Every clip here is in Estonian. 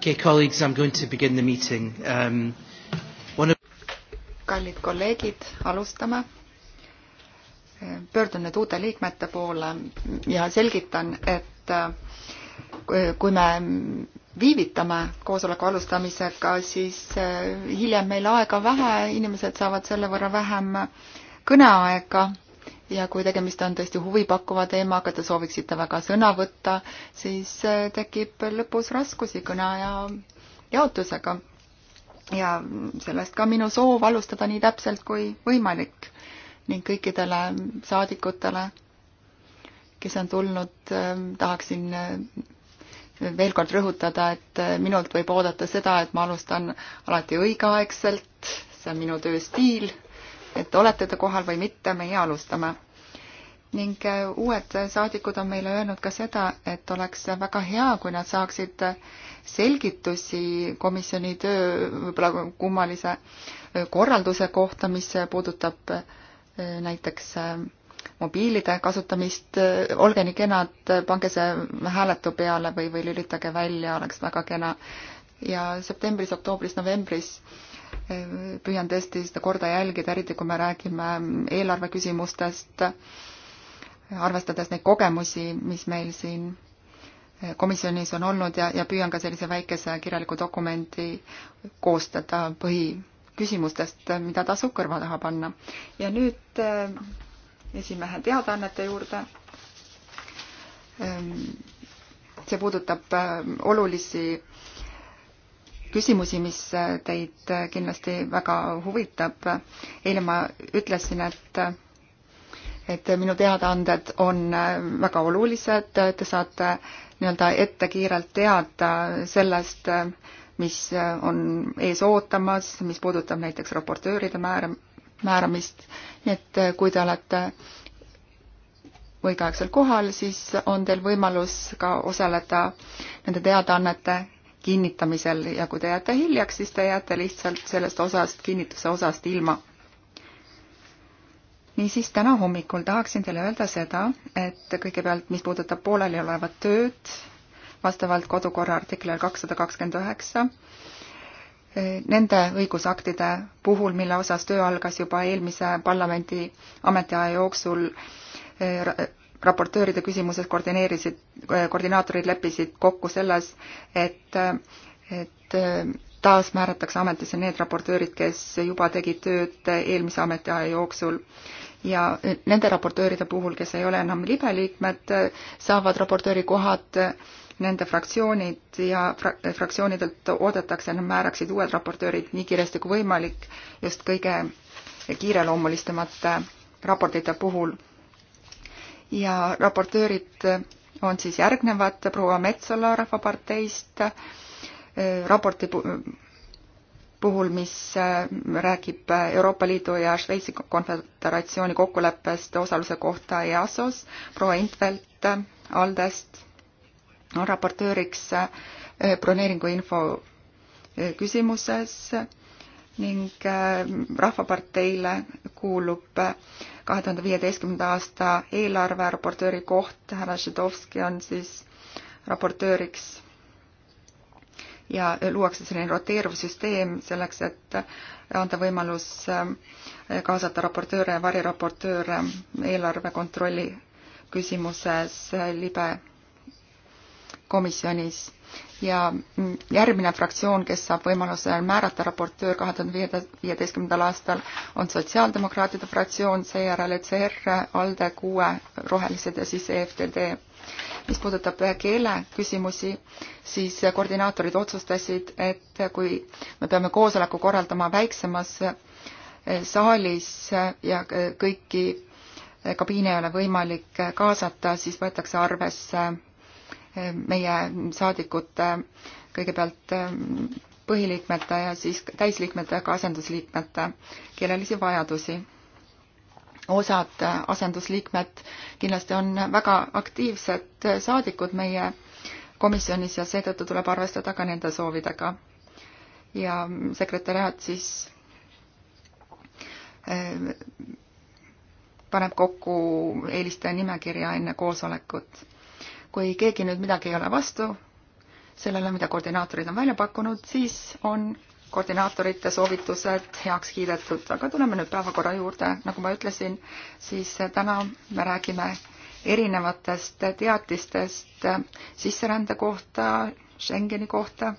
Okay, colleagues, I'm going to begin the meeting. Um, one of... kallid kolleegid, alustame. pöördun nüüd uute liikmete poole ja selgitan, et äh, kui me viivitame koosoleku alustamisega, siis äh, hiljem meil aega vähe, inimesed saavad selle võrra vähem kõneaega ja kui tegemist on tõesti huvipakkuva teemaga, te sooviksite väga sõna võtta, siis äh, tekib lõpus raskusi kõneaja jaotusega. ja sellest ka minu soov alustada nii täpselt kui võimalik ning kõikidele saadikutele, kes on tulnud, äh, tahaksin äh, veel kord rõhutada, et minult võib oodata seda, et ma alustan alati õigeaegselt, see on minu tööstiil et olete te kohal või mitte, meie alustame. ning äh, uued saadikud on meile öelnud ka seda, et oleks väga hea, kui nad saaksid selgitusi komisjoni töö võib-olla kummalise äh, korralduse kohta, mis puudutab äh, näiteks mobiilide kasutamist, olge nii kenad, pange see hääletu peale või, või lülitage välja, oleks väga kena. ja septembris, oktoobris, novembris äh, püüan tõesti seda korda jälgida, eriti kui me räägime eelarve küsimustest, arvestades neid kogemusi, mis meil siin komisjonis on olnud ja, ja püüan ka sellise väikese kirjaliku dokumendi koostada põhiküsimustest, mida tasub kõrva taha panna. ja nüüd äh, esimehe teadaannete juurde. Ähm, see puudutab äh, olulisi küsimusi, mis äh, teid äh, kindlasti väga huvitab. eile ma ütlesin, et et minu teadaanded on äh, väga olulised, te saate nii-öelda ette kiirelt teada sellest, mis on ees ootamas, mis puudutab näiteks raportööride määra, määramist, nii et kui te olete õigeaegselt kohal, siis on teil võimalus ka osaleda nende teadaannete kinnitamisel ja kui te jääte hiljaks, siis te jääte lihtsalt sellest osast, kinnituse osast ilma. niisiis, täna hommikul tahaksin teile öelda seda, et kõigepealt, mis puudutab pooleliolevat tööd, vastavalt kodukorra artiklile kakssada kakskümmend üheksa, nende õigusaktide puhul, mille osas töö algas juba eelmise parlamendi ametiaja jooksul, raportööride küsimuses koordineerisid, koordinaatorid leppisid kokku selles, et, et taas määratakse ametisse need raportöörid, kes juba tegid tööd eelmise ametiaja jooksul. ja nende raportööride puhul, kes ei ole enam libe liikmed, saavad raportööri kohad nende fraktsioonid ja fra fraktsioonidelt oodatakse, nad määraksid uued raportöörid nii kiiresti kui võimalik just kõige kiireloomulisemate raportite puhul ja raportöörid on siis järgnevad proua Metsola Rahvaparteist äh, raporti puhul, mis äh, räägib Euroopa Liidu ja Šveitsi konföderatsiooni kokkuleppest osaluse kohta EASO-s, proua Intvelt äh, Aldest on raportööriks broneeringuinfo küsimuses ning äh, Rahvaparteile kuulub äh, kahe tuhande viieteistkümnenda aasta eelarve raportööri koht, härra Žedovski on siis raportööriks ja luuakse selline roteeruv süsteem selleks, et äh, anda võimalus kaasata raportööre ja variraportööre eelarve kontrolli küsimuses libe komisjonis ja mm, järgmine fraktsioon, kes saab võimaluse määrata raportöör kahe tuhande viieteistkümnendal aastal, on Sotsiaaldemokraatide fraktsioon, seejärel ECR, ALDE, kuue, Rohelised ja siis EFTD. mis puudutab keele küsimusi, siis koordinaatorid otsustasid, et kui me peame koosoleku korraldama väiksemas eh, saalis ja eh, kõiki eh, kabiine ei ole võimalik kaasata, siis võetakse arvesse meie saadikute, kõigepealt ähm, põhiliikmete ja siis täisliikmete ega asendusliikmete keelelisi vajadusi. osad asendusliikmed kindlasti on väga aktiivsed saadikud meie komisjonis ja seetõttu tuleb arvestada ka nende soovidega. ja sekretäriaat siis äh, paneb kokku eelistaja nimekirja enne koosolekut kui keegi nüüd midagi ei ole vastu sellele, mida koordinaatorid on välja pakkunud, siis on koordinaatorite soovitused heaks kiidetud, aga tuleme nüüd päevakorra juurde, nagu ma ütlesin, siis täna me räägime erinevatest teatistest sisserände kohta, Schengeni kohta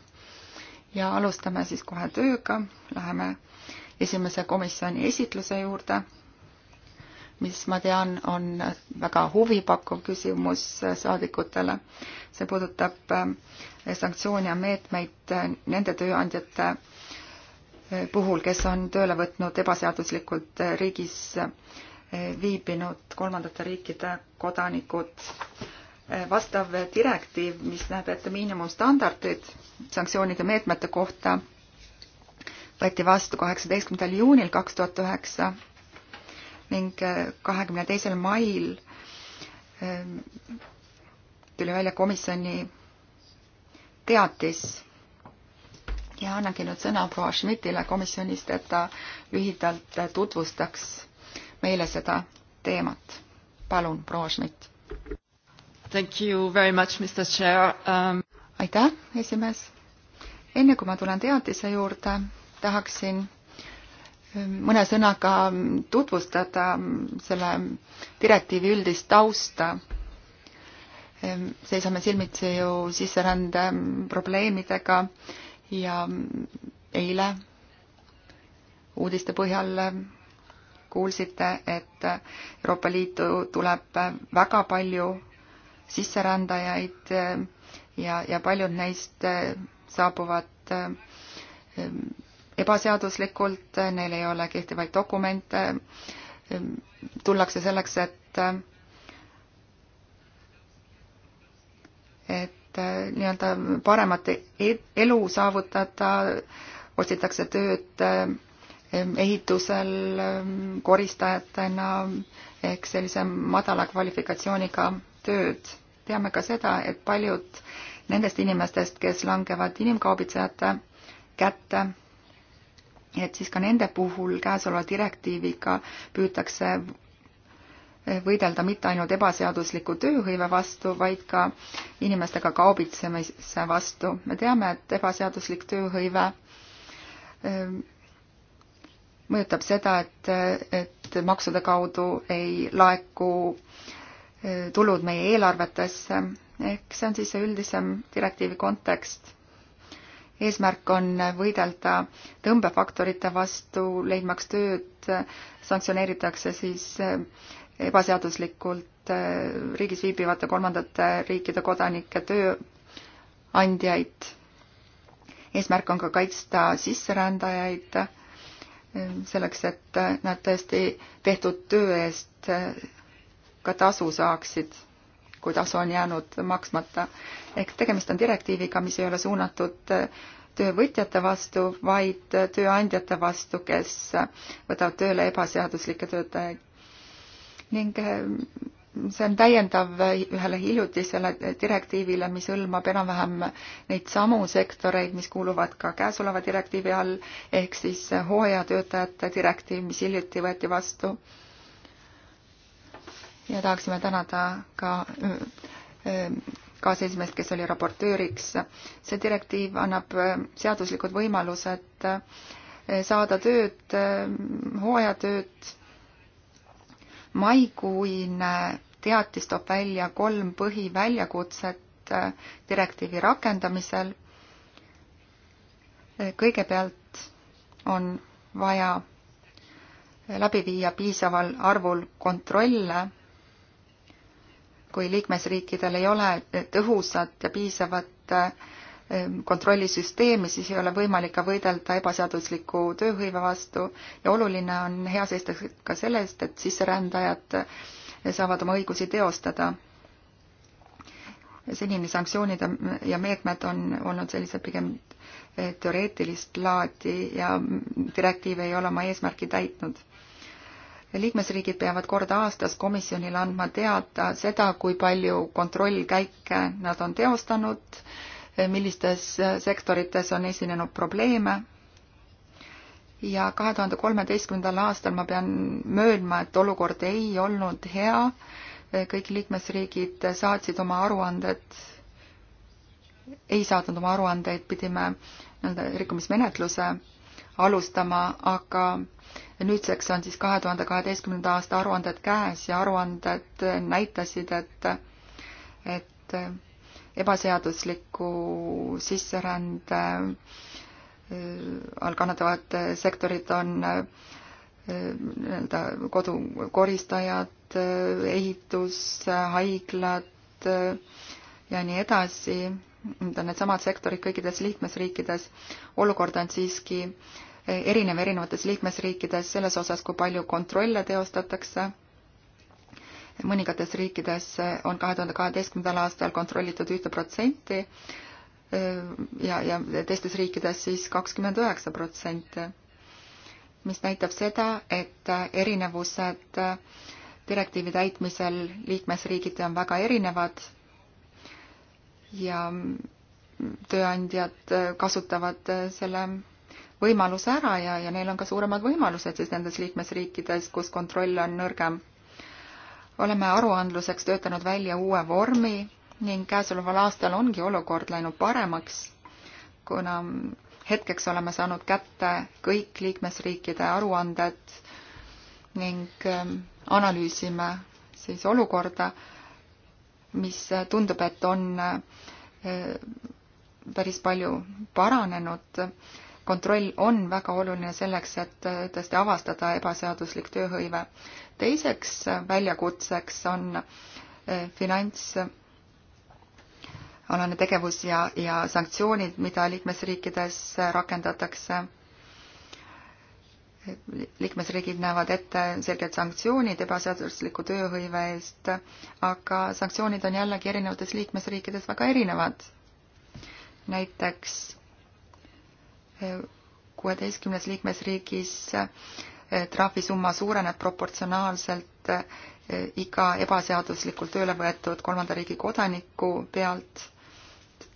ja alustame siis kohe tööga, läheme esimese komisjoni esitluse juurde mis ma tean, on väga huvipakkuv küsimus saadikutele. see puudutab eh, sanktsioone ja meetmeid eh, nende tööandjate eh, puhul, kes on tööle võtnud ebaseaduslikult riigis viibinud kolmandate riikide kodanikud. vastav direktiiv, mis näeb ette miinimumstandardid sanktsioonide meetmete kohta, võeti vastu kaheksateistkümnendal juunil kaks tuhat üheksa ning äh, kahekümne teisel mail ähm, tuli välja komisjoni teatis ja annangi nüüd sõna proua Schmidtile komisjonist, et ta lühidalt äh, tutvustaks meile seda teemat. palun, proua Schmidt. Thank you very much, Mr Chair um.... aitäh, esimees. enne kui ma tulen teatise juurde, tahaksin mõne sõnaga tutvustada selle direktiivi üldist tausta. seisame silmitsi ju sisserände probleemidega ja eile uudiste põhjal kuulsite, et Euroopa Liitu tuleb väga palju sisserändajaid ja, ja paljud neist saabuvad ebaseaduslikult, neil ei ole kehtivaid dokumente, tullakse selleks, et et nii-öelda paremat e-, elu saavutada, otsitakse tööd ehitusel koristajatena ehk sellise madala kvalifikatsiooniga tööd. teame ka seda, et paljud nendest inimestest, kes langevad inimkaubitsejate kätte, et siis ka nende puhul käesoleva direktiiviga püütakse võidelda mitte ainult ebaseadusliku tööhõive vastu, vaid ka inimestega kaubitsemise vastu. me teame, et ebaseaduslik tööhõive ähm, mõjutab seda, et, et maksude kaudu ei laeku äh, tulud meie eelarvetesse, ehk see on siis see üldisem direktiivi kontekst eesmärk on võidelda tõmbefaktorite vastu, leidmaks tööd, sanktsioneeritakse siis eh, ebaseaduslikult eh, riigis viibivate kolmandate riikide kodanike tööandjaid. eesmärk on ka kaitsta sisserändajaid eh, selleks, et nad tõesti tehtud töö eest ka tasu saaksid kui tasu on jäänud maksmata. ehk tegemist on direktiiviga, mis ei ole suunatud töövõtjate vastu, vaid tööandjate vastu, kes võtavad tööle ebaseaduslikke töötajaid. ning ehm, see on täiendav ühele hiljutisele direktiivile, mis hõlmab enam-vähem neid samu sektoreid, mis kuuluvad ka käesoleva direktiivi all, ehk siis hooajatöötajate direktiiv, mis hiljuti võeti vastu ja tahaksime tänada ka kaasesimeest, kes oli raportööriks. see direktiiv annab seaduslikud võimalused saada tööd, hooajatööd. maikuine teatis toob välja kolm põhiväljakutset direktiivi rakendamisel. kõigepealt on vaja läbi viia piisaval arvul kontrolle kui liikmesriikidel ei ole tõhusat ja piisavat ähm, kontrollisüsteemi, siis ei ole võimalik ka võidelda ebaseadusliku tööhõive vastu ja oluline on hea seista ka selle eest, et sisserändajad äh, saavad oma õigusi teostada. senini sanktsioonid ja meetmed on olnud sellised pigem äh, teoreetilist laadi ja direktiiv ei ole oma eesmärki täitnud liikmesriigid peavad kord aastas komisjonile andma teada seda, kui palju kontrollkäike nad on teostanud, millistes sektorites on esinenud probleeme. ja kahe tuhande kolmeteistkümnendal aastal ma pean möönma, et olukord ei olnud hea. kõik liikmesriigid saatsid oma aruanded, ei saatnud oma aruandeid, pidime nii-öelda rikkumismenetluse alustama, aga nüüdseks on siis kahe tuhande kaheteistkümnenda aasta aruanded käes ja aruanded näitasid, et, et ebaseadusliku sisserände äh, all kannatavad sektorid on äh, nii-öelda kodukoristajad, äh, ehitus, haiglad ja nii edasi need on needsamad sektorid kõikides liikmesriikides, olukord on siiski eh, erinev erinevates liikmesriikides selles osas, kui palju kontrolle teostatakse. mõningates riikides eh, on kahe tuhande kaheteistkümnendal aastal kontrollitud ühte protsenti eh, ja, ja teistes riikides siis kakskümmend üheksa protsenti, mis näitab seda, et erinevused direktiivi täitmisel liikmesriigiti on väga erinevad ja tööandjad kasutavad selle võimaluse ära ja, ja neil on ka suuremad võimalused siis nendes liikmesriikides, kus kontroll on nõrgem. oleme aruandluseks töötanud välja uue vormi ning käesoleval aastal ongi olukord läinud paremaks, kuna hetkeks oleme saanud kätte kõik liikmesriikide aruanded ning ähm, analüüsime siis olukorda mis äh, tundub, et on äh, päris palju paranenud. kontroll on väga oluline selleks, et äh, tõesti avastada ebaseaduslik tööhõive. teiseks väljakutseks on finants alane tegevus ja, ja sanktsioonid, mida liikmesriikides rakendatakse liikmesriigid näevad ette selged sanktsioonid ebaseadusliku tööhõive eest, aga sanktsioonid on jällegi erinevates liikmesriikides väga erinevad. näiteks eh, kuueteistkümnes liikmesriigis eh, trahvisumma suureneb proportsionaalselt eh, iga ebaseaduslikult tööle võetud kolmanda riigi kodaniku pealt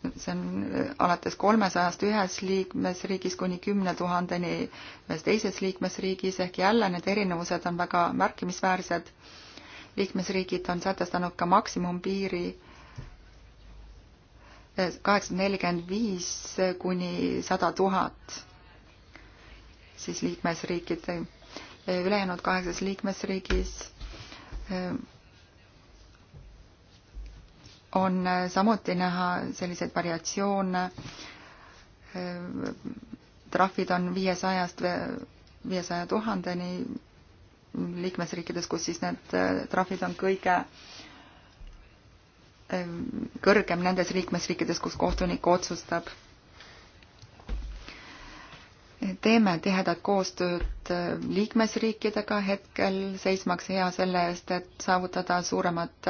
et see on äh, alates kolmesajast ühes liikmesriigis kuni kümne tuhandeni ühes teises liikmesriigis ehk jälle need erinevused on väga märkimisväärsed. liikmesriigid on sätestanud ka maksimumpiiri äh, kaheksasada nelikümmend viis kuni sada tuhat siis liikmesriikide, ülejäänud kaheksas liikmesriigis äh, on äh, samuti näha selliseid variatsioone. Äh, trahvid on viiesajast viiesaja tuhandeni liikmesriikides, kus siis need äh, trahvid on kõige ähm, kõrgem nendes liikmesriikides, kus kohtunik otsustab. teeme tihedat koostööd liikmesriikidega hetkel, seismaks hea selle eest, et saavutada suuremat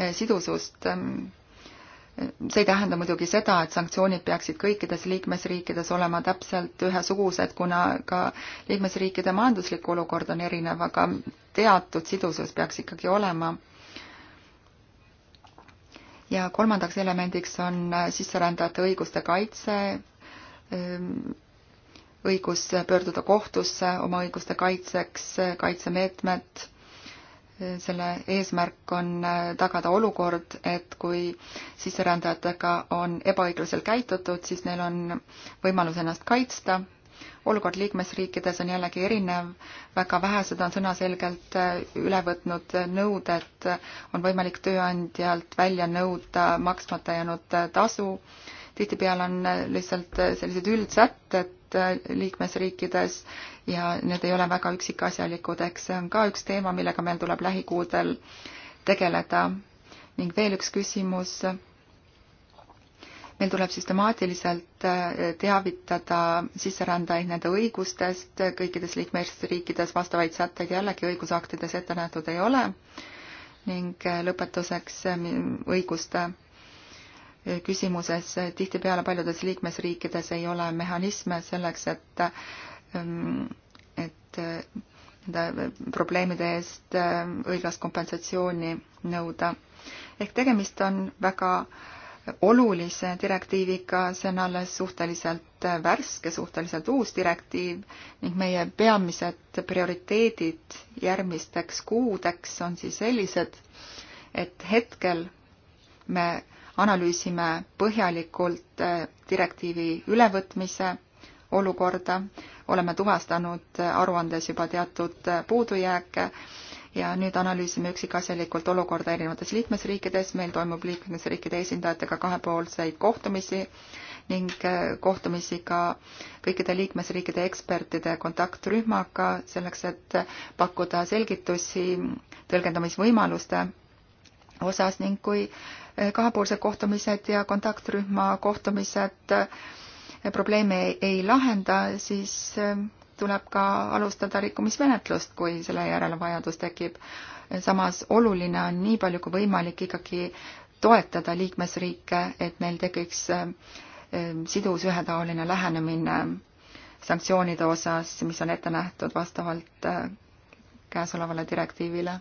Äh, sidusust. Ähm, see ei tähenda muidugi seda, et sanktsioonid peaksid kõikides liikmesriikides olema täpselt ühesugused, kuna ka liikmesriikide majanduslik olukord on erinev, aga teatud sidusus peaks ikkagi olema ja kolmandaks elemendiks on äh, sisserändajate õiguste kaitse, ähm, õigus pöörduda kohtusse oma õiguste kaitseks, äh, kaitsemeetmed selle eesmärk on äh, tagada olukord, et kui sisserändajatega on ebaõiglaselt käitutud, siis neil on võimalus ennast kaitsta. olukord liikmesriikides on jällegi erinev, väga vähesed on sõnaselgelt äh, üle võtnud nõuded, on võimalik tööandjalt välja nõuda maksmata jäänud äh, tasu, tihtipeale on lihtsalt sellised üldsätted, erinevad äh, liikmesriikides ja need ei ole väga üksikasjalikud, eks see on ka üks teema, millega meil tuleb lähikuudel tegeleda. ning veel üks küsimus. meil tuleb süstemaatiliselt äh, teavitada sisserändajaid nende õigustest, kõikides liikmesriikides vastavaid sätteid jällegi õigusaktides ette nähtud ei ole. ning äh, lõpetuseks õiguste küsimuses tihtipeale paljudes liikmesriikides ei ole mehhanisme selleks, et, ähm, et äh, nende probleemide eest ähm, õiglast kompensatsiooni nõuda. ehk tegemist on väga olulise direktiiviga, see on alles suhteliselt äh, värske, suhteliselt uus direktiiv ning meie peamised prioriteedid järgmisteks kuudeks on siis sellised, et hetkel me analüüsime põhjalikult eh, direktiivi ülevõtmise olukorda, oleme tuvastanud aruandes juba teatud eh, puudujääke ja nüüd analüüsime üksikasjalikult olukorda erinevates liikmesriikides, meil toimub liikmesriikide esindajatega kahepoolseid kohtumisi ning eh, kohtumisi ka kõikide liikmesriikide ekspertide kontaktrühmaga, selleks et pakkuda selgitusi tõlgendamisvõimaluste osas ning kui eh, kahepoolsed kohtumised ja kontaktrühma kohtumised eh, probleeme ei, ei lahenda, siis eh, tuleb ka alustada rikkumismenetlust, kui selle järele vajadus tekib. samas oluline on nii palju kui võimalik ikkagi toetada liikmesriike, et neil tekiks sidus ühetaoline lähenemine sanktsioonide osas, mis on ette nähtud vastavalt käesolevale direktiivile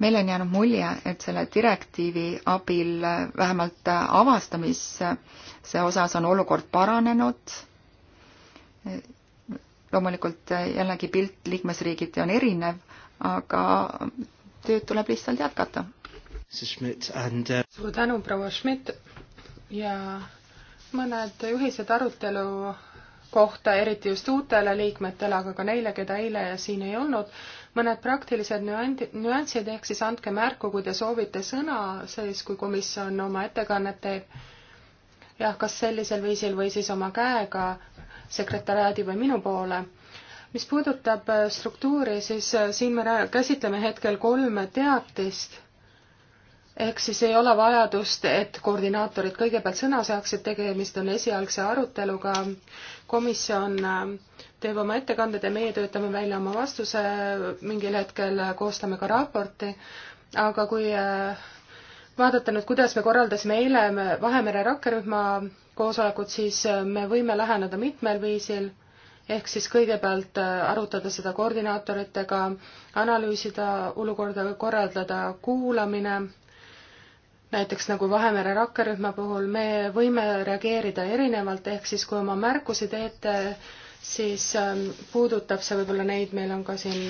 meil on jäänud mulje, et selle direktiivi abil vähemalt avastamise osas on olukord paranenud. loomulikult jällegi pilt liikmesriigiti on erinev, aga tööd tuleb lihtsalt jätkata. Uh, suur tänu, proua Schmidt ja mõned juhised arutelu kohta, eriti just uutele liikmetele, aga ka neile, keda eile siin ei olnud mõned praktilised nüand-, nüansid, ehk siis andke märku, kui te soovite sõna, siis kui komisjon oma ettekannet teeb, jah, kas sellisel viisil või siis oma käega sekretäriaadi või minu poole. mis puudutab äh, struktuuri, siis äh, siin me käsitleme hetkel kolme teatist, ehk siis ei ole vajadust, et koordinaatorid kõigepealt sõna saaksid, tegemist on esialgse aruteluga, komisjon äh, teeb oma ettekanded ja meie töötame välja oma vastuse, mingil hetkel koostame ka raporti, aga kui äh, vaadata nüüd, kuidas me korraldasime eile Vahemere rakkerühma koosolekut, siis äh, me võime läheneda mitmel viisil, ehk siis kõigepealt äh, arutada seda koordinaatoritega, analüüsida olukorda, korraldada kuulamine, näiteks nagu Vahemere rakkerühma puhul, me võime reageerida erinevalt, ehk siis kui oma märkusi teete, siis ähm, puudutab see võib-olla neid, meil on ka siin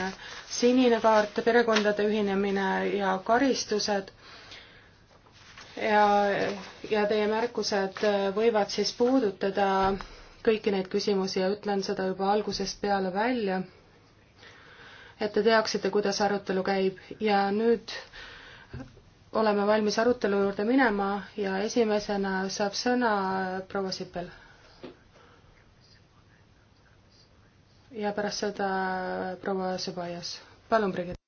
sinine kaart, perekondade ühinemine ja karistused ja, ja teie märkused äh, võivad siis puudutada kõiki neid küsimusi ja ütlen seda juba algusest peale välja, et te teaksite, kuidas arutelu käib ja nüüd oleme valmis arutelu juurde minema ja esimesena saab sõna proua Sipel. ja pärast seda proua Sõbajas. palun, Brigitte.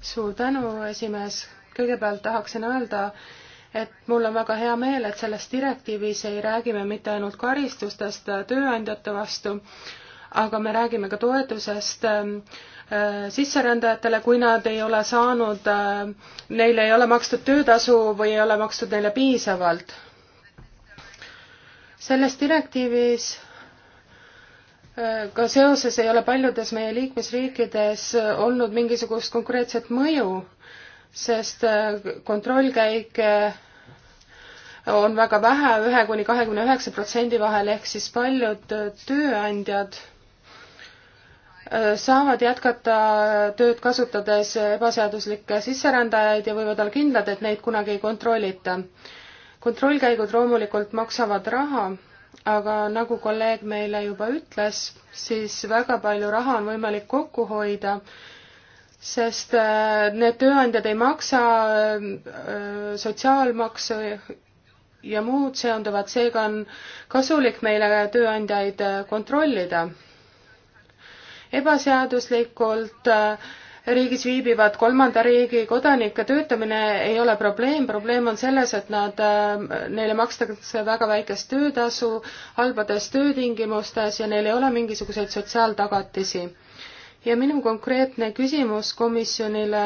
suur tänu, esimees. kõigepealt tahaksin öelda, et mul on väga hea meel, et selles direktiivis ei räägi me mitte ainult karistustest tööandjate vastu, aga me räägime ka toetusest ähm, äh, sisserändajatele, kui nad ei ole saanud, äh, neile ei ole makstud töötasu või ei ole makstud neile piisavalt. selles direktiivis ka seoses ei ole paljudes meie liikmesriikides olnud mingisugust konkreetset mõju, sest äh, kontrollkäike on väga vähe, ühe kuni kahekümne üheksa protsendi vahel, ehk siis paljud äh, tööandjad äh, saavad jätkata tööd kasutades ebaseaduslikke sisserändajaid ja võivad olla kindlad, et neid kunagi ei kontrollita. kontrollkäigud loomulikult maksavad raha aga nagu kolleeg meile juba ütles, siis väga palju raha on võimalik kokku hoida, sest äh, need tööandjad ei maksa äh, sotsiaalmaksu ja muud seonduvad, seega on kasulik meile tööandjaid äh, kontrollida. ebaseaduslikult äh, riigis viibivad kolmanda riigi kodanike töötamine ei ole probleem, probleem on selles, et nad, äh, neile makstakse väga väikest töötasu halbades töötingimustes ja neil ei ole mingisuguseid sotsiaaltagatisi. ja minu konkreetne küsimus komisjonile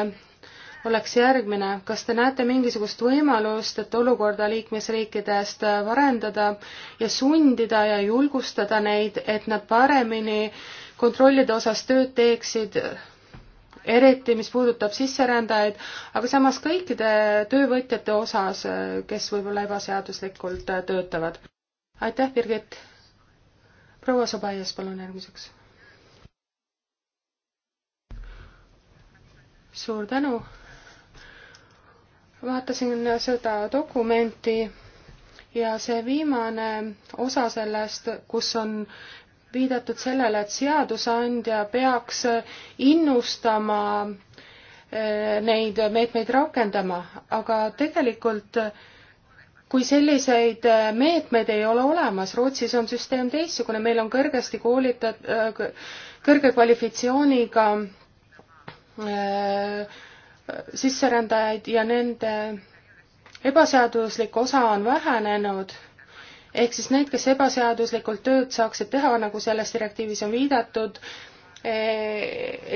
oleks järgmine, kas te näete mingisugust võimalust, et olukorda liikmesriikidest parendada ja sundida ja julgustada neid, et nad paremini kontrollide osas tööd teeksid eriti mis puudutab sisserändajaid, aga samas kõikide töövõtjate osas, kes võib-olla ebaseaduslikult töötavad. aitäh, Birgit! proua Sobaias, palun järgmiseks. suur tänu! vaatasin seda dokumenti ja see viimane osa sellest, kus on viidatud sellele, et seadusandja peaks innustama eh, neid meetmeid rakendama, aga tegelikult kui selliseid eh, meetmeid ei ole olemas, Rootsis on süsteem teistsugune, meil on kõrgesti koolitat-, eh, kõrge kvalifikatsiooniga sisserändajaid ja nende ebaseaduslik osa on vähenenud ehk siis need, kes ebaseaduslikult tööd saaksid teha, nagu selles direktiivis on viidatud, e,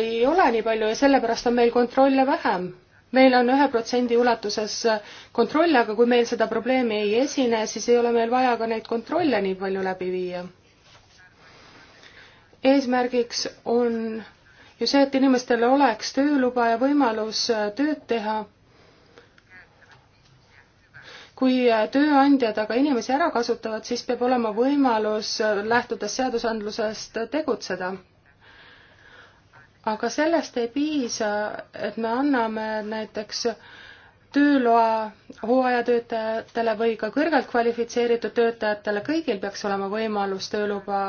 ei ole nii palju ja sellepärast on meil kontrolle vähem. meil on ühe protsendi ulatuses kontrolle, aga kui meil seda probleemi ei esine, siis ei ole meil vaja ka neid kontrolle nii palju läbi viia. eesmärgiks on ju see, et inimestel oleks tööluba ja võimalus tööd teha kui äh, tööandjad aga inimesi ära kasutavad, siis peab olema võimalus, äh, lähtudes seadusandlusest, äh, tegutseda. aga sellest ei piisa, et me anname näiteks tööloa hooajatöötajatele või ka kõrgelt kvalifitseeritud töötajatele, kõigil peaks olema võimalus tööluba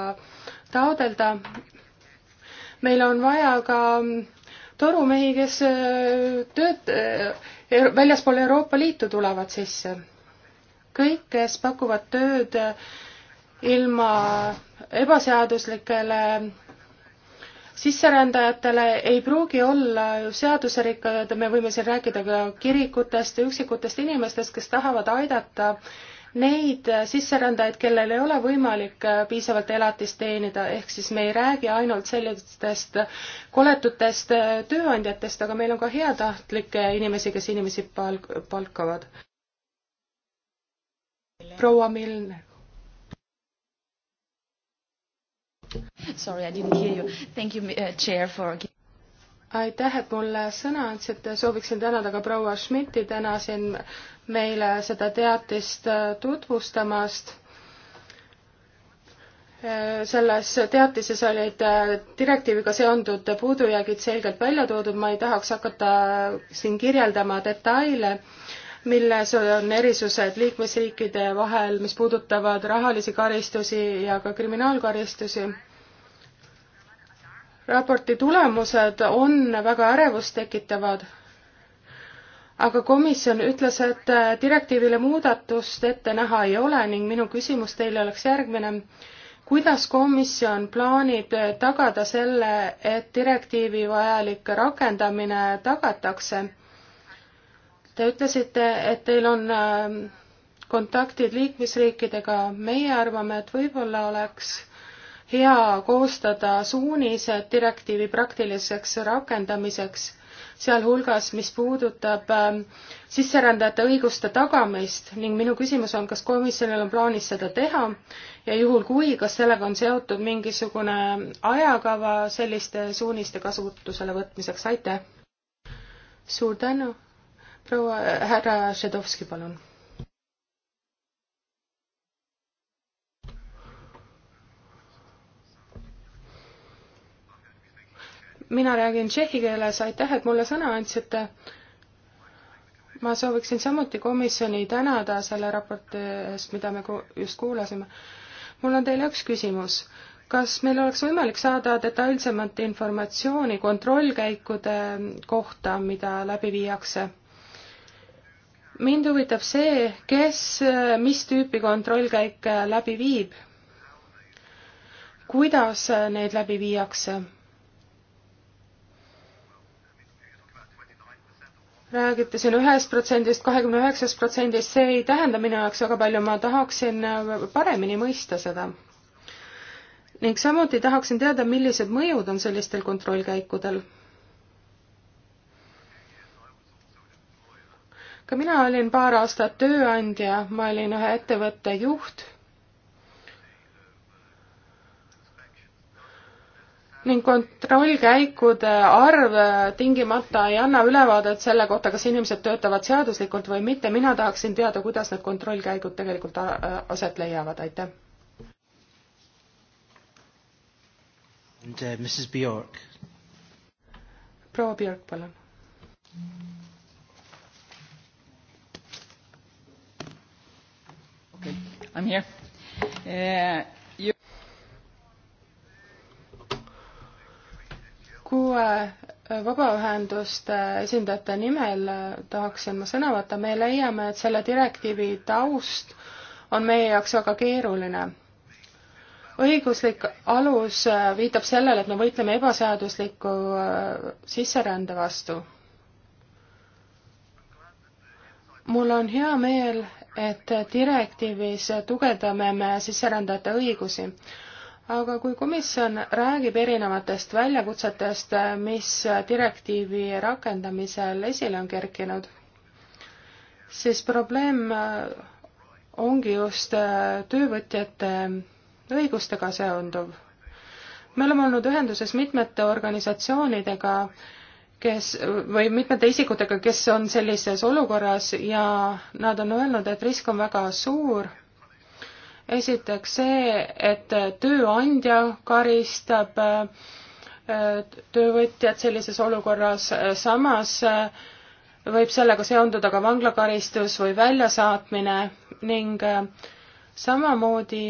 taodelda. meil on vaja ka mm, torumehi, kes tööt-, väljaspool Euroopa Liitu tulevad sisse kõik, kes pakuvad tööd ilma ebaseaduslikele sisserändajatele ei pruugi olla ju seaduserikkad, me võime siin rääkida ka kirikutest ja üksikutest inimestest, kes tahavad aidata neid sisserändajaid, kellel ei ole võimalik piisavalt elatist teenida, ehk siis me ei räägi ainult sellistest koletutest tööandjatest, aga meil on ka heatahtlikke inimesi, kes inimesi palk-, palkavad proua Milner. Sorry, I didn't hear you. Thank you uh,, chair for aitäh, et mulle sõna andsite, sooviksin tänada ka proua Schmidti täna siin meile seda teatist äh, tutvustamast. Äh, selles teatises olid äh, direktiiviga seonduvad puudujäägid selgelt välja toodud, ma ei tahaks hakata siin kirjeldama detaile milles on erisused liikmesriikide vahel, mis puudutavad rahalisi karistusi ja ka kriminaalkaristusi. raporti tulemused on väga ärevust tekitavad, aga komisjon ütles, et direktiivile muudatust ette näha ei ole ning minu küsimus teile oleks järgmine. kuidas komisjon plaanib tagada selle, et direktiivi vajalik rakendamine tagatakse? Te ütlesite, et teil on ähm, kontaktid liikmesriikidega, meie arvame, et võib-olla oleks hea koostada suunised direktiivi praktiliseks rakendamiseks, sealhulgas, mis puudutab ähm, sisserändajate õiguste tagamist ning minu küsimus on, kas komisjonil on plaanis seda teha ja juhul kui, kas sellega on seotud mingisugune ajakava selliste suuniste kasutusele võtmiseks, aitäh! suur tänu! proua härra Šedovski, palun. mina räägin tšehhi keeles, aitäh, et mulle sõna andsite. ma sooviksin samuti komisjoni tänada selle raporti eest, mida me just kuulasime. mul on teile üks küsimus. kas meil oleks võimalik saada detailsemat informatsiooni kontrollkäikude kohta, mida läbi viiakse? mind huvitab see, kes, mis tüüpi kontrollkäike läbi viib. kuidas neid läbi viiakse? räägite siin ühest protsendist, kahekümne üheksast protsendist, see ei tähenda minu jaoks väga palju, ma tahaksin paremini mõista seda. ning samuti tahaksin teada, millised mõjud on sellistel kontrollkäikudel ka mina olin paar aastat tööandja, ma olin ühe ettevõtte juht ning kontrollkäikude arv tingimata ei anna ülevaadet selle kohta, kas inimesed töötavad seaduslikult või mitte, mina tahaksin teada, kuidas need kontrollkäigud tegelikult aset leiavad, aitäh. Uh, proua Björk, palun. I am here. Uh, you... kuue äh, vabaühenduste esindajate nimel äh, tahaksin ma sõna võtta, me leiame, et selle direktiivi taust on meie jaoks väga keeruline. õiguslik alus äh, viitab sellele, et me võitleme ebaseadusliku sisserände vastu. mul on hea meel, et direktiivis tugevdame me sisserändajate õigusi. aga kui komisjon räägib erinevatest väljakutsetest, mis direktiivi rakendamisel esile on kerkinud, siis probleem ongi just töövõtjate õigustega seonduv. me oleme olnud ühenduses mitmete organisatsioonidega, kes või mitmete isikutega, kes on sellises olukorras ja nad on öelnud, et risk on väga suur. esiteks see, et tööandja karistab äh, töövõtjad sellises olukorras, samas äh, võib sellega seonduda ka vanglakaristus või väljasaatmine ning äh, samamoodi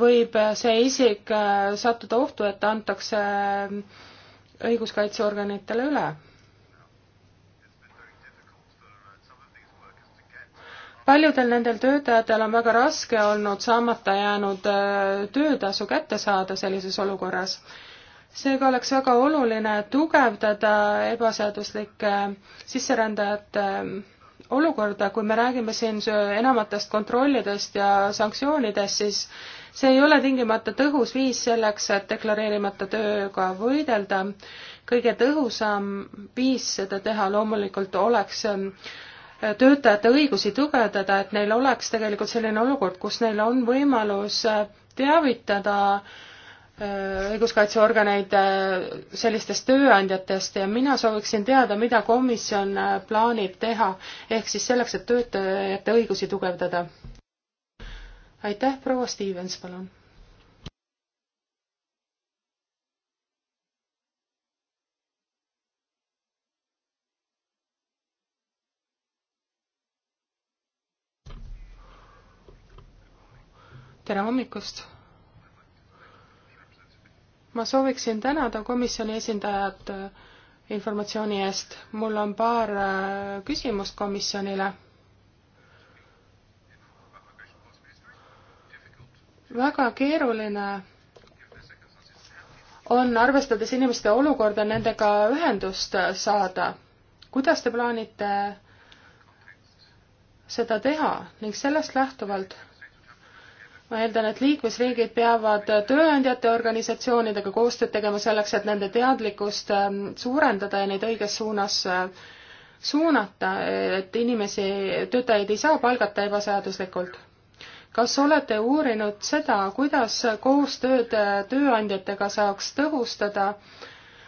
võib see isik äh, sattuda ohtu, et ta antakse äh, õiguskaitseorganitele üle. paljudel nendel töötajatel on väga raske olnud saamata jäänud äh, töötasu kätte saada sellises olukorras. seega oleks väga oluline tugevdada ebaseaduslike sisserändajate olukorda, kui me räägime siin enamatest kontrollidest ja sanktsioonidest, siis see ei ole tingimata tõhus viis selleks, et deklareerimata tööga võidelda. kõige tõhusam viis seda teha loomulikult oleks ähm, töötajate õigusi tugevdada, et neil oleks tegelikult selline olukord, kus neil on võimalus äh, teavitada äh, Äh, õiguskaitseorganeid äh, sellistest tööandjatest ja mina sooviksin teada, mida komisjon äh, plaanib teha, ehk siis selleks, et töötajate õigusi tugevdada. aitäh, proua Stevens, palun. tere hommikust ma sooviksin tänada komisjoni esindajat äh, informatsiooni eest. mul on paar äh, küsimust komisjonile. väga keeruline on, arvestades inimeste olukorda, nendega ühendust saada. kuidas te plaanite seda teha ning sellest lähtuvalt ma eeldan, et liikmesriigid peavad tööandjate organisatsioonidega koostööd tegema selleks, et nende teadlikkust ähm, suurendada ja neid õiges suunas äh, suunata, et inimesi, töötajaid ei saa palgata ebaseaduslikult. kas olete uurinud seda, kuidas koostööd äh, tööandjatega saaks tõhustada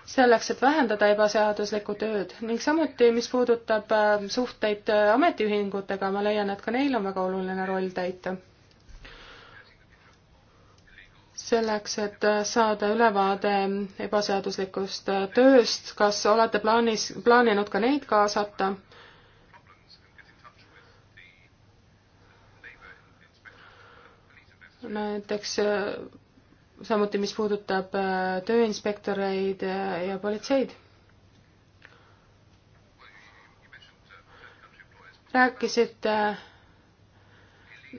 selleks, et vähendada ebaseaduslikku tööd ning samuti, mis puudutab äh, suhteid ametiühingutega, ma leian, et ka neil on väga oluline roll täita selleks, et saada ülevaade ebaseaduslikust tööst, kas olete plaanis, plaaninud ka neid kaasata? näiteks samuti, mis puudutab äh, tööinspektoreid äh, ja politseid. rääkisite äh,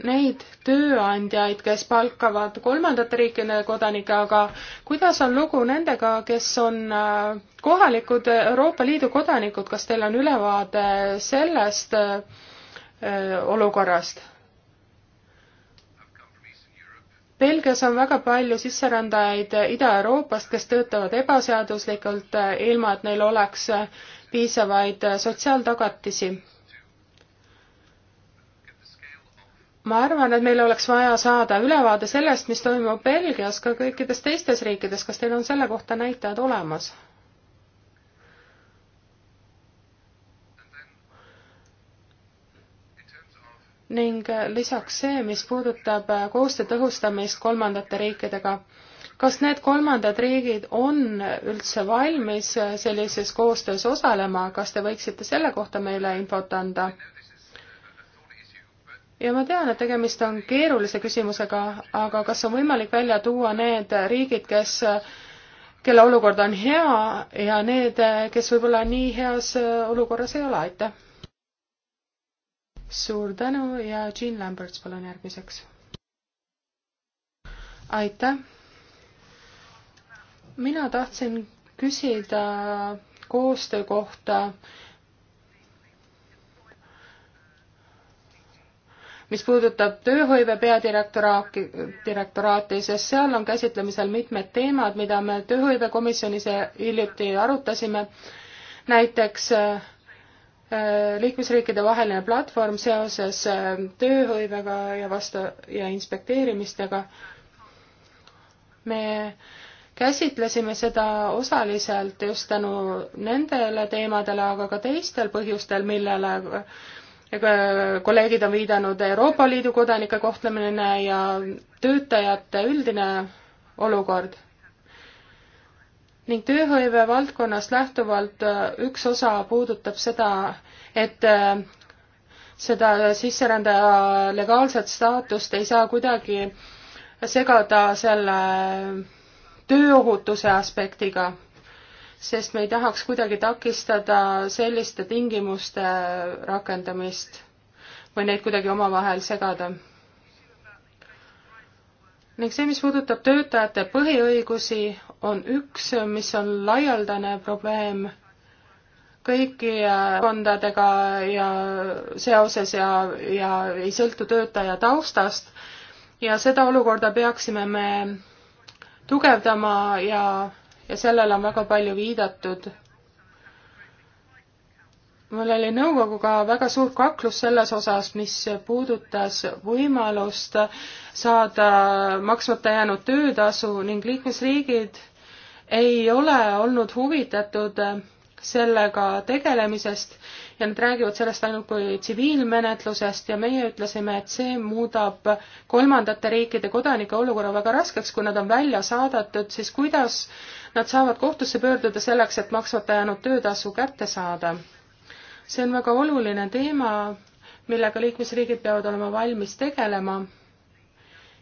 neid tööandjaid, kes palkavad kolmandate riikide kodanikke, aga kuidas on lugu nendega, kes on äh, kohalikud Euroopa Liidu kodanikud, kas teil on ülevaade sellest äh, olukorrast? Belgias on väga palju sisserändajaid Ida-Euroopast, kes töötavad ebaseaduslikult, äh, ilma et neil oleks piisavaid sotsiaaltagatisi ma arvan, et meil oleks vaja saada ülevaade sellest, mis toimub Belgias, ka kõikides teistes riikides, kas teil on selle kohta näitajad olemas? ning lisaks see, mis puudutab koostöö tõhustamist kolmandate riikidega. kas need kolmandad riigid on üldse valmis sellises koostöös osalema, kas te võiksite selle kohta meile infot anda? ja ma tean, et tegemist on keerulise küsimusega, aga kas on võimalik välja tuua need riigid, kes, kelle olukord on hea ja need, kes võib-olla nii heas olukorras ei ole, aitäh! suur tänu ja Jean Lamberts, palun järgmiseks. aitäh! mina tahtsin küsida koostöö kohta äh, mis puudutab tööhõive peadirektoraati, direktoraati, sest seal on käsitlemisel mitmed teemad, mida me tööhõivekomisjonis hiljuti arutasime, näiteks äh, liikmesriikide vaheline platvorm seoses äh, tööhõivega ja vastu- ja inspekteerimistega. me käsitlesime seda osaliselt just tänu nendele teemadele, aga ka teistel põhjustel, millele kolleegid on viidanud Euroopa Liidu kodanike kohtlemine ja töötajate üldine olukord. ning tööhõive valdkonnast lähtuvalt äh, üks osa puudutab seda, et äh, seda sisserändaja legaalset staatust ei saa kuidagi segada selle tööohutuse aspektiga sest me ei tahaks kuidagi takistada selliste tingimuste rakendamist või neid kuidagi omavahel segada. ning see, mis puudutab töötajate põhiõigusi, on üks, mis on laialdane probleem kõiki kondadega ja seoses ja, ja ei sõltu töötaja taustast ja seda olukorda peaksime me tugevdama ja ja sellele on väga palju viidatud. mul oli nõukoguga väga suur kaklus selles osas, mis puudutas võimalust saada maksmata jäänud töötasu ning liikmesriigid ei ole olnud huvitatud sellega tegelemisest ja nad räägivad sellest ainult kui tsiviilmenetlusest ja meie ütlesime, et see muudab kolmandate riikide kodanike olukorra väga raskeks, kui nad on välja saadetud, siis kuidas nad saavad kohtusse pöörduda selleks, et maksmata jäänud töötasu kätte saada. see on väga oluline teema, millega liikmesriigid peavad olema valmis tegelema.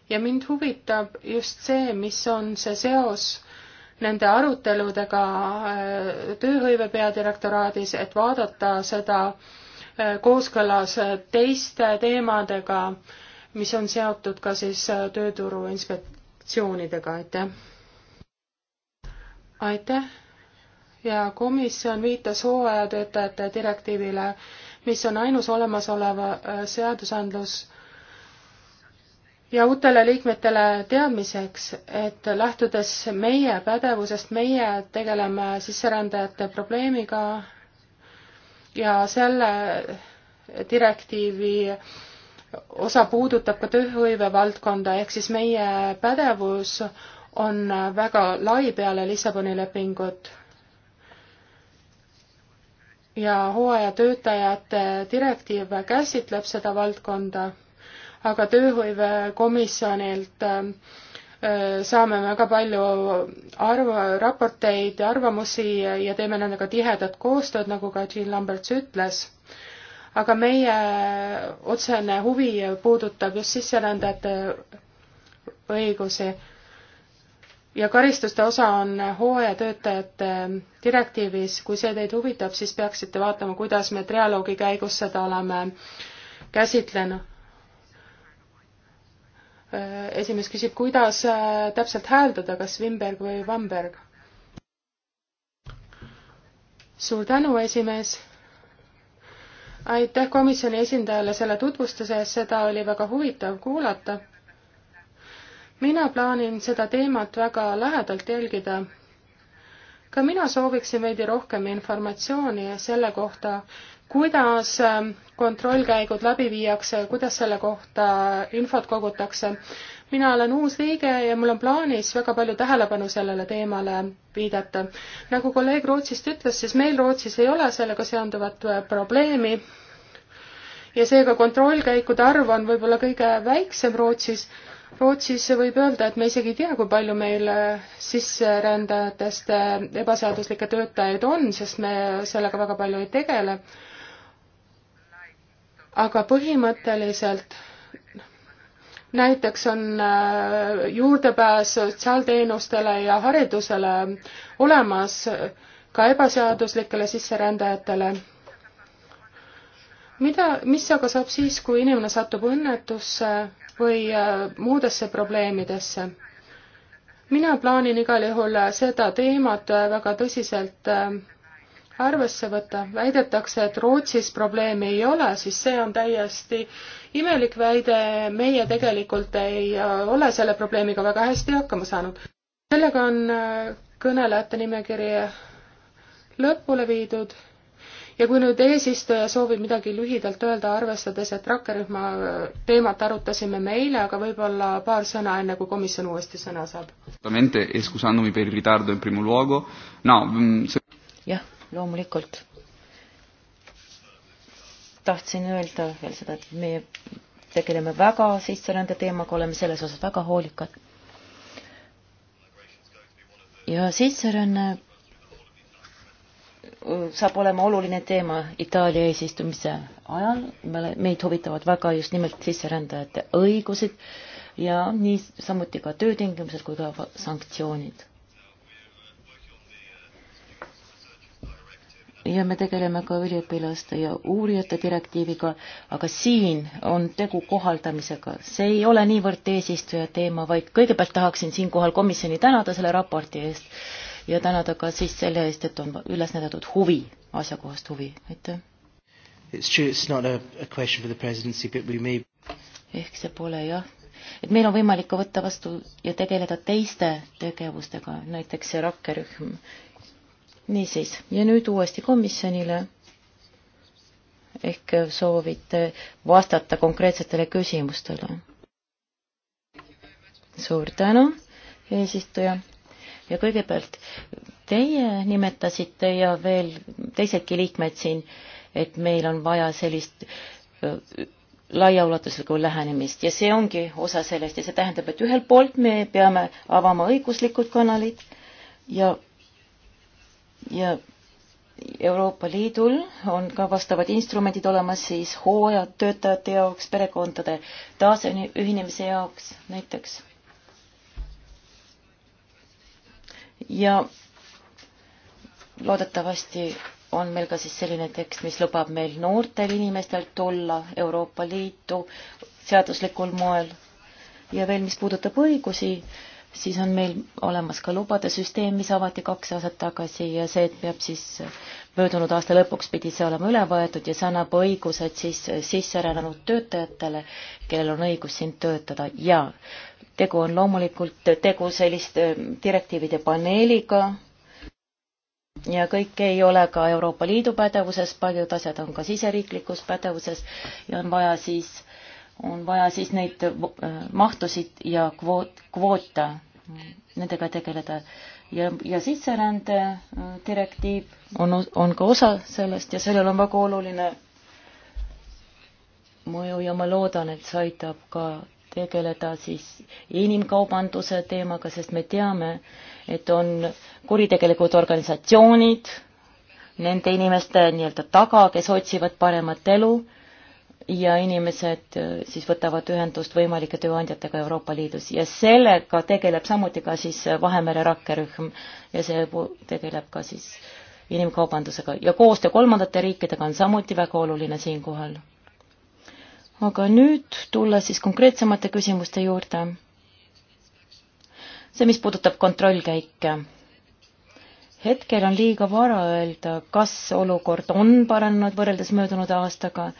ja mind huvitab just see, mis on see seos nende aruteludega äh, tööhõive peadirektoraadis, et vaadata seda äh, kooskõlas teiste teemadega, mis on seotud ka siis äh, tööturu inspektsioonidega, aitäh. aitäh ja komisjon viitas hooajatöötajate direktiivile, mis on ainus olemasolev seadusandlus ja uutele liikmetele teadmiseks, et lähtudes meie pädevusest, meie tegeleme sisserändajate probleemiga ja selle direktiivi osa puudutab ka tööhõive valdkonda, ehk siis meie pädevus on väga lai peale Lissaboni lepingut. ja hooajatöötajate direktiiv käsitleb seda valdkonda aga tööhõivekomisjonilt äh, saame väga palju arv-, raporteid ja arvamusi ja teeme nendega tihedat koostööd, nagu ka Jean Lamberts ütles. aga meie otsene huvi puudutab just sisserändajate õigusi ja karistuste osa on hooajatöötajate direktiivis, kui see teid huvitab, siis peaksite vaatama, kuidas me trialoogi käigus seda oleme käsitlenud. Äh, esimees küsib, kuidas äh, täpselt hääldada, kas Wimberg või Vamberg? suur tänu, esimees! aitäh komisjoni esindajale selle tutvustuse eest, seda oli väga huvitav kuulata. mina plaanin seda teemat väga lähedalt jälgida. ka mina sooviksin veidi rohkem informatsiooni selle kohta, kuidas ähm, kontrollkäigud läbi viiakse, kuidas selle kohta infot kogutakse. mina olen uus liige ja mul on plaanis väga palju tähelepanu sellele teemale viidata. nagu kolleeg Rootsist ütles, siis meil Rootsis ei ole sellega seonduvat äh, probleemi ja seega kontrollkäikude arv on võib-olla kõige väiksem Rootsis. Rootsis võib öelda, et me isegi ei tea, kui palju meil äh, sisserändajatest äh, ebaseaduslikke töötajaid on, sest me sellega väga palju ei tegele aga põhimõtteliselt näiteks on äh, juurdepääs sotsiaalteenustele ja haridusele olemas ka ebaseaduslikele sisserändajatele. mida, mis aga saab siis, kui inimene satub õnnetusse või äh, muudesse probleemidesse? mina plaanin igal juhul seda teemat väga tõsiselt äh, arvesse võtta. väidetakse, et Rootsis probleemi ei ole, siis see on täiesti imelik väide, meie tegelikult ei äh, ole selle probleemiga väga hästi hakkama saanud. sellega on äh, kõnelejate nimekiri lõpule viidud ja kui nüüd eesistuja soovib midagi lühidalt öelda, arvestades, et rakkerühma äh, teemat arutasime me eile, aga võib-olla paar sõna, enne kui komisjon uuesti sõna saab. Mm, jah loomulikult tahtsin öelda veel seda, et me tegeleme väga sisserände teemaga, oleme selles osas väga hoolikad. ja sisseränne saab olema oluline teema Itaalia eesistumise ajal, meid huvitavad väga just nimelt sisserändajate õigused ja nii samuti ka töötingimused kui ka sanktsioonid ja me tegeleme ka üliõpilaste ja uurijate direktiiviga, aga siin on tegu kohaldamisega. see ei ole niivõrd eesistuja teema, vaid kõigepealt tahaksin siinkohal komisjoni tänada selle raporti eest ja tänada ka siis selle eest, et on üles näidatud huvi, asjakohast huvi, aitäh. It's true it's not a, a question for the presidency but we may ehk see pole jah, et meil on võimalik ka võtta vastu ja tegeleda teiste tegevustega, näiteks see rakkerühm niisiis, ja nüüd uuesti komisjonile. ehk soovite vastata konkreetsetele küsimustele? suur tänu, eesistuja. ja kõigepealt, teie nimetasite ja veel teisedki liikmed siin, et meil on vaja sellist laiaulatuslikku lähenemist ja see ongi osa sellest ja see tähendab, et ühelt poolt me peame avama õiguslikud kanalid ja ja Euroopa Liidul on ka vastavad instrumendid olemas siis hooajatöötajate jaoks, perekondade taasühinemise jaoks näiteks. ja loodetavasti on meil ka siis selline tekst, mis lubab meil noortel inimestel tulla Euroopa Liitu seaduslikul moel. ja veel, mis puudutab õigusi, siis on meil olemas ka lubade süsteem, mis avati kaks aastat tagasi ja see peab siis, möödunud aasta lõpuks pidi see olema üle võetud ja see annab õigused siis sisserännanud töötajatele, kellel on õigus siin töötada ja tegu on loomulikult tegu selliste direktiivide paneeliga, ja kõik ei ole ka Euroopa Liidu pädevuses, paljud asjad on ka siseriiklikus pädevuses ja on vaja siis, on vaja siis neid mahtusid ja kvoot, kvoote nendega tegeleda. ja, ja sisserände äh, direktiiv on, on ka osa sellest ja sellel on väga oluline mõju ja ma loodan, et see aitab ka tegeleda siis inimkaubanduse teemaga, sest me teame, et on kuritegelikud organisatsioonid, nende inimeste nii-öelda taga, kes otsivad paremat elu ja inimesed äh, siis võtavad ühendust võimalike tööandjatega Euroopa Liidus ja sellega tegeleb samuti ka siis äh, Vahemere rakkerühm ja see tegeleb ka siis inimkaubandusega ja koostöö kolmandate riikidega on samuti väga oluline siinkohal. aga nüüd tulles siis konkreetsemate küsimuste juurde. see, mis puudutab kontrollkäike hetkel on liiga vara öelda, kas olukord on paranenud võrreldes möödunud aastaga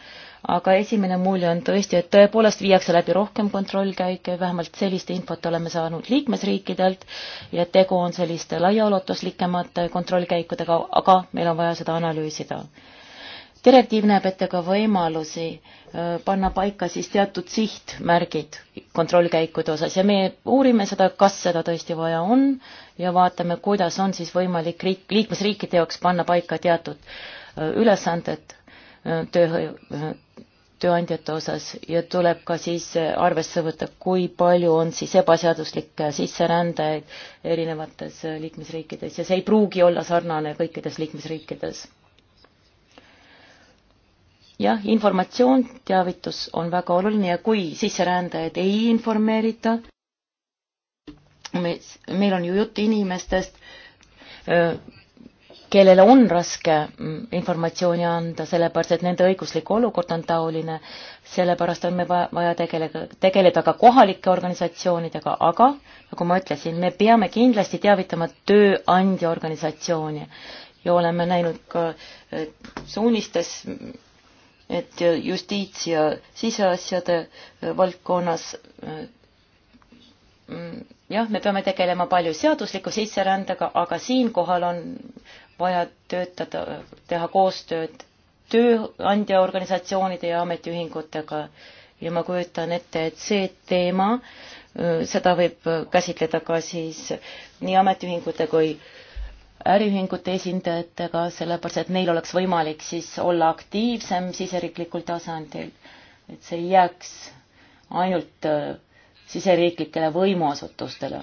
aga esimene mulje on tõesti, et tõepoolest viiakse läbi rohkem kontrollkäike, vähemalt sellist infot oleme saanud liikmesriikidelt ja tegu on selliste laiaulatuslikemate kontrollkäikudega, aga meil on vaja seda analüüsida. direktiiv näeb ette ka võimalusi äh, panna paika siis teatud sihtmärgid kontrollkäikude osas ja me uurime seda, kas seda tõesti vaja on ja vaatame, kuidas on siis võimalik riik, liikmesriikide jaoks panna paika teatud äh, ülesanded äh, tööhõiv-, tööandjate osas ja tuleb ka siis arvesse võtta, kui palju on siis ebaseaduslikke sisserändajaid erinevates liikmesriikides ja see ei pruugi olla sarnane kõikides liikmesriikides. jah, informatsioon, teavitus on väga oluline ja kui sisserändajaid ei informeerita, meil on ju jutt inimestest, kellele on raske mm, informatsiooni anda, sellepärast et nende õiguslik olukord on taoline, sellepärast on meil vaja tegeleda, tegeleda ka kohalike organisatsioonidega, aga nagu ma ütlesin, me peame kindlasti teavitama tööandja organisatsiooni ja oleme näinud ka suunistes, et justiits- ja siseasjade valdkonnas mm, jah, me peame tegelema palju seadusliku sisserändega, aga siinkohal on vaja töötada, teha koostööd tööandja organisatsioonide ja ametiühingutega ja ma kujutan ette, et see teema, äh, seda võib käsitleda ka siis nii ametiühingute kui äriühingute esindajatega, sellepärast et neil oleks võimalik siis olla aktiivsem siseriiklikul tasandil, et see ei jääks ainult äh, siseriiklikele võimuasutustele.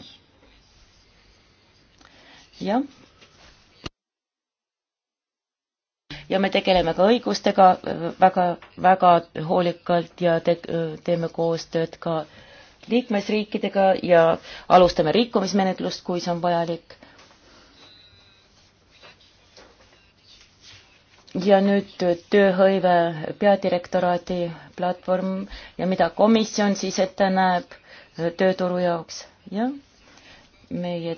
jah, ja me tegeleme ka õigustega väga, väga hoolikalt ja te, teeme koostööd ka liikmesriikidega ja alustame rikkumismenetlust, kui see on vajalik. ja nüüd tööhõive peadirektoraadi platvorm ja mida komisjon siis ette näeb tööturu jaoks, jah. meie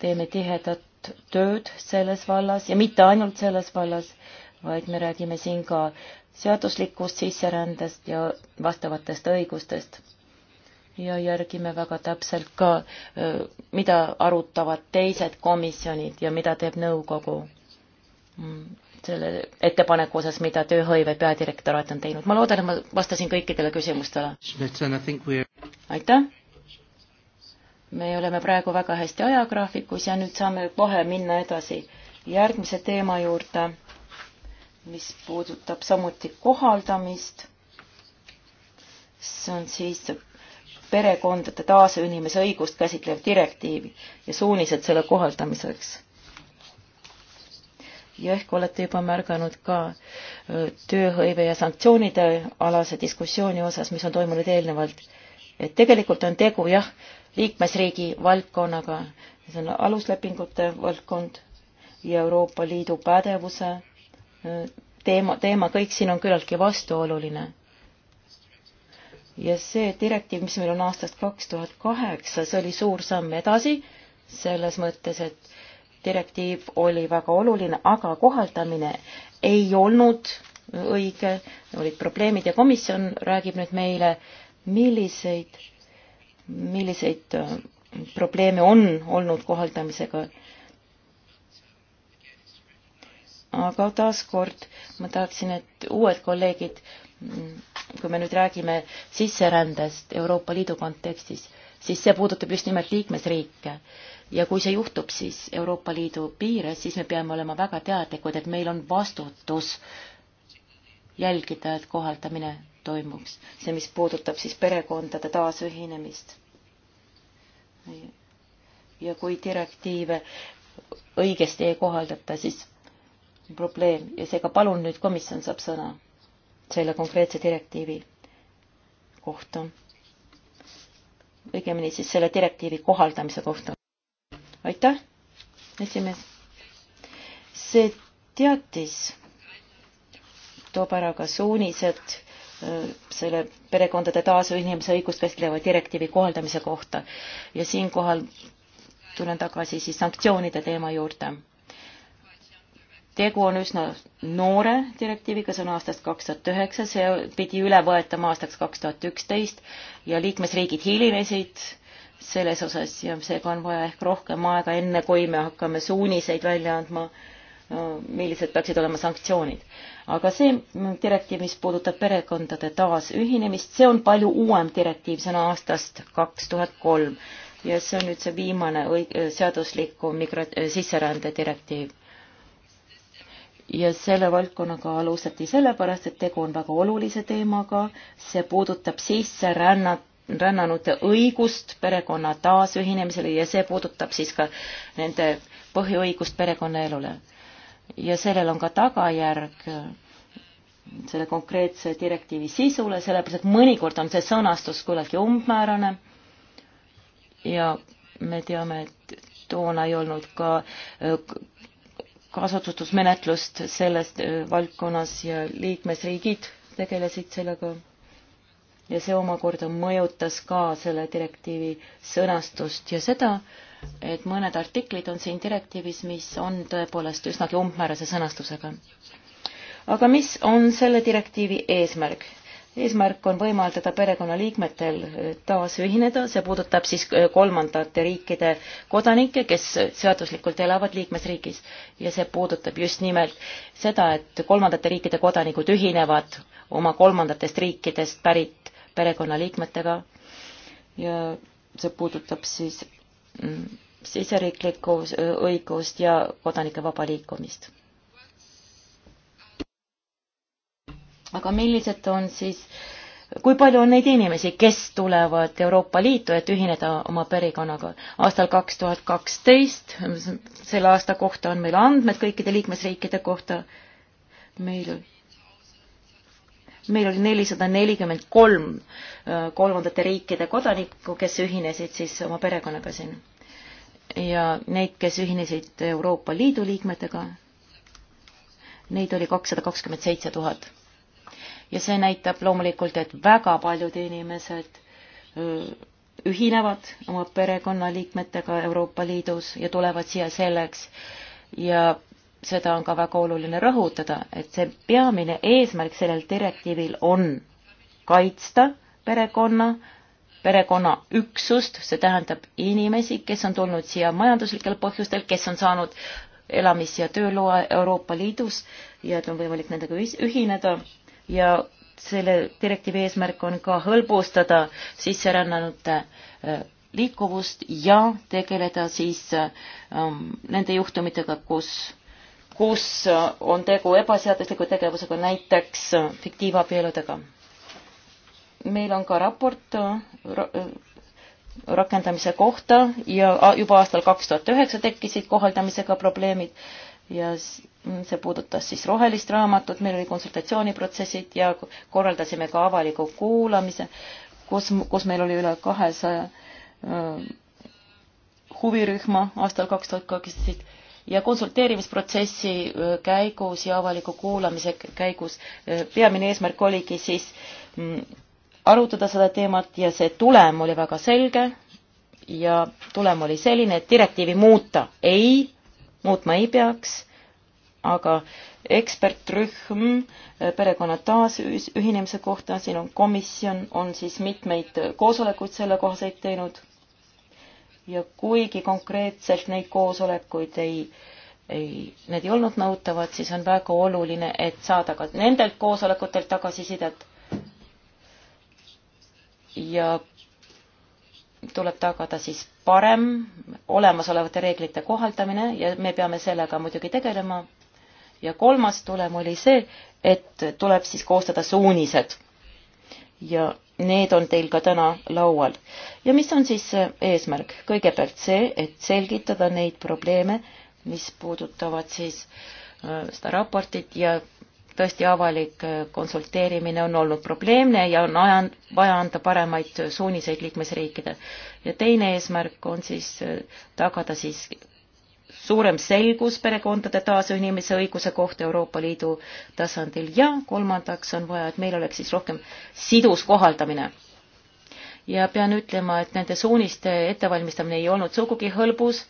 teeme tihedat suurt tööd selles vallas ja mitte ainult selles vallas, vaid me räägime siin ka seaduslikust sisserändest ja vastavatest õigustest. ja järgime väga täpselt ka, mida arutavad teised komisjonid ja mida teeb nõukogu mm, selle ettepaneku osas, mida tööhõive peadirektoraat on teinud. ma loodan, et ma vastasin kõikidele küsimustele. aitäh! me oleme praegu väga hästi ajagraafikus ja nüüd saame kohe minna edasi järgmise teema juurde, mis puudutab samuti kohaldamist. see on siis perekondade taasühinemise õigust käsitlev direktiiv ja suunised selle kohaldamiseks. ja ehk olete juba märganud ka tööhõive ja sanktsioonide alase diskussiooni osas, mis on toimunud eelnevalt, et tegelikult on tegu jah, liikmesriigi valdkonnaga, see on aluslepingute valdkond ja Euroopa Liidu pädevuse äh, teema, teema, kõik siin on küllaltki vastuoluline. ja see direktiiv, mis meil on aastast kaks tuhat kaheksa, see oli suur samm edasi, selles mõttes, et direktiiv oli väga oluline, aga kohaldamine ei olnud õige, olid probleemid ja komisjon räägib nüüd meile, milliseid milliseid äh, probleeme on olnud kohaldamisega. aga taaskord ma tahaksin, et uued kolleegid, mm, kui me nüüd räägime sisserändest Euroopa Liidu kontekstis, siis see puudutab just nimelt liikmesriike. ja kui see juhtub siis Euroopa Liidu piires, siis me peame olema väga teadlikud, et meil on vastutus jälgida, et kohaldamine toimuks, see, mis puudutab siis perekondade taasühinemist. ja kui direktiive õigesti ei kohaldata, siis probleem ja seega palun nüüd komisjon saab sõna selle konkreetse direktiivi kohta. õigemini siis selle direktiivi kohaldamise kohta. aitäh, esimees. see teatis toob ära ka suunised Äh, selle perekondade taasühinemise õigust käsitleva direktiivi kohaldamise kohta ja siinkohal tulen tagasi siis sanktsioonide teema juurde. tegu on üsna noore direktiiviga, see on aastast kaks tuhat üheksa, see pidi üle võetama aastaks kaks tuhat üksteist ja liikmesriigid hilinesid selles osas ja seega on vaja ehk rohkem aega, enne kui me hakkame suuniseid välja andma äh, Äh, millised peaksid olema sanktsioonid. aga see direktiiv, mis puudutab perekondade taasühinemist, see on palju uuem direktiiv, see on aastast kaks tuhat kolm ja see on nüüd see viimane seadusliku migra-, sisserände direktiiv. ja selle valdkonnaga alustati sellepärast, et tegu on väga olulise teemaga, see puudutab sisserännet rännanute õigust perekonna taasühinemisele ja see puudutab siis ka nende põhiõigust perekonnaelule ja sellel on ka tagajärg selle konkreetse direktiivi sisule, sellepärast et mõnikord on see sõnastus kuidagi umbmäärane ja me teame, et toona ei olnud ka äh, kaasotsustusmenetlust selles äh, valdkonnas ja liikmesriigid tegelesid sellega ja see omakorda mõjutas ka selle direktiivi sõnastust ja seda, et mõned artiklid on siin direktiivis, mis on tõepoolest üsnagi umbmäärase sõnastusega. aga mis on selle direktiivi eesmärk? eesmärk on võimaldada perekonnaliikmetel taas ühineda, see puudutab siis kolmandate riikide kodanikke, kes seaduslikult elavad liikmesriigis. ja see puudutab just nimelt seda, et kolmandate riikide kodanikud ühinevad oma kolmandatest riikidest pärit perekonnaliikmetega ja see puudutab siis siseriiklikku õigust ja kodanike vaba liikumist. aga millised on siis, kui palju on neid inimesi, kes tulevad Euroopa Liitu, et ühineda oma perekonnaga? aastal kaks tuhat kaksteist, selle aasta kohta on meil andmed kõikide liikmesriikide kohta, meil meil oli nelisada nelikümmend kolm äh, kolmandate riikide kodanikku, kes ühinesid siis oma perekonnaga siin. ja neid, kes ühinesid Euroopa Liidu liikmetega, neid oli kakssada kakskümmend seitse tuhat. ja see näitab loomulikult, et väga paljud inimesed äh, ühinevad oma perekonnaliikmetega Euroopa Liidus ja tulevad siia selleks ja seda on ka väga oluline rõhutada, et see peamine eesmärk sellel direktiivil on kaitsta perekonna, perekonna üksust, see tähendab inimesi, kes on tulnud siia majanduslikel põhjustel, kes on saanud elamis- ja tööloa Euroopa Liidus ja et on võimalik nendega ühineda ja selle direktiivi eesmärk on ka hõlbustada sisserännanute äh, liikuvust ja tegeleda siis ähm, nende juhtumitega, kus kus on tegu ebaseadusliku tegevusega, näiteks fiktiivabieludega. meil on ka raport rakendamise kohta ja juba aastal kaks tuhat üheksa tekkisid kohaldamisega probleemid ja see puudutas siis rohelist raamatut, meil oli konsultatsiooniprotsessid ja korraldasime ka avaliku kuulamise, kus, kus meil oli üle kahesaja huvirühma aastal kaks tuhat kaksteist ja konsulteerimisprotsessi käigus ja avaliku kuulamise käigus peamine eesmärk oligi siis mm, arutada seda teemat ja see tulem oli väga selge ja tulem oli selline, et direktiivi muuta ei, muutma ei peaks, aga ekspertrühm perekonna taasühinemise kohta, siin on komisjon, on siis mitmeid koosolekuid sellekohaseid teinud ja kuigi konkreetselt neid koosolekuid ei, ei, need ei olnud nõutavad, siis on väga oluline, et saada ka nendelt koosolekutelt tagasisidet. ja tuleb tagada siis parem olemasolevate reeglite kohaldamine ja me peame sellega muidugi tegelema. ja kolmas tulem oli see, et tuleb siis koostada suunised ja need on teil ka täna laual. ja mis on siis eesmärk? kõigepealt see, et selgitada neid probleeme, mis puudutavad siis äh, seda raportit ja tõesti avalik äh, konsulteerimine on olnud probleemne ja on ajan, vaja anda paremaid suuniseid liikmesriikidele. ja teine eesmärk on siis äh, tagada siis suurem selgus perekondade taasühinemise õiguse kohta Euroopa Liidu tasandil ja kolmandaks on vaja, et meil oleks siis rohkem sidus kohaldamine. ja pean ütlema, et nende suuniste ettevalmistamine ei olnud sugugi hõlbus,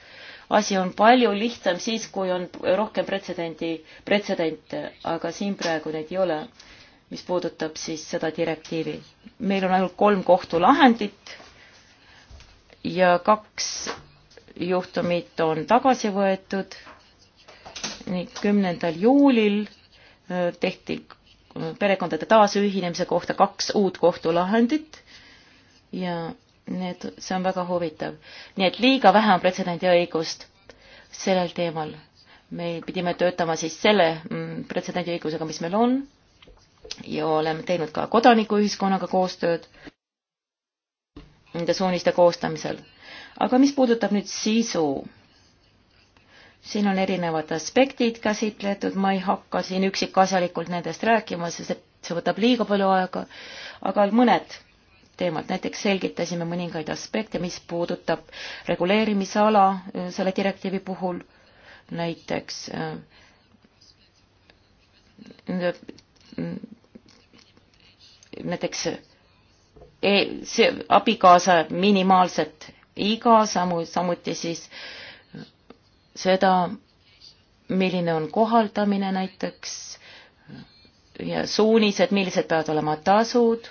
asi on palju lihtsam siis, kui on rohkem pretsedendi, pretsedente, aga siin praegu neid ei ole, mis puudutab siis seda direktiivi. meil on ainult kolm kohtulahendit ja kaks juhtumid on tagasi võetud ning kümnendal juulil äh, tehti äh, perekondade taasühinemise kohta kaks uut kohtulahendit ja need, see on väga huvitav. nii et liiga vähe on pretsedendiõigust sellel teemal. me pidime töötama siis selle mm, pretsedendiõigusega, mis meil on ja oleme teinud ka kodanikuühiskonnaga koostööd nende suuniste koostamisel aga mis puudutab nüüd sisu, siin on erinevad aspektid käsitletud, ma ei hakka siin üksikasjalikult nendest rääkima, sest et see võtab liiga palju aega, aga mõned teemad, näiteks selgitasime mõningaid aspekte, mis puudutab reguleerimisala selle direktiivi puhul, näiteks näiteks see abikaasa minimaalset iga, samu, samuti siis seda, milline on kohaldamine näiteks ja suunised, millised peavad olema tasud,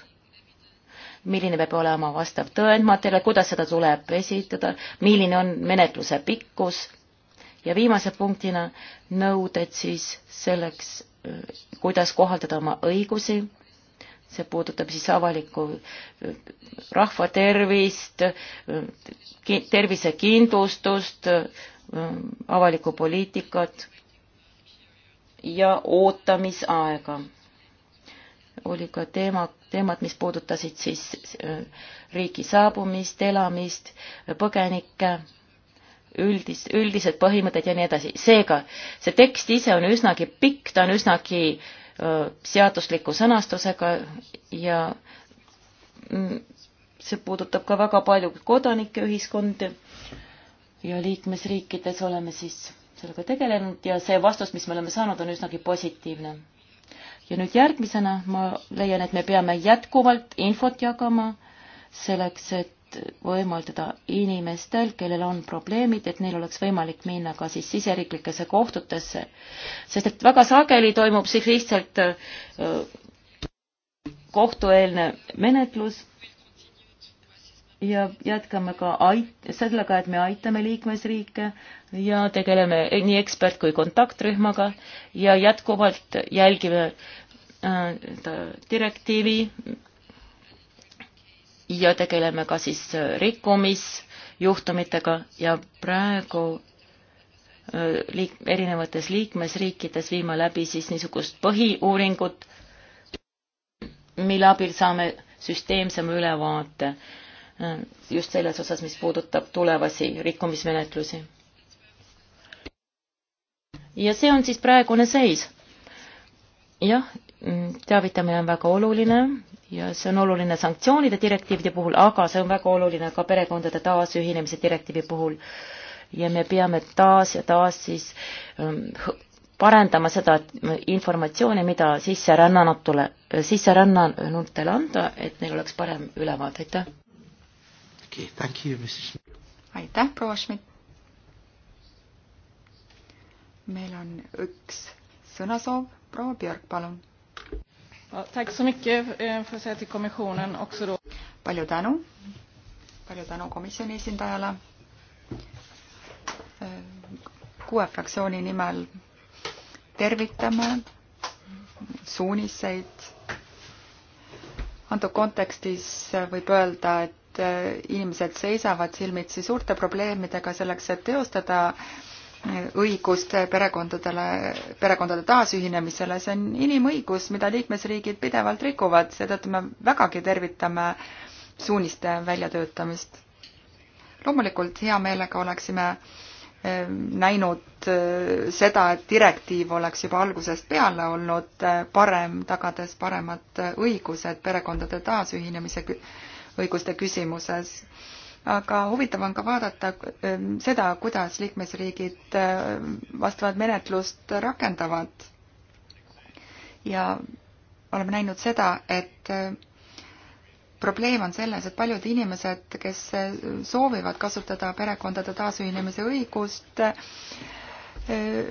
milline peab olema vastav tõendmaterjal, kuidas seda tuleb esitada, milline on menetluse pikkus ja viimase punktina nõuded siis selleks, kuidas kohaldada oma õigusi see puudutab siis avalikku äh, rahva tervist, äh, tervisekindlustust, äh, avalikku poliitikat ja ootamisaega. oli ka teema, teemad, mis puudutasid siis riiki saabumist, elamist, põgenikke, üldis, üldised põhimõtted ja nii edasi. seega see tekst ise on üsnagi pikk, ta on üsnagi äh, seadusliku sõnastusega ja mm, see puudutab ka väga palju kodanike ühiskondi ja liikmesriikides oleme siis sellega tegelenud ja see vastus, mis me oleme saanud, on üsnagi positiivne. ja nüüd järgmisena ma leian, et me peame jätkuvalt infot jagama selleks, et et võimaldada inimestel, kellel on probleemid, et neil oleks võimalik minna ka siis siseriiklikesse kohtutesse. sest et väga sageli toimub siis lihtsalt äh, kohtueelne menetlus ja jätkame ka ait-, sellega, et me aitame liikmesriike ja tegeleme nii ekspert- kui kontaktrühmaga ja jätkuvalt jälgime äh, direktiivi ja tegeleme ka siis äh, rikkumisjuhtumitega ja praegu äh, liik-, erinevates liikmesriikides viima läbi siis niisugust põhiuuringut, mille abil saame süsteemsema ülevaate äh, just selles osas, mis puudutab tulevasi rikkumismenetlusi. ja see on siis praegune seis. jah, Mm, teavitamine on väga oluline ja see on oluline sanktsioonide direktiivide puhul, aga see on väga oluline ka perekondade taasühinemise direktiivi puhul. ja me peame taas ja taas siis mm, parendama seda mm, informatsiooni, mida sisserännanutule, sisserännanutele anda, et neil oleks parem ülevaade, aitäh okay,! aitäh, proua Schmidt! meil on üks sõnasoov, proua Björk, palun Eh, palju tänu, palju tänu komisjoni esindajale. Eh, kuue fraktsiooni nimel tervitame suuniseid. antud kontekstis võib öelda, et eh, inimesed seisavad silmitsi suurte probleemidega selleks, et teostada äh, õigust perekondadele, perekondade taasühinemisele, see on inimõigus, mida liikmesriigid pidevalt rikuvad, seetõttu me vägagi tervitame suuniste väljatöötamist. loomulikult hea meelega oleksime eh, näinud eh, seda, et direktiiv oleks juba algusest peale olnud eh, parem, tagades paremad õigused perekondade taasühinemise õiguste küsimuses aga huvitav on ka vaadata ähm, seda, kuidas liikmesriigid ähm, vastavat menetlust rakendavad. ja oleme näinud seda, et äh, probleem on selles, et paljud inimesed, kes äh, soovivad kasutada perekondade taasühinemise õigust, äh,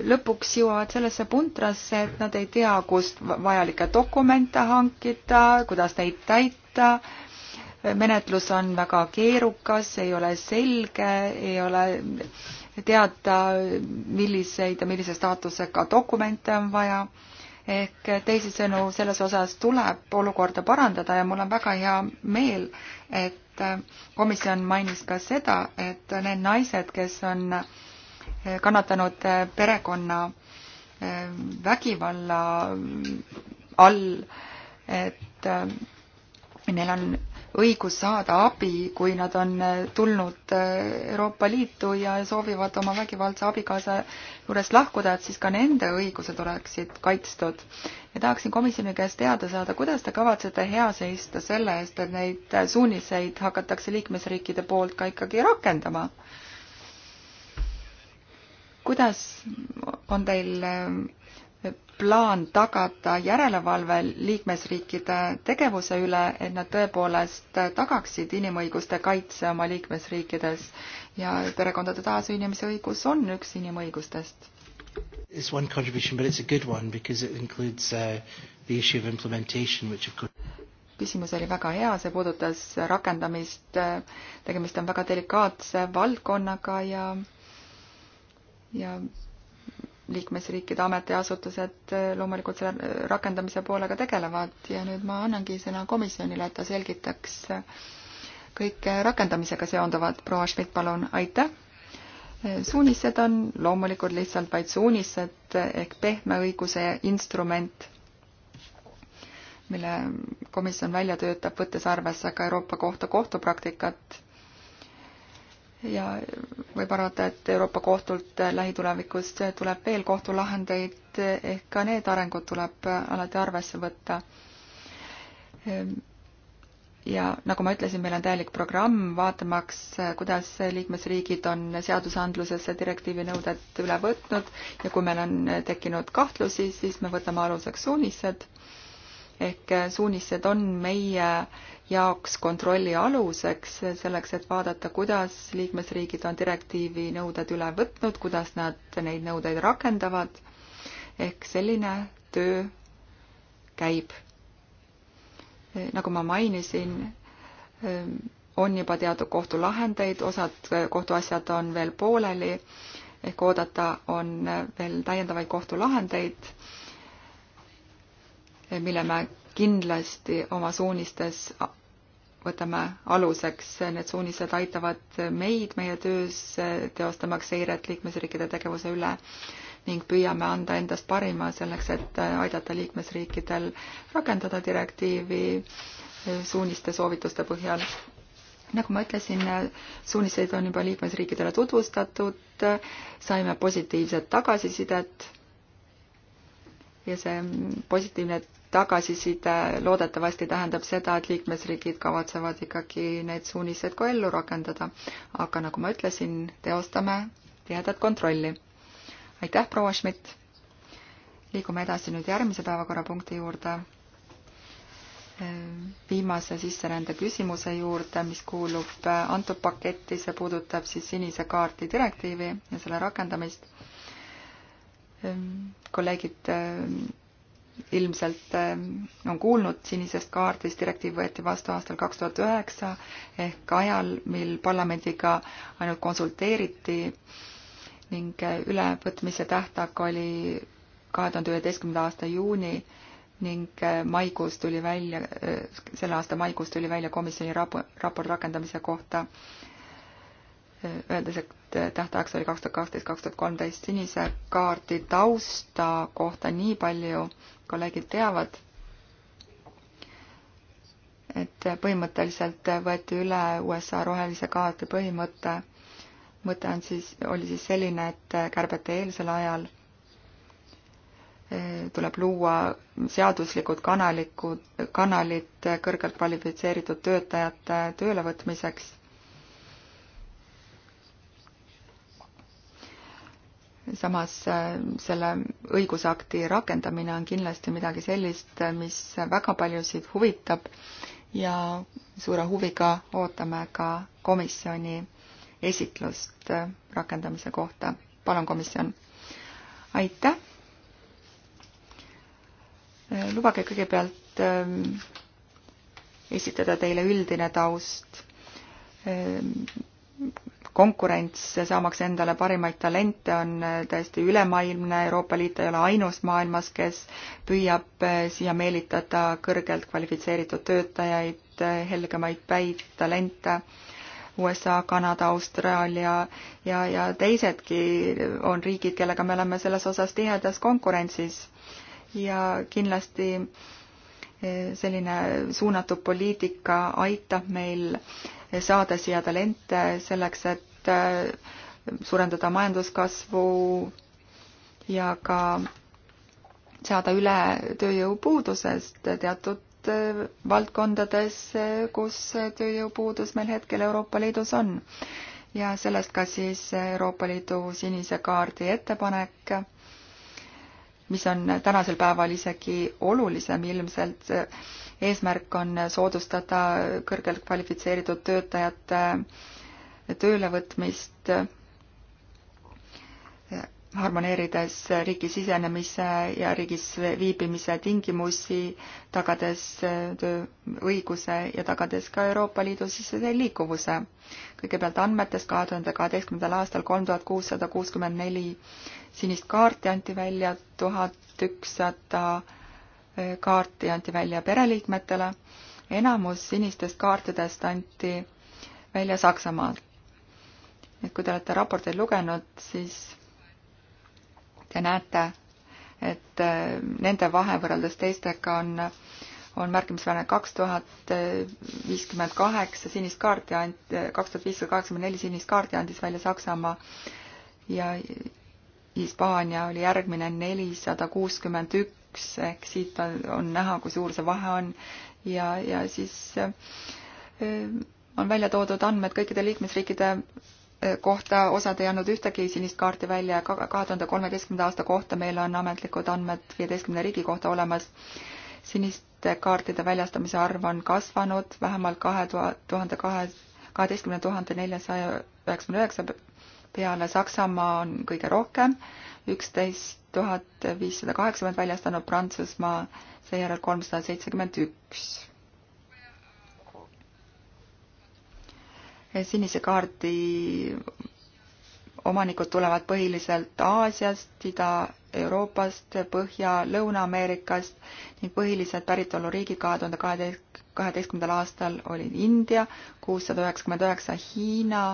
lõpuks jõuavad sellesse puntrasse, et nad ei tea, kust vajalikke dokumente hankida, kuidas neid täita menetlus on väga keerukas, ei ole selge, ei ole teada, milliseid ja millise staatusega dokumente on vaja. ehk teisisõnu, selles osas tuleb olukorda parandada ja mul on väga hea meel, et komisjon mainis ka seda, et need naised, kes on kannatanud perekonna eh, vägivalla all, et eh, neil on õigus saada abi, kui nad on äh, tulnud äh, Euroopa Liitu ja soovivad oma vägivaldse abikaasa juures lahkuda, et siis ka nende õigused oleksid kaitstud. ja tahaksin komisjoni käest teada saada, kuidas te kavatsete hea seista selle eest, et neid äh, suuniseid hakatakse liikmesriikide poolt ka ikkagi rakendama? kuidas on teil plaan tagada järelevalve liikmesriikide tegevuse üle, et nad tõepoolest tagaksid inimõiguste kaitse oma liikmesriikides ja perekondade taasühinemise õigus on üks inimõigustest. It's one contribution, but it's a good one because it includes uh, the issue of implementation, which of course küsimus oli väga hea, see puudutas rakendamist, tegemist on väga delikaatse valdkonnaga ja ja liikmesriikide ametiasutused eh, loomulikult selle eh, rakendamise poolega tegelevad ja nüüd ma annangi sõna komisjonile, et ta selgitaks eh, kõik rakendamisega seonduvad. proua Schmidt, palun, aitäh! suunised on loomulikult lihtsalt vaid suunised ehk pehme õiguse instrument, mille komisjon välja töötab, võttes arvesse ka Euroopa Kohtu kohtupraktikat ja võib arvata, et Euroopa Kohtult lähitulevikus tuleb veel kohtulahendeid, ehk ka need arengud tuleb alati arvesse võtta. ja nagu ma ütlesin, meil on täielik programm vaatamaks, kuidas liikmesriigid on seadusandlusesse direktiivi nõuded üle võtnud ja kui meil on tekkinud kahtlusi, siis me võtame aluseks suunised. ehk suunised on meie äh, jaoks kontrolli aluseks, selleks et vaadata, kuidas liikmesriigid on direktiivi nõuded üle võtnud, kuidas nad neid nõudeid rakendavad. ehk selline töö käib. nagu ma mainisin, on juba teatud kohtulahendeid, osad kohtuasjad on veel pooleli ehk oodata on veel täiendavaid kohtulahendeid, mille me kindlasti oma suunistes võtame aluseks, need suunised aitavad meid meie töös teostamaks seiret liikmesriikide tegevuse üle ning püüame anda endast parima selleks, et aidata liikmesriikidel rakendada direktiivi suuniste soovituste põhjal. nagu ma ütlesin, suuniseid on juba liikmesriikidele tutvustatud, saime positiivset tagasisidet ja see positiivne tagasiside loodetavasti tähendab seda, et liikmesriigid kavatsevad ikkagi need suunised ka ellu rakendada. aga nagu ma ütlesin, teostame tihedat kontrolli. aitäh, proua Schmidt! liigume edasi nüüd järgmise päevakorrapunkti juurde, viimase sisserände küsimuse juurde, mis kuulub antud paketti, see puudutab siis sinise kaardi direktiivi ja selle rakendamist. kolleegid ilmselt eh, on kuulnud sinisest kaardist, direktiiv võeti vastu aastal kaks tuhat üheksa ehk ajal, mil parlamendiga ainult konsulteeriti ning eh, ülevõtmise tähtaeg oli kahe tuhande üheteistkümnenda aasta juuni ning eh, maikuus tuli välja, selle aasta maikuus tuli välja komisjoni raport rakendamise kohta öeldes, et tähtajaks oli kaks tuhat kaksteist, kaks tuhat kolmteist sinise kaardi tausta kohta nii palju kolleegid teavad, et põhimõtteliselt võeti üle USA rohelise kaardi põhimõte. mõte on siis, oli siis selline, et kärbete eelsel ajal e, tuleb luua seaduslikud kanalikud, kanalid kõrgelt kvalifitseeritud töötajate töölevõtmiseks samas äh, selle õigusakti rakendamine on kindlasti midagi sellist, äh, mis väga paljusid huvitab ja suure huviga ootame ka komisjoni esitlust äh, rakendamise kohta. palun, komisjon. aitäh. lubage kõigepealt esitada teile üldine taust konkurents saamaks endale parimaid talente on täiesti ülemaailmne, Euroopa Liit ei ole ainus maailmas, kes püüab eh, siia meelitada kõrgelt kvalifitseeritud töötajaid, eh, helgemaid päid, talente USA, Kanada, Austraalia ja, ja teisedki on riigid, kellega me oleme selles osas tihedas konkurentsis. ja kindlasti eh, selline suunatud poliitika aitab meil saada siia talente selleks, et äh, suurendada majanduskasvu ja ka saada üle tööjõupuudusest teatud äh, valdkondades, kus tööjõupuudus meil hetkel Euroopa Liidus on. ja sellest ka siis Euroopa Liidu sinise kaardi ettepanek, mis on tänasel päeval isegi olulisem ilmselt eesmärk on soodustada kõrgelt kvalifitseeritud töötajate töölevõtmist, harmoneerides riigi sisenemise ja riigis viibimise tingimusi, tagades tööõiguse ja tagades ka Euroopa Liidu sisese liikuvuse. kõigepealt andmetest kahe tuhande kaheteistkümnendal aastal kolm tuhat kuussada kuuskümmend neli sinist kaarti anti välja, tuhat ükssada kaarti anti välja pereliikmetele, enamus sinistest kaartidest anti välja Saksamaalt. et kui te olete raporteid lugenud, siis te näete, et äh, nende vahe võrreldes teistega on, on märkimisväärne kaks tuhat viiskümmend kaheksa sinist kaarti ant-, kaks tuhat viissada kaheksakümmend neli sinist kaarti andis välja Saksamaa ja Hispaania oli järgmine nelisada kuuskümmend üks üks, ehk siit on, on näha, kui suur see vahe on ja, ja siis äh, on välja toodud andmed kõikide liikmesriikide äh, kohta, osad ei andnud ühtegi sinist kaarti välja, kahe tuhande kolmeteistkümnenda aasta kohta meil on ametlikud andmed viieteistkümne riigi kohta olemas. siniste kaartide väljastamise arv on kasvanud vähemalt kahe tuhande kahe, kaheteistkümne tuhande neljasaja üheksakümne üheksa peale, Saksamaa on kõige rohkem, üksteist tuhat viissada kaheksakümmend väljastanud Prantsusmaa, seejärel kolmsada seitsekümmend üks. sinise kaardi omanikud tulevad põhiliselt Aasiast, Ida-Euroopast, Põhja-, Lõuna-Ameerikast ning põhilised päritoluriigid kahe tuhande kaheteist, kaheteistkümnendal aastal olid India, kuussada üheksakümmend üheksa Hiina,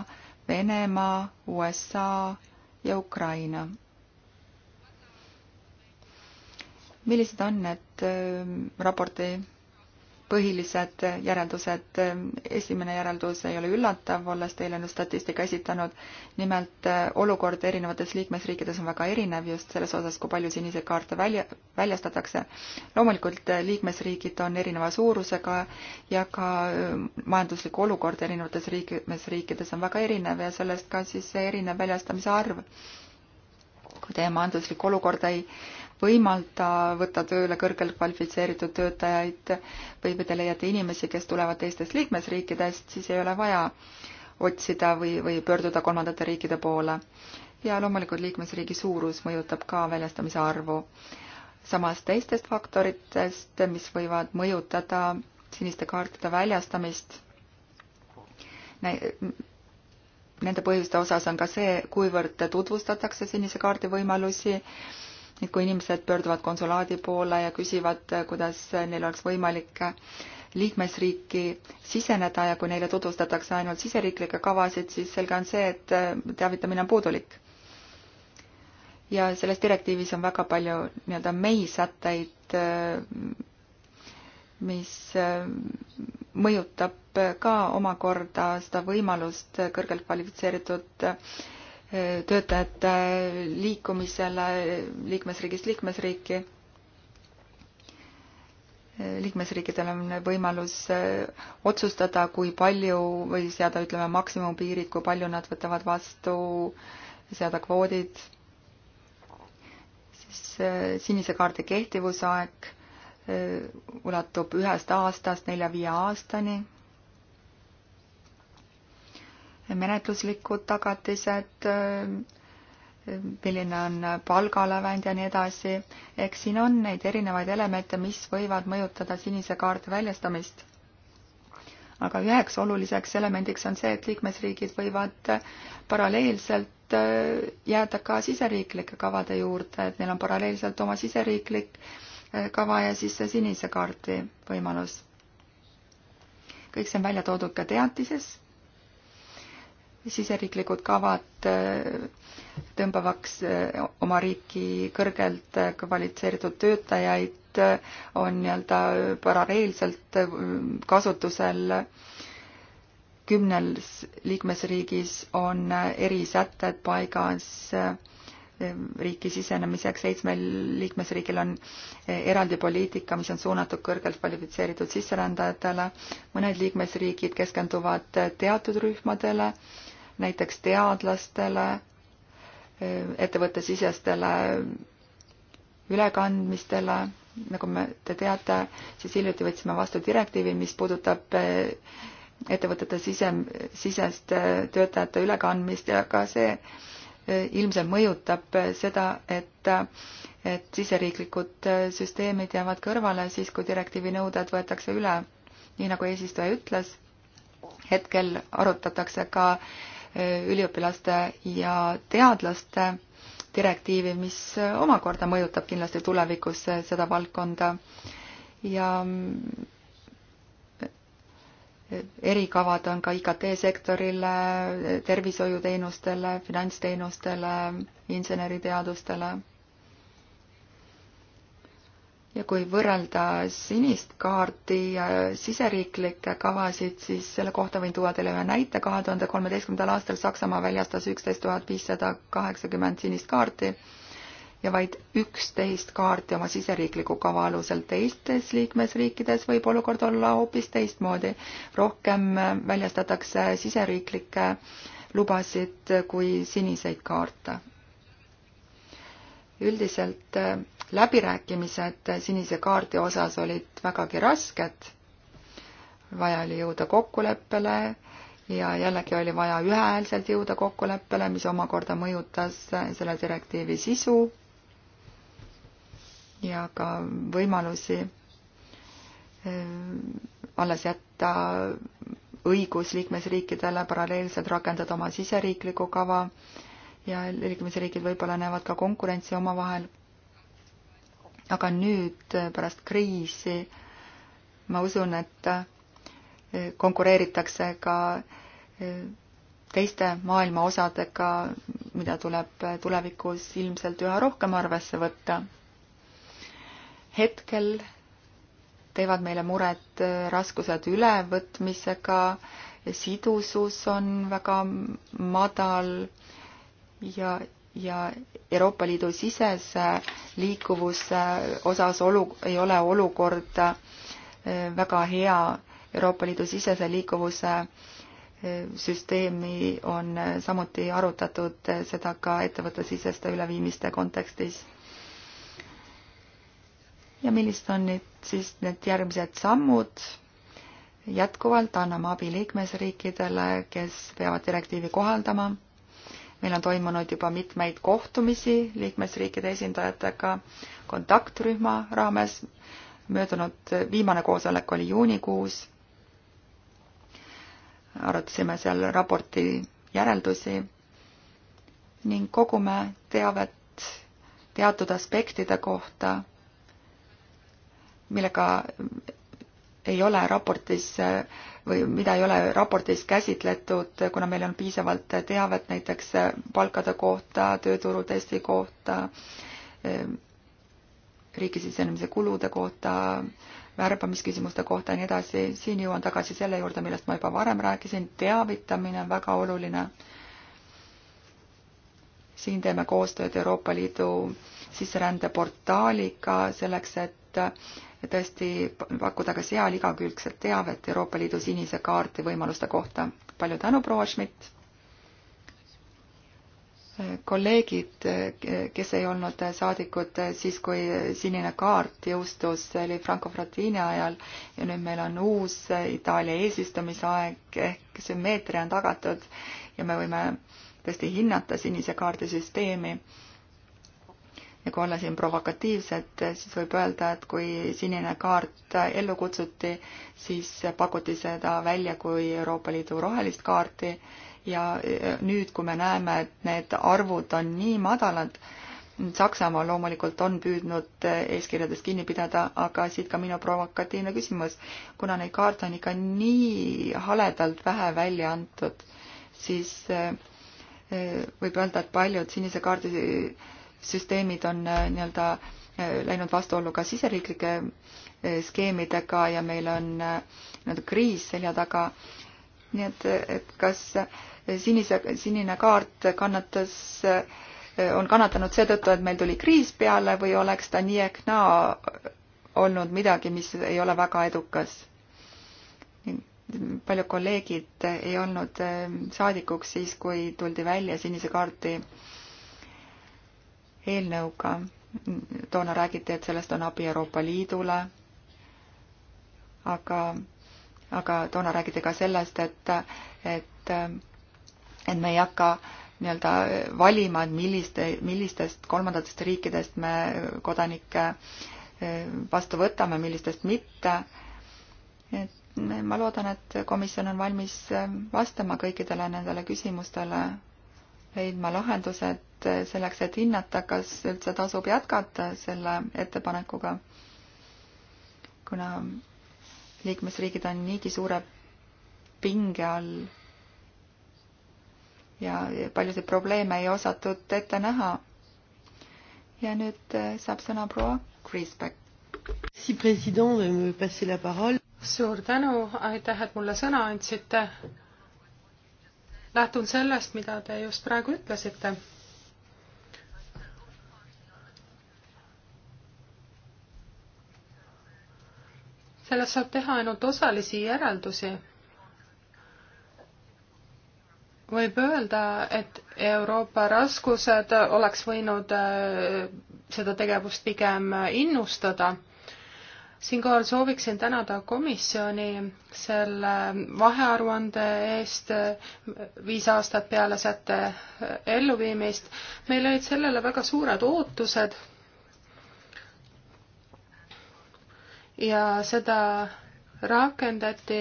Venemaa, USA ja Ukraina millised on need ähm, raporti põhilised järeldused. Ähm, esimene järeldus ei ole üllatav, olles teile nüüd statistika esitanud. nimelt äh, olukord erinevates liikmesriikides on väga erinev just selles osas, kui palju siniseid kaarte välja, väljastatakse. loomulikult äh, liikmesriigid on erineva suurusega ja ka ähm, majanduslik olukord erinevates liikmesriikides on väga erinev ja sellest ka siis see erinev väljastamise arv. kui teie majanduslik olukord ei võimalda võtta tööle kõrgelt kvalifitseeritud töötajaid või kui te leiate inimesi, kes tulevad teistest liikmesriikidest, siis ei ole vaja otsida või, või pöörduda kolmandate riikide poole. ja loomulikult liikmesriigi suurus mõjutab ka väljastamise arvu. samas teistest faktoritest, mis võivad mõjutada siniste kaartide väljastamist, nende põhjuste osas on ka see, kuivõrd tutvustatakse sinise kaardi võimalusi et kui inimesed pöörduvad konsulaadi poole ja küsivad, kuidas neil oleks võimalik liikmesriiki siseneda ja kui neile tutvustatakse ainult siseriiklikke kavasid, siis selge on see, et teavitamine on puudulik. ja selles direktiivis on väga palju nii-öelda meisätteid, mis mõjutab ka omakorda seda võimalust kõrgelt kvalifitseeritud töötajate liikumisele liikmesriigist liikmesriiki. liikmesriikidel on võimalus eh, otsustada, kui palju või seada, ütleme, maksimumpiirid, kui palju nad võtavad vastu, seada kvoodid, siis eh, sinise kaardi kehtivusaeg eh, ulatub ühest aastast nelja-viie aastani menetluslikud tagatised, milline on palgalävend ja nii edasi. eks siin on neid erinevaid elemente, mis võivad mõjutada sinise kaardi väljastamist. aga üheks oluliseks elemendiks on see, et liikmesriigid võivad paralleelselt äh, jääda ka siseriiklike kavade juurde, et neil on paralleelselt oma siseriiklik äh, kava ja siis see sinise kaardi võimalus. kõik see on välja toodud ka teatises siseriiklikud kavad äh, tõmbavaks äh, oma riiki kõrgelt äh, kvalifitseeritud töötajaid on nii-öelda paralleelselt kasutusel kümnes liikmesriigis on erisätted paigas riiki sisenemiseks, seitsmel liikmesriigil on eraldi poliitika, mis on suunatud kõrgelt kvalifitseeritud sisserändajatele, mõned liikmesriigid keskenduvad teatud rühmadele näiteks teadlastele, ettevõttesisestele ülekandmistele. nagu me, te teate, siis hiljuti võtsime vastu direktiivi, mis puudutab eh, ettevõtete sise, sisest eh, töötajate ülekandmist ja ka see eh, ilmselt mõjutab seda, et, et siseriiklikud süsteemid jäävad kõrvale siis, kui direktiivi nõuded võetakse üle. nii nagu eesistuja ütles, hetkel arutatakse ka äh, üliõpilaste ja teadlaste direktiivi, mis omakorda mõjutab kindlasti tulevikus seda valdkonda ja erikavad on ka IKT sektorile, tervishoiuteenustele, finantsteenustele, inseneriteadustele ja kui võrrelda sinist kaarti ja siseriiklikke kavasid, siis selle kohta võin tuua teile ühe näite. kahe tuhande kolmeteistkümnendal aastal Saksamaa väljastas üksteist tuhat viissada kaheksakümmend sinist kaarti ja vaid üksteist kaarti oma siseriikliku kava alusel. teistes liikmesriikides võib olukord olla hoopis teistmoodi. rohkem väljastatakse siseriiklikke lubasid kui siniseid kaarte. üldiselt läbirääkimised sinise kaardi osas olid vägagi rasked. vaja oli jõuda kokkuleppele ja jällegi oli vaja ühehäälselt jõuda kokkuleppele, mis omakorda mõjutas selle direktiivi sisu ja ka võimalusi eh, alles jätta õigus liikmesriikidele paralleelselt rakendada oma siseriiklikku kava ja liikmesriigid võib-olla näevad ka konkurentsi omavahel aga nüüd äh, pärast kriisi ma usun, et äh, konkureeritakse ka äh, teiste maailma osadega, mida tuleb tulevikus ilmselt üha rohkem arvesse võtta. hetkel teevad meile muret raskused ülevõtmisega, sidusus on väga madal ja ja Euroopa Liidu sisese liikuvuse osas olu, ei ole olukord äh, väga hea. Euroopa Liidu sisese liikuvuse äh, süsteemi on äh, samuti arutatud seda ka ettevõttesiseste üleviimiste kontekstis. ja millised on nüüd siis need järgmised sammud? jätkuvalt anname abi liikmesriikidele, kes peavad direktiivi kohaldama meil on toimunud juba mitmeid kohtumisi liikmesriikide esindajatega kontaktrühma raames. möödunud viimane koosolek oli juunikuus. arutasime seal raporti järeldusi ning kogume teavet teatud aspektide kohta, millega ei ole raportis või mida ei ole raportis käsitletud, kuna meil on piisavalt teavet näiteks palkade kohta, tööturutesti kohta, riigi sisenemise kulude kohta, värbamisküsimuste kohta ja nii edasi. siin jõuan tagasi selle juurde, millest ma juba varem rääkisin, teavitamine on väga oluline. siin teeme koostööd Euroopa Liidu sisserändeportaaliga selleks, et et tõesti pakkuda ka seal igakülgset teavet Euroopa Liidu sinise kaarti võimaluste kohta. palju tänu, proua Schmidt! kolleegid, kes ei olnud saadikud siis, kui sinine kaart jõustus, see oli Franco Frattini ajal ja nüüd meil on uus Itaalia eesistumisaeg ehk sümmeetria on tagatud ja me võime tõesti hinnata sinise kaardi süsteemi ja kui olla siin provokatiivsed, siis võib öelda, et kui sinine kaart ellu kutsuti, siis pakuti seda välja kui Euroopa Liidu rohelist kaarti ja e, nüüd, kui me näeme, et need arvud on nii madalad, Saksamaa loomulikult on püüdnud eeskirjadest kinni pidada, aga siit ka minu provokatiivne küsimus. kuna neid kaarte on ikka nii haledalt vähe välja antud, siis e, e, võib öelda, et paljud sinise kaardi süsteemid on äh, nii-öelda äh, läinud vastuollu ka siseriiklike äh, skeemidega ja meil on nii-öelda kriis selja taga. nii et, et kas sinise, sinine kaart kannatas, on kannatanud seetõttu, et meil tuli kriis peale või oleks ta nii ehk naa olnud midagi, mis ei ole väga edukas? paljud kolleegid ei olnud saadikuks siis, kui tuldi välja sinise kaarti äh, eelnõuga. toona räägiti, et sellest on abi Euroopa Liidule, aga, aga toona räägiti ka sellest, et, et, et me ei hakka nii-öelda valima, et milliste, millistest kolmandatest riikidest me kodanikke e, vastu võtame, millistest mitte. et ma loodan, et komisjon on valmis e, vastama kõikidele nendele küsimustele, leidma lahendused et selleks, et hinnata, kas üldse tasub jätkata selle ettepanekuga, kuna liikmesriigid on niigi suure pinge all ja paljusid probleeme ei osatud ette näha. ja nüüd äh, saab sõna proua Kriisbeck. suur tänu, aitäh, et mulle sõna andsite. lähtun sellest, mida te just praegu ütlesite sellest saab teha ainult osalisi järeldusi. võib öelda, et Euroopa raskused oleks võinud äh, seda tegevust pigem innustada. siinkohal sooviksin tänada komisjoni selle vahearuande eest viis aastat peale sätte elluviimist. meil olid sellele väga suured ootused ja seda rakendati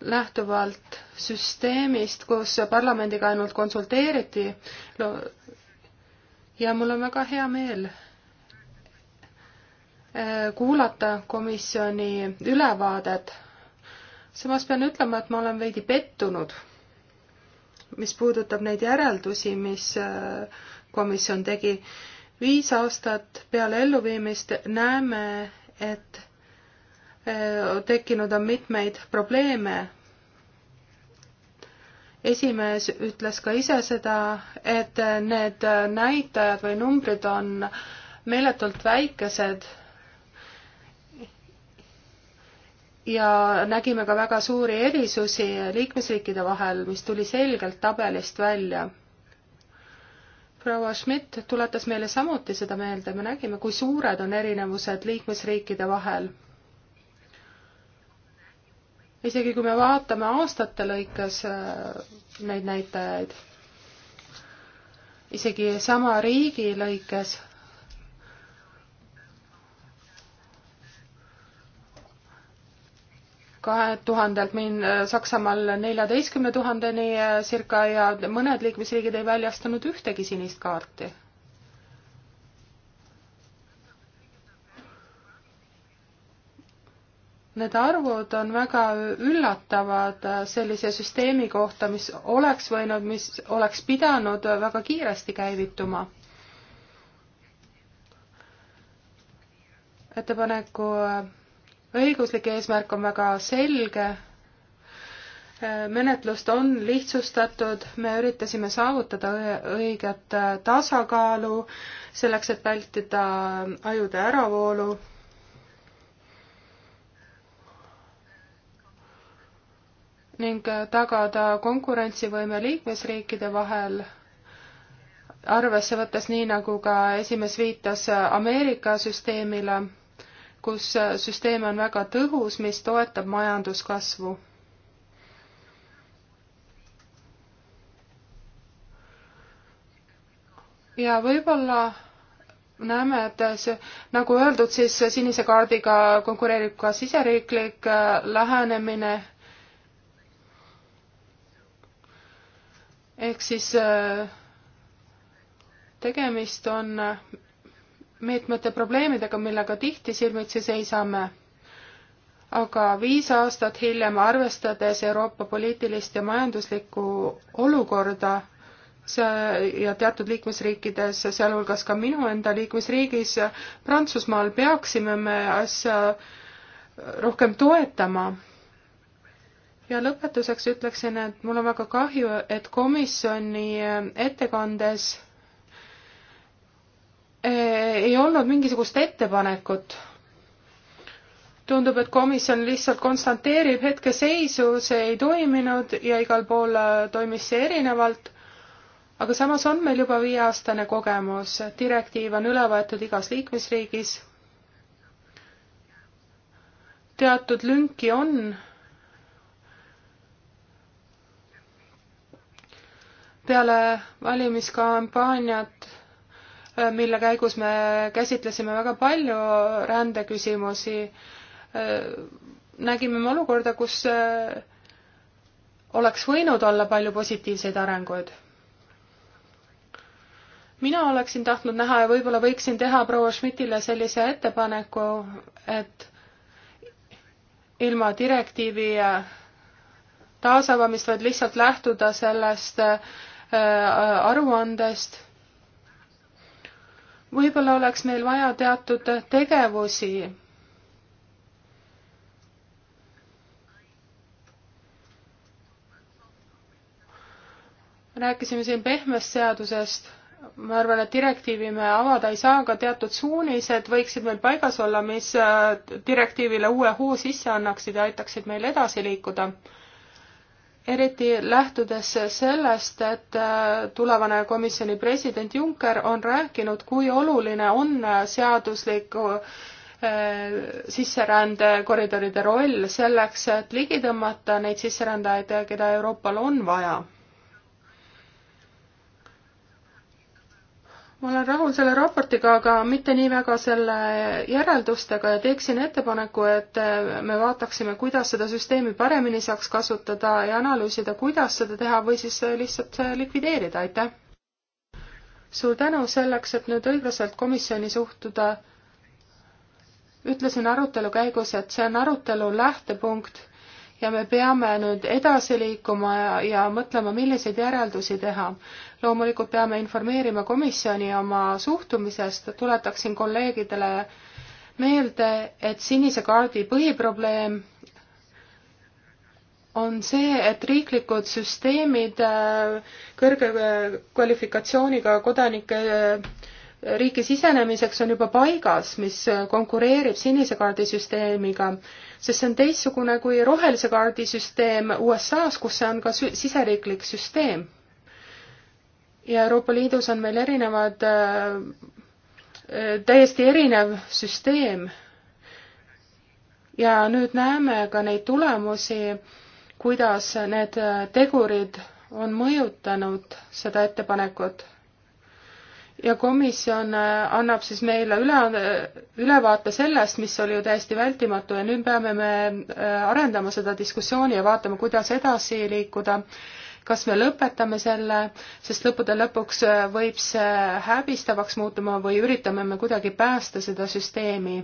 lähtuvalt süsteemist, kus parlamendiga ainult konsulteeriti. ja mul on väga hea meel eh, kuulata komisjoni ülevaadet. samas pean ütlema, et ma olen veidi pettunud, mis puudutab neid järeldusi, mis eh, komisjon tegi. viis aastat peale elluviimist näeme et tekkinud on mitmeid probleeme. esimees ütles ka ise seda, et need näitajad või numbrid on meeletult väikesed ja nägime ka väga suuri erisusi liikmesriikide vahel, mis tuli selgelt tabelist välja proua Schmidt tuletas meile samuti seda meelde, me nägime, kui suured on erinevused liikmesriikide vahel. isegi kui me vaatame aastate lõikes äh, neid näitajaid, isegi sama riigi lõikes kahe tuhandelt min-, äh, Saksamaal neljateistkümne tuhandeni äh, circa ja mõned liikmesriigid ei väljastanud ühtegi sinist kaarti. Need arvud on väga üllatavad äh, sellise süsteemi kohta, mis oleks võinud, mis oleks pidanud väga kiiresti käivituma. ettepaneku õiguslik eesmärk on väga selge, menetlust on lihtsustatud, me üritasime saavutada õiget äh, tasakaalu selleks, et vältida äh, ajude äravoolu. ning äh, tagada konkurentsivõime liikmesriikide vahel, arvesse võttes nii, nagu ka esimees viitas Ameerika süsteemile kus äh, süsteem on väga tõhus, mis toetab majanduskasvu. ja võib-olla näeme, et see, nagu öeldud, siis sinise kaardiga konkureerib ka siseriiklik äh, lähenemine ehk siis äh, tegemist on mitmete probleemidega, millega tihti silmitsi seisame. aga viis aastat hiljem, arvestades Euroopa poliitilist ja majanduslikku olukorda, see ja teatud liikmesriikides, sealhulgas ka minu enda liikmesriigis, Prantsusmaal, peaksime me asja rohkem toetama. ja lõpetuseks ütleksin, et mul on väga kahju, et komisjoni ettekandes Eh, ei olnud mingisugust ettepanekut. tundub, et komisjon lihtsalt konstanteerib hetkeseisu, see ei toiminud ja igal pool äh, toimis see erinevalt. aga samas on meil juba viieaastane kogemus, direktiiv on üle võetud igas liikmesriigis. teatud lünki on peale valimiskampaaniat Äh, mille käigus me käsitlesime väga palju rändeküsimusi, äh, nägime me olukorda, kus äh, oleks võinud olla palju positiivseid arenguid. mina oleksin tahtnud näha ja võib-olla võiksin teha proua Schmidtile sellise ettepaneku, et ilma direktiivi taasavamist, vaid lihtsalt lähtuda sellest aruandest võib-olla oleks meil vaja teatud tegevusi. rääkisime siin pehmest seadusest, ma arvan, et direktiivi me avada ei saa, aga teatud suunised võiksid meil paigas olla, mis äh, direktiivile uue hoo sisse annaksid ja aitaksid meil edasi liikuda eriti lähtudes sellest, et äh, tulevane komisjoni president Juncker on rääkinud, kui oluline on äh, seadusliku äh, sisserändekoridoride roll selleks, et ligi tõmmata neid sisserändajaid, keda Euroopal on vaja ma olen rahul selle raportiga, aga mitte nii väga selle järeldustega ja teeksin ettepaneku, et me vaataksime, kuidas seda süsteemi paremini saaks kasutada ja analüüsida, kuidas seda teha või siis lihtsalt likvideerida, aitäh! suur tänu selleks, et nüüd õiglaselt komisjoni suhtuda. ütlesin arutelu käigus, et see on arutelu lähtepunkt ja me peame nüüd edasi liikuma ja, ja mõtlema, milliseid järeldusi teha. loomulikult peame informeerima komisjoni oma suhtumisest, tuletaksin kolleegidele meelde, et sinise kaardi põhiprobleem on see, et riiklikud süsteemid äh, kõrge äh, kvalifikatsiooniga kodanike äh, riiki sisenemiseks on juba paigas, mis konkureerib sinise kaardi süsteemiga sest see on teistsugune kui rohelise kaardi süsteem USA-s, kus see on ka siseriiklik süsteem. ja Euroopa Liidus on meil erinevad äh, äh,, täiesti erinev süsteem. ja nüüd näeme ka neid tulemusi, kuidas need äh, tegurid on mõjutanud seda ettepanekut ja komisjon äh, annab siis meile üle, äh, ülevaate sellest, mis oli ju täiesti vältimatu ja nüüd peame me äh, arendama seda diskussiooni ja vaatama, kuidas edasi liikuda. kas me lõpetame selle, sest lõppude lõpuks võib see häbistavaks muutuma või üritame me kuidagi päästa seda süsteemi.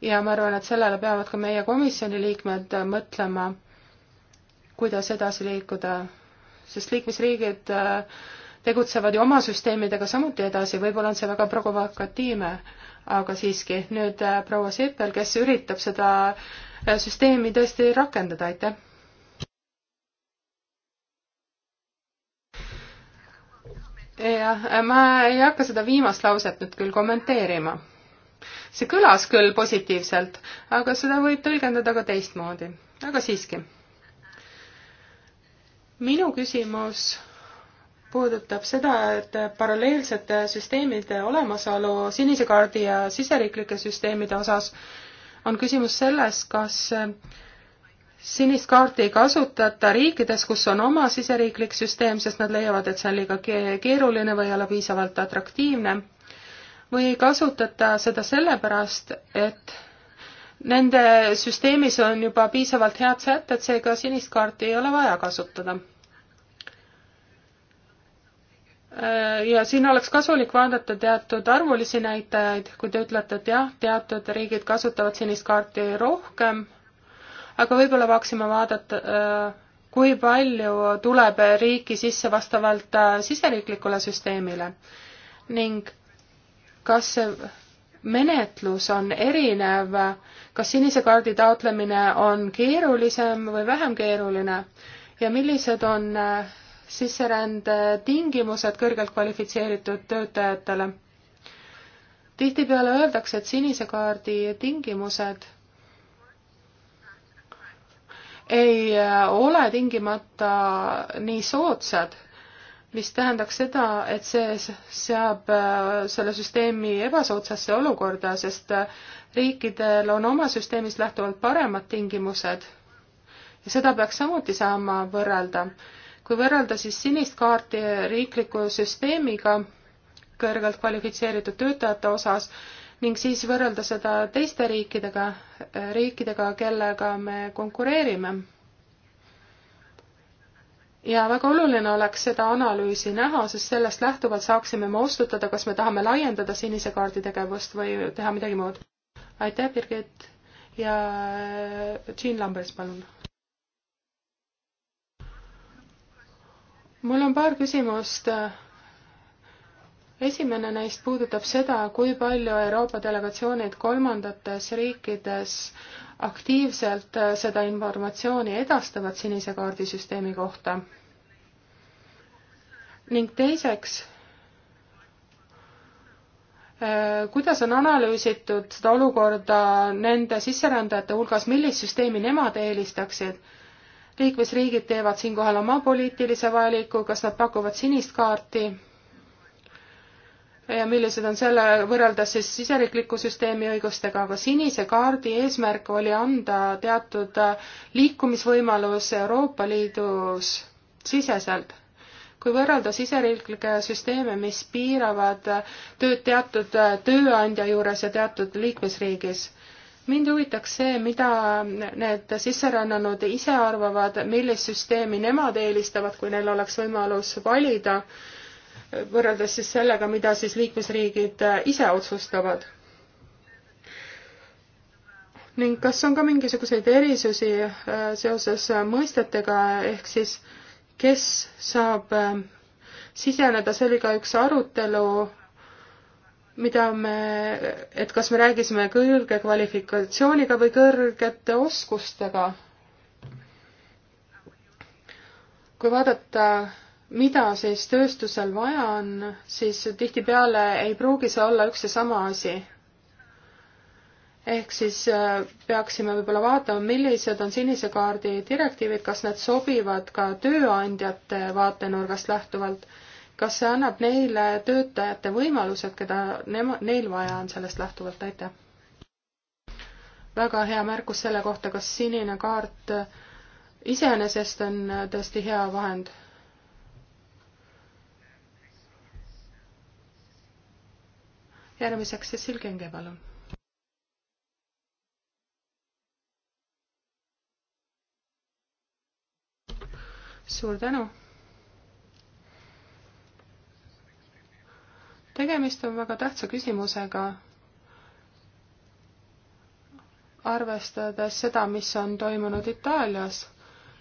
ja ma arvan, et sellele peavad ka meie komisjoni liikmed mõtlema, kuidas edasi liikuda, sest liikmesriigid äh, tegutsevad ju oma süsteemidega samuti edasi, võib-olla on see väga provokatiivne, aga siiski nüüd äh, proua Seppel, kes üritab seda äh, süsteemi tõesti rakendada, aitäh! jah, äh, ma ei hakka seda viimast lauset nüüd küll kommenteerima. see kõlas küll positiivselt, aga seda võib tõlgendada ka teistmoodi, aga siiski. minu küsimus puudutab seda, et paralleelsete süsteemide olemasolu sinise kaardi ja siseriiklike süsteemide osas on küsimus selles, kas sinist kaarti ei kasutata riikides, kus on oma siseriiklik süsteem, sest nad leiavad, et see on liiga keeruline või ei ole piisavalt atraktiivne, või ei kasutata seda sellepärast, et nende süsteemis on juba piisavalt head sätted, seega sinist kaarti ei ole vaja kasutada Äh, ja siin oleks kasulik vaadata teatud arvulisi näitajaid, kui te ütlete, et jah, teatud riigid kasutavad sinist kaarti rohkem, aga võib-olla peaksime vaadata, äh, kui palju tuleb riiki sisse vastavalt äh, siseriiklikule süsteemile ning kas see menetlus on erinev, kas sinise kaardi taotlemine on keerulisem või vähem keeruline ja millised on sisserände tingimused kõrgelt kvalifitseeritud töötajatele. tihtipeale öeldakse, et sinise kaardi tingimused ei ole tingimata nii soodsad, mis tähendaks seda, et see seab äh, selle süsteemi ebasoodsasse olukorda, sest äh, riikidel on oma süsteemist lähtuvalt paremad tingimused ja seda peaks samuti saama võrrelda kui võrrelda siis sinist kaarti riikliku süsteemiga kõrgelt kvalifitseeritud töötajate osas ning siis võrrelda seda teiste riikidega, riikidega, kellega me konkureerime. ja väga oluline oleks seda analüüsi näha, sest sellest lähtuvalt saaksime me otsustada, kas me tahame laiendada sinise kaardi tegevust või teha midagi muud. aitäh, Birgit ja Jean Lambers, palun mul on paar küsimust. esimene neist puudutab seda, kui palju Euroopa delegatsioonid kolmandates riikides aktiivselt seda informatsiooni edastavad sinise kaardisüsteemi kohta. ning teiseks, eh, kuidas on analüüsitud seda olukorda nende sisserändajate hulgas, millist süsteemi nemad eelistaksid liikmesriigid teevad siinkohal oma poliitilise valiku, kas nad pakuvad sinist kaarti ja millised on selle võrreldes siis siseriikliku süsteemi õigustega, aga sinise kaardi eesmärk oli anda teatud äh, liikumisvõimalus Euroopa Liidus siseselt. kui võrrelda siseriiklikke süsteeme, mis piiravad äh, tööd teatud äh, tööandja juures ja teatud liikmesriigis mind huvitaks see, mida need sisserännanud ise arvavad, millist süsteemi nemad eelistavad, kui neil oleks võimalus valida, võrreldes siis sellega, mida siis liikmesriigid ise otsustavad. ning kas on ka mingisuguseid erisusi äh, seoses äh, mõistetega, ehk siis kes saab äh, siseneda, see oli ka üks arutelu mida me, et kas me räägisime kõrge kvalifikatsiooniga või kõrgete oskustega. kui vaadata, mida siis tööstusel vaja on, siis tihtipeale ei pruugi see olla üks ja sama asi. ehk siis äh, peaksime võib-olla vaatama, millised on sinise kaardi direktiivid, kas need sobivad ka tööandjate vaatenurgast lähtuvalt kas see annab neile töötajate võimalused, keda nema, neil vaja on sellest lähtuvalt, aitäh! väga hea märkus selle kohta, kas sinine kaart iseenesest on tõesti hea vahend. järgmiseks Cecil Kenge, palun. suur tänu tegemist on väga tähtsa küsimusega, arvestades seda, mis on toimunud Itaalias.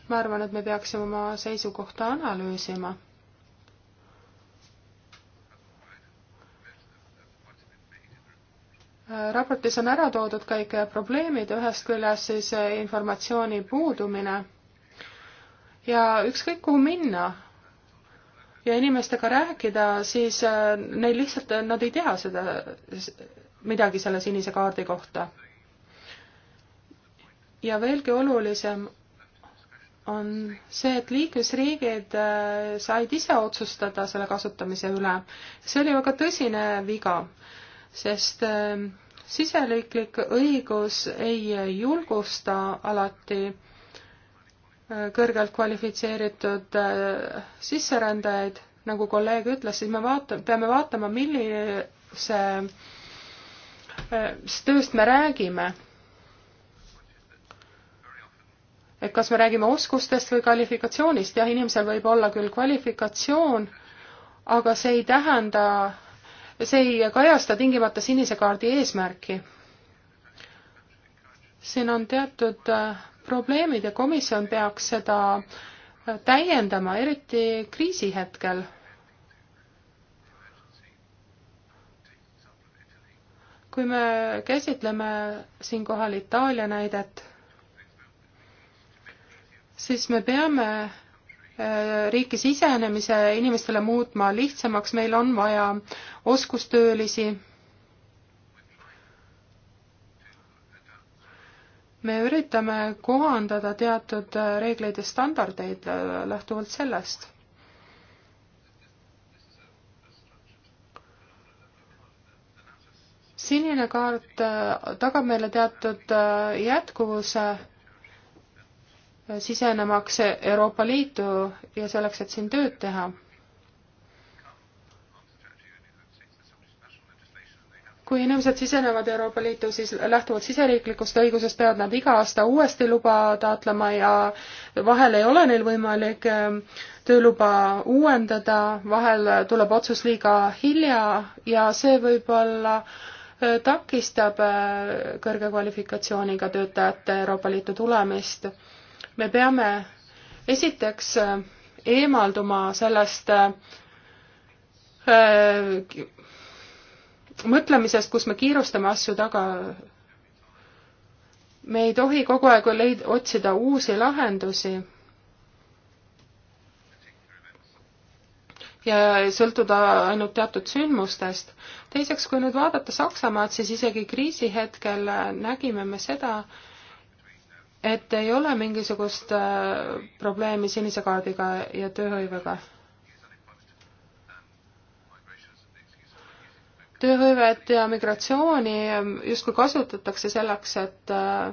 ma arvan, et me peaksime oma seisukohta analüüsima. raportis on ära toodud kõik probleemid, ühest küljest siis informatsiooni puudumine ja ükskõik kuhu minna, ja inimestega rääkida, siis äh, neil lihtsalt, äh, nad ei tea seda, midagi selle sinise kaardi kohta. ja veelgi olulisem on see, et liikmesriigid äh, said ise otsustada selle kasutamise üle. see oli väga tõsine viga, sest siseriiklik õigus ei julgusta alati kõrgelt kvalifitseeritud äh, sisserändajaid, nagu kolleeg ütles, siis me vaata-, peame vaatama, millise äh, tööst me räägime. et kas me räägime oskustest või kvalifikatsioonist, jah, inimesel võib olla küll kvalifikatsioon, aga see ei tähenda, see ei kajasta tingimata sinise kaardi eesmärki siin on teatud äh, probleemid ja komisjon peaks seda täiendama, eriti kriisi hetkel. kui me käsitleme siinkohal Itaalia näidet, siis me peame äh, riiki sisenemise inimestele muutma lihtsamaks, meil on vaja oskustöölisi me üritame kohandada teatud äh, reegleid ja standardeid lähtuvalt sellest. sinine kaart äh, tagab meile teatud äh, jätkuvuse sisenemaks Euroopa Liitu ja selleks, et siin tööd teha kui inimesed sisenevad Euroopa Liitu, siis lähtuvalt siseriiklikust õigusest peavad nad iga aasta uuesti luba taotlema ja vahel ei ole neil võimalik ähm, tööluba uuendada, vahel tuleb otsus liiga hilja ja see võib-olla äh, takistab äh, kõrge kvalifikatsiooniga töötajate Euroopa Liitu tulemist. me peame esiteks äh, eemalduma sellest mõtlemisest, kus me kiirustame asju taga. me ei tohi kogu aeg leid-, otsida uusi lahendusi ja sõltuda ainult teatud sündmustest. teiseks, kui nüüd vaadata Saksamaad, siis isegi kriisi hetkel nägime me seda, et ei ole mingisugust äh, probleemi sinise kaardiga ja tööhõivega tööhõivet ja migratsiooni justkui kasutatakse selleks, et äh,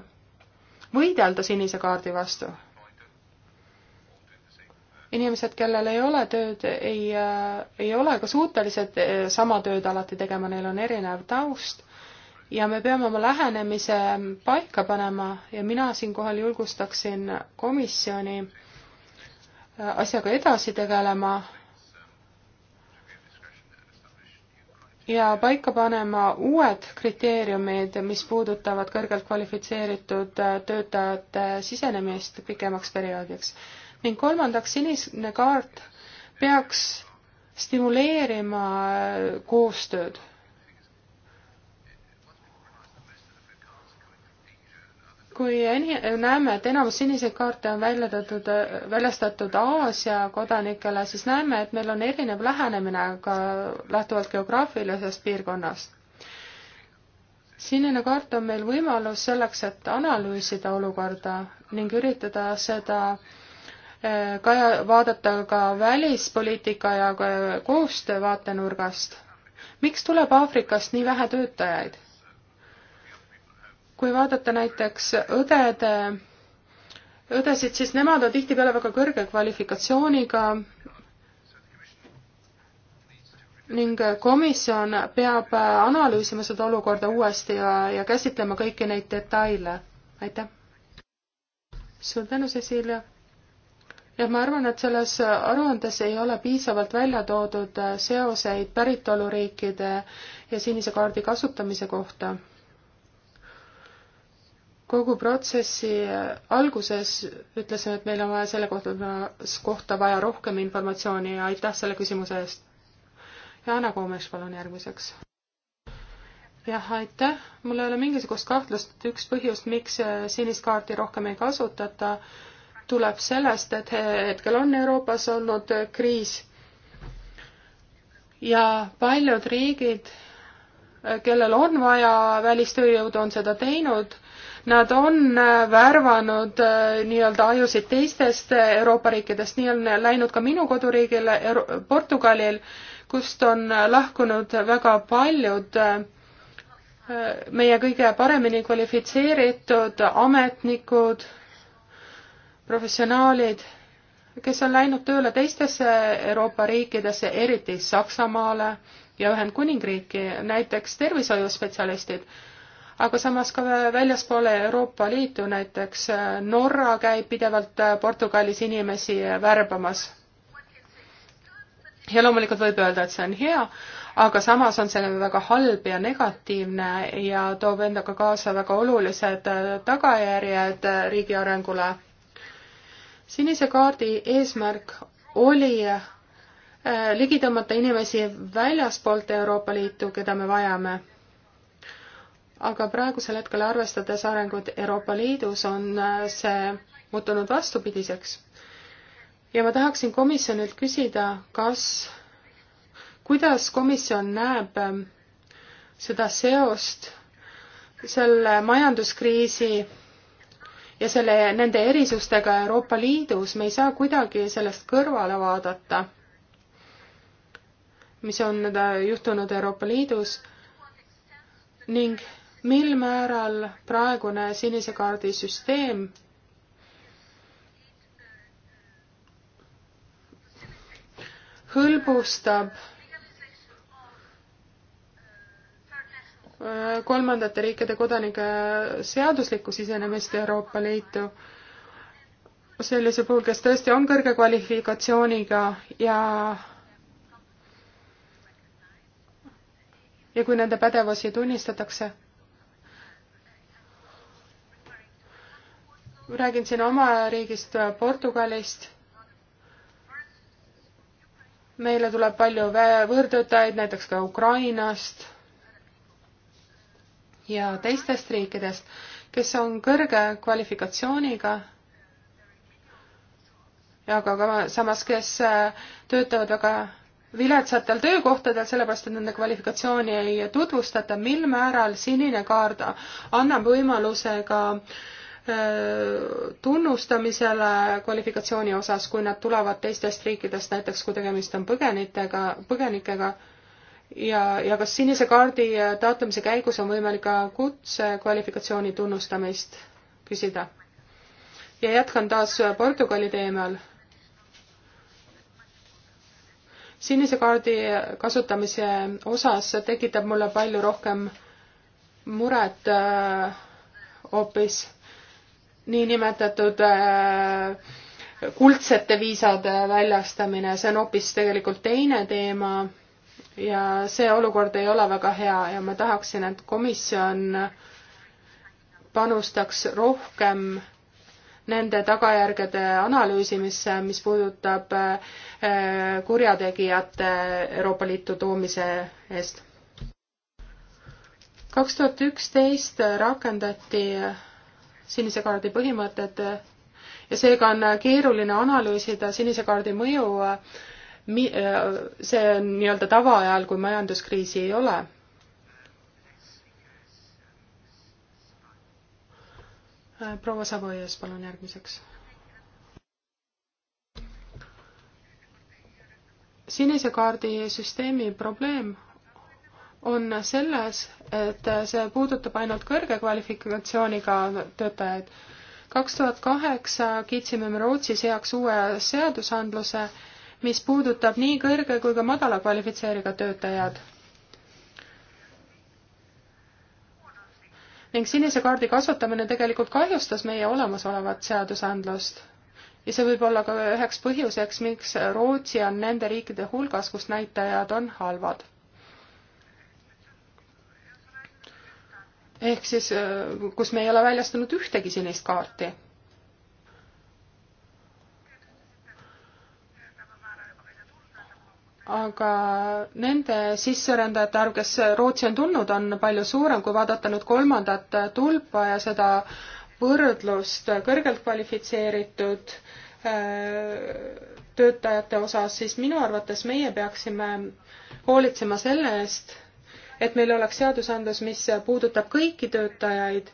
võidelda sinise kaardi vastu. inimesed, kellel ei ole tööd, ei, äh, ei ole ka suutelised äh, sama tööd alati tegema, neil on erinev taust ja me peame oma lähenemise paika panema ja mina siinkohal julgustaksin komisjoni asjaga edasi tegelema ja paika panema uued kriteeriumid, mis puudutavad kõrgelt kvalifitseeritud äh, töötajate sisenemist pikemaks perioodiks. ning kolmandaks, sinine kaart peaks stimuleerima äh, koostööd kui eni-, näeme, et enamus seniseid kaarte on väljendatud, väljastatud Aasia kodanikele, siis näeme, et meil on erinev lähenemine ka lähtuvalt geograafilisest piirkonnast. sinine kaart on meil võimalus selleks, et analüüsida olukorda ning üritada seda eh, kaja, vaadata ka välispoliitika ja koostöö vaatenurgast. miks tuleb Aafrikast nii vähe töötajaid? kui vaadata näiteks õdede, õdesid, siis nemad on tihtipeale väga kõrge kvalifikatsiooniga ning komisjon peab analüüsima seda olukorda uuesti ja, ja käsitlema kõiki neid detaile. aitäh! suur tänu, Cecilia! jah, ma arvan, et selles aruandes ei ole piisavalt välja toodud seoseid päritoluriikide ja sinise kaardi kasutamise kohta kogu protsessi alguses ütlesime, et meil on vaja selle kohta, kohta vaja rohkem informatsiooni ja aitäh selle küsimuse eest. Jana Koomes, palun järgmiseks. jah, aitäh. mul ei ole mingisugust kahtlust, et üks põhjus, miks äh, sinist kaarti rohkem ei kasutata, tuleb sellest, et hetkel on Euroopas olnud äh, kriis ja paljud riigid, äh, kellel on vaja välistööjõudu, on seda teinud Nad on äh, värvanud äh, nii-öelda ajusid teistest äh, Euroopa riikidest, nii on läinud ka minu koduriigile Euro Portugalil, kust on lahkunud väga paljud meie kõige paremini kvalifitseeritud ametnikud, professionaalid, kes on läinud tööle teistesse Euroopa riikidesse, eriti Saksamaale ja Ühendkuningriiki, näiteks tervishoiuspetsialistid aga samas ka väljaspoole Euroopa Liitu, näiteks äh, Norra käib pidevalt äh, Portugalis inimesi äh, värbamas. ja loomulikult võib öelda, et see on hea, aga samas on see väga halb ja negatiivne ja toob endaga kaasa väga olulised tagajärjed riigi arengule. sinise kaardi eesmärk oli ligi tõmmata inimesi väljaspoolt Euroopa Liitu, keda me vajame aga praegusel hetkel, arvestades arengut Euroopa Liidus, on äh, see muutunud vastupidiseks. ja ma tahaksin komisjonilt küsida, kas, kuidas komisjon näeb ähm, seda seost selle majanduskriisi ja selle, nende erisustega Euroopa Liidus, me ei saa kuidagi sellest kõrvale vaadata, mis on äh, juhtunud Euroopa Liidus ning mil määral praegune sinise kaardi süsteem hõlbustab äh, kolmandate riikide kodanike seaduslikku sisenemist Euroopa Liitu sellise puhul, kes tõesti on kõrge kvalifikatsiooniga ja ja kui nende pädevusi tunnistatakse räägin siin oma riigist Portugalist. meile tuleb palju võõrtöötajaid, näiteks ka Ukrainast ja teistest riikidest, kes on kõrge kvalifikatsiooniga, aga ka samas, kes äh, töötavad väga viletsatel töökohtadel, sellepärast et nende kvalifikatsiooni ei tutvustata, mil määral sinine kaard annab võimaluse ka äh, Äh, tunnustamisele kvalifikatsiooni osas, kui nad tulevad teistest riikidest, näiteks kui tegemist on põgenitega, põgenikega, ja, ja kas sinise kaardi äh, taotlemise käigus on võimalik ka kutsekvalifikatsiooni tunnustamist küsida? ja jätkan taas äh, Portugali teemal. sinise kaardi kasutamise osas tekitab mulle palju rohkem muret hoopis äh, niinimetatud äh, kuldsete viisade väljastamine, see on hoopis tegelikult teine teema ja see olukord ei ole väga hea ja ma tahaksin, et komisjon panustaks rohkem nende tagajärgede analüüsimisse, mis puudutab äh, kurjategijate Euroopa Liitu toomise eest. kaks tuhat üksteist rakendati sinise kaardi põhimõtet ja seega on keeruline analüüsida sinise kaardi mõju, see on nii-öelda tavaajal, kui majanduskriisi ei ole. proua Savoias, palun järgmiseks. sinise kaardi süsteemi probleem on selles, et see puudutab ainult kõrge kvalifikatsiooniga töötajaid. kaks tuhat kaheksa kiitsime me Rootsis heaks uue seadusandluse, mis puudutab nii kõrge kui ka madala kvalifitseeriga töötajad. ning sinise kaardi kasutamine tegelikult kahjustas meie olemasolevat seadusandlust ja see võib olla ka üheks põhjuseks, miks Rootsi on nende riikide hulgas, kus näitajad on halvad ehk siis, äh, kus me ei ole väljastanud ühtegi sinist kaarti. aga nende sisserändajate arv, kes Rootsi on tulnud, on palju suurem, kui vaadata nüüd kolmandat tulpa ja seda võrdlust kõrgelt kvalifitseeritud äh, töötajate osas, siis minu arvates meie peaksime hoolitsema selle eest, et meil oleks seadusandlus, mis puudutab kõiki töötajaid,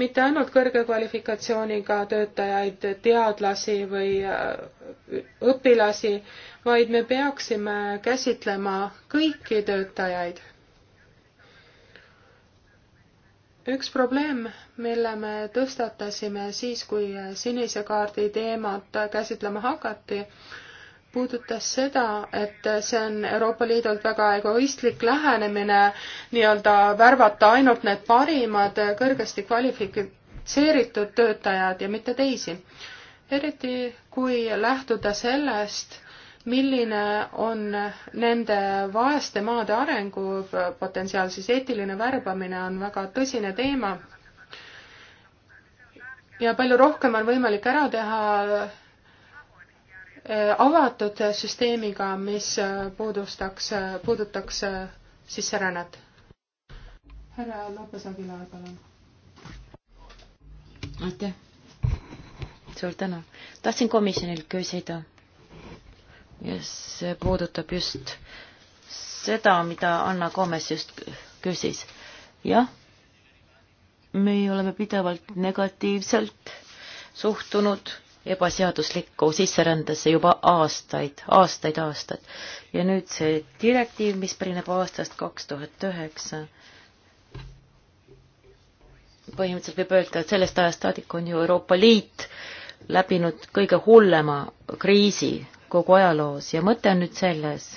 mitte ainult kõrge kvalifikatsiooniga töötajaid, teadlasi või äh, õpilasi, vaid me peaksime käsitlema kõiki töötajaid. üks probleem, mille me tõstatasime siis, kui sinise kaardi teemat käsitlema hakati, puudutas seda, et see on Euroopa Liidult väga egoistlik lähenemine nii-öelda värvata ainult need parimad kõrgesti kvalifitseeritud töötajad ja mitte teisi. eriti kui lähtuda sellest, milline on nende vaeste maade arengupotentsiaal, siis eetiline värbamine on väga tõsine teema. ja palju rohkem on võimalik ära teha Äh, avatud süsteemiga, mis äh, puudustaks, äh, puudutaks sisserännet. härra Lopes-Agilaar, palun. aitäh. suur tänu. tahtsin komisjonilt küsida ja see puudutab just seda, mida Anna Gomes just küsis. jah, me oleme pidevalt negatiivselt suhtunud ebaseaduslikku sisserändesse juba aastaid, aastaid, aastaid. ja nüüd see direktiiv, mis pärineb aastast kaks tuhat üheksa, põhimõtteliselt võib öelda, et sellest ajast saadik on ju Euroopa Liit läbinud kõige hullema kriisi kogu ajaloos ja mõte on nüüd selles,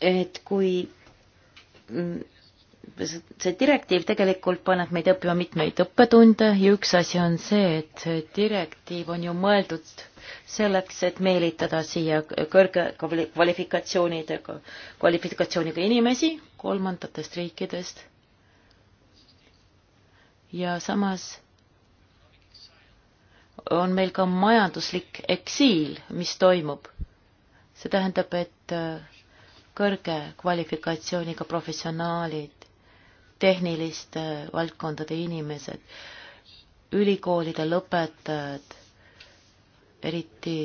et kui see direktiiv tegelikult paneb meid õppima mitmeid õppetunde ja üks asi on see, et see direktiiv on ju mõeldud selleks, et meelitada siia kõrge kvalifikatsioonidega, kvalifikatsiooniga inimesi kolmandatest riikidest. ja samas on meil ka majanduslik eksiil, mis toimub. see tähendab, et kõrge kvalifikatsiooniga professionaalid tehniliste äh, valdkondade inimesed, ülikoolide lõpetajad, eriti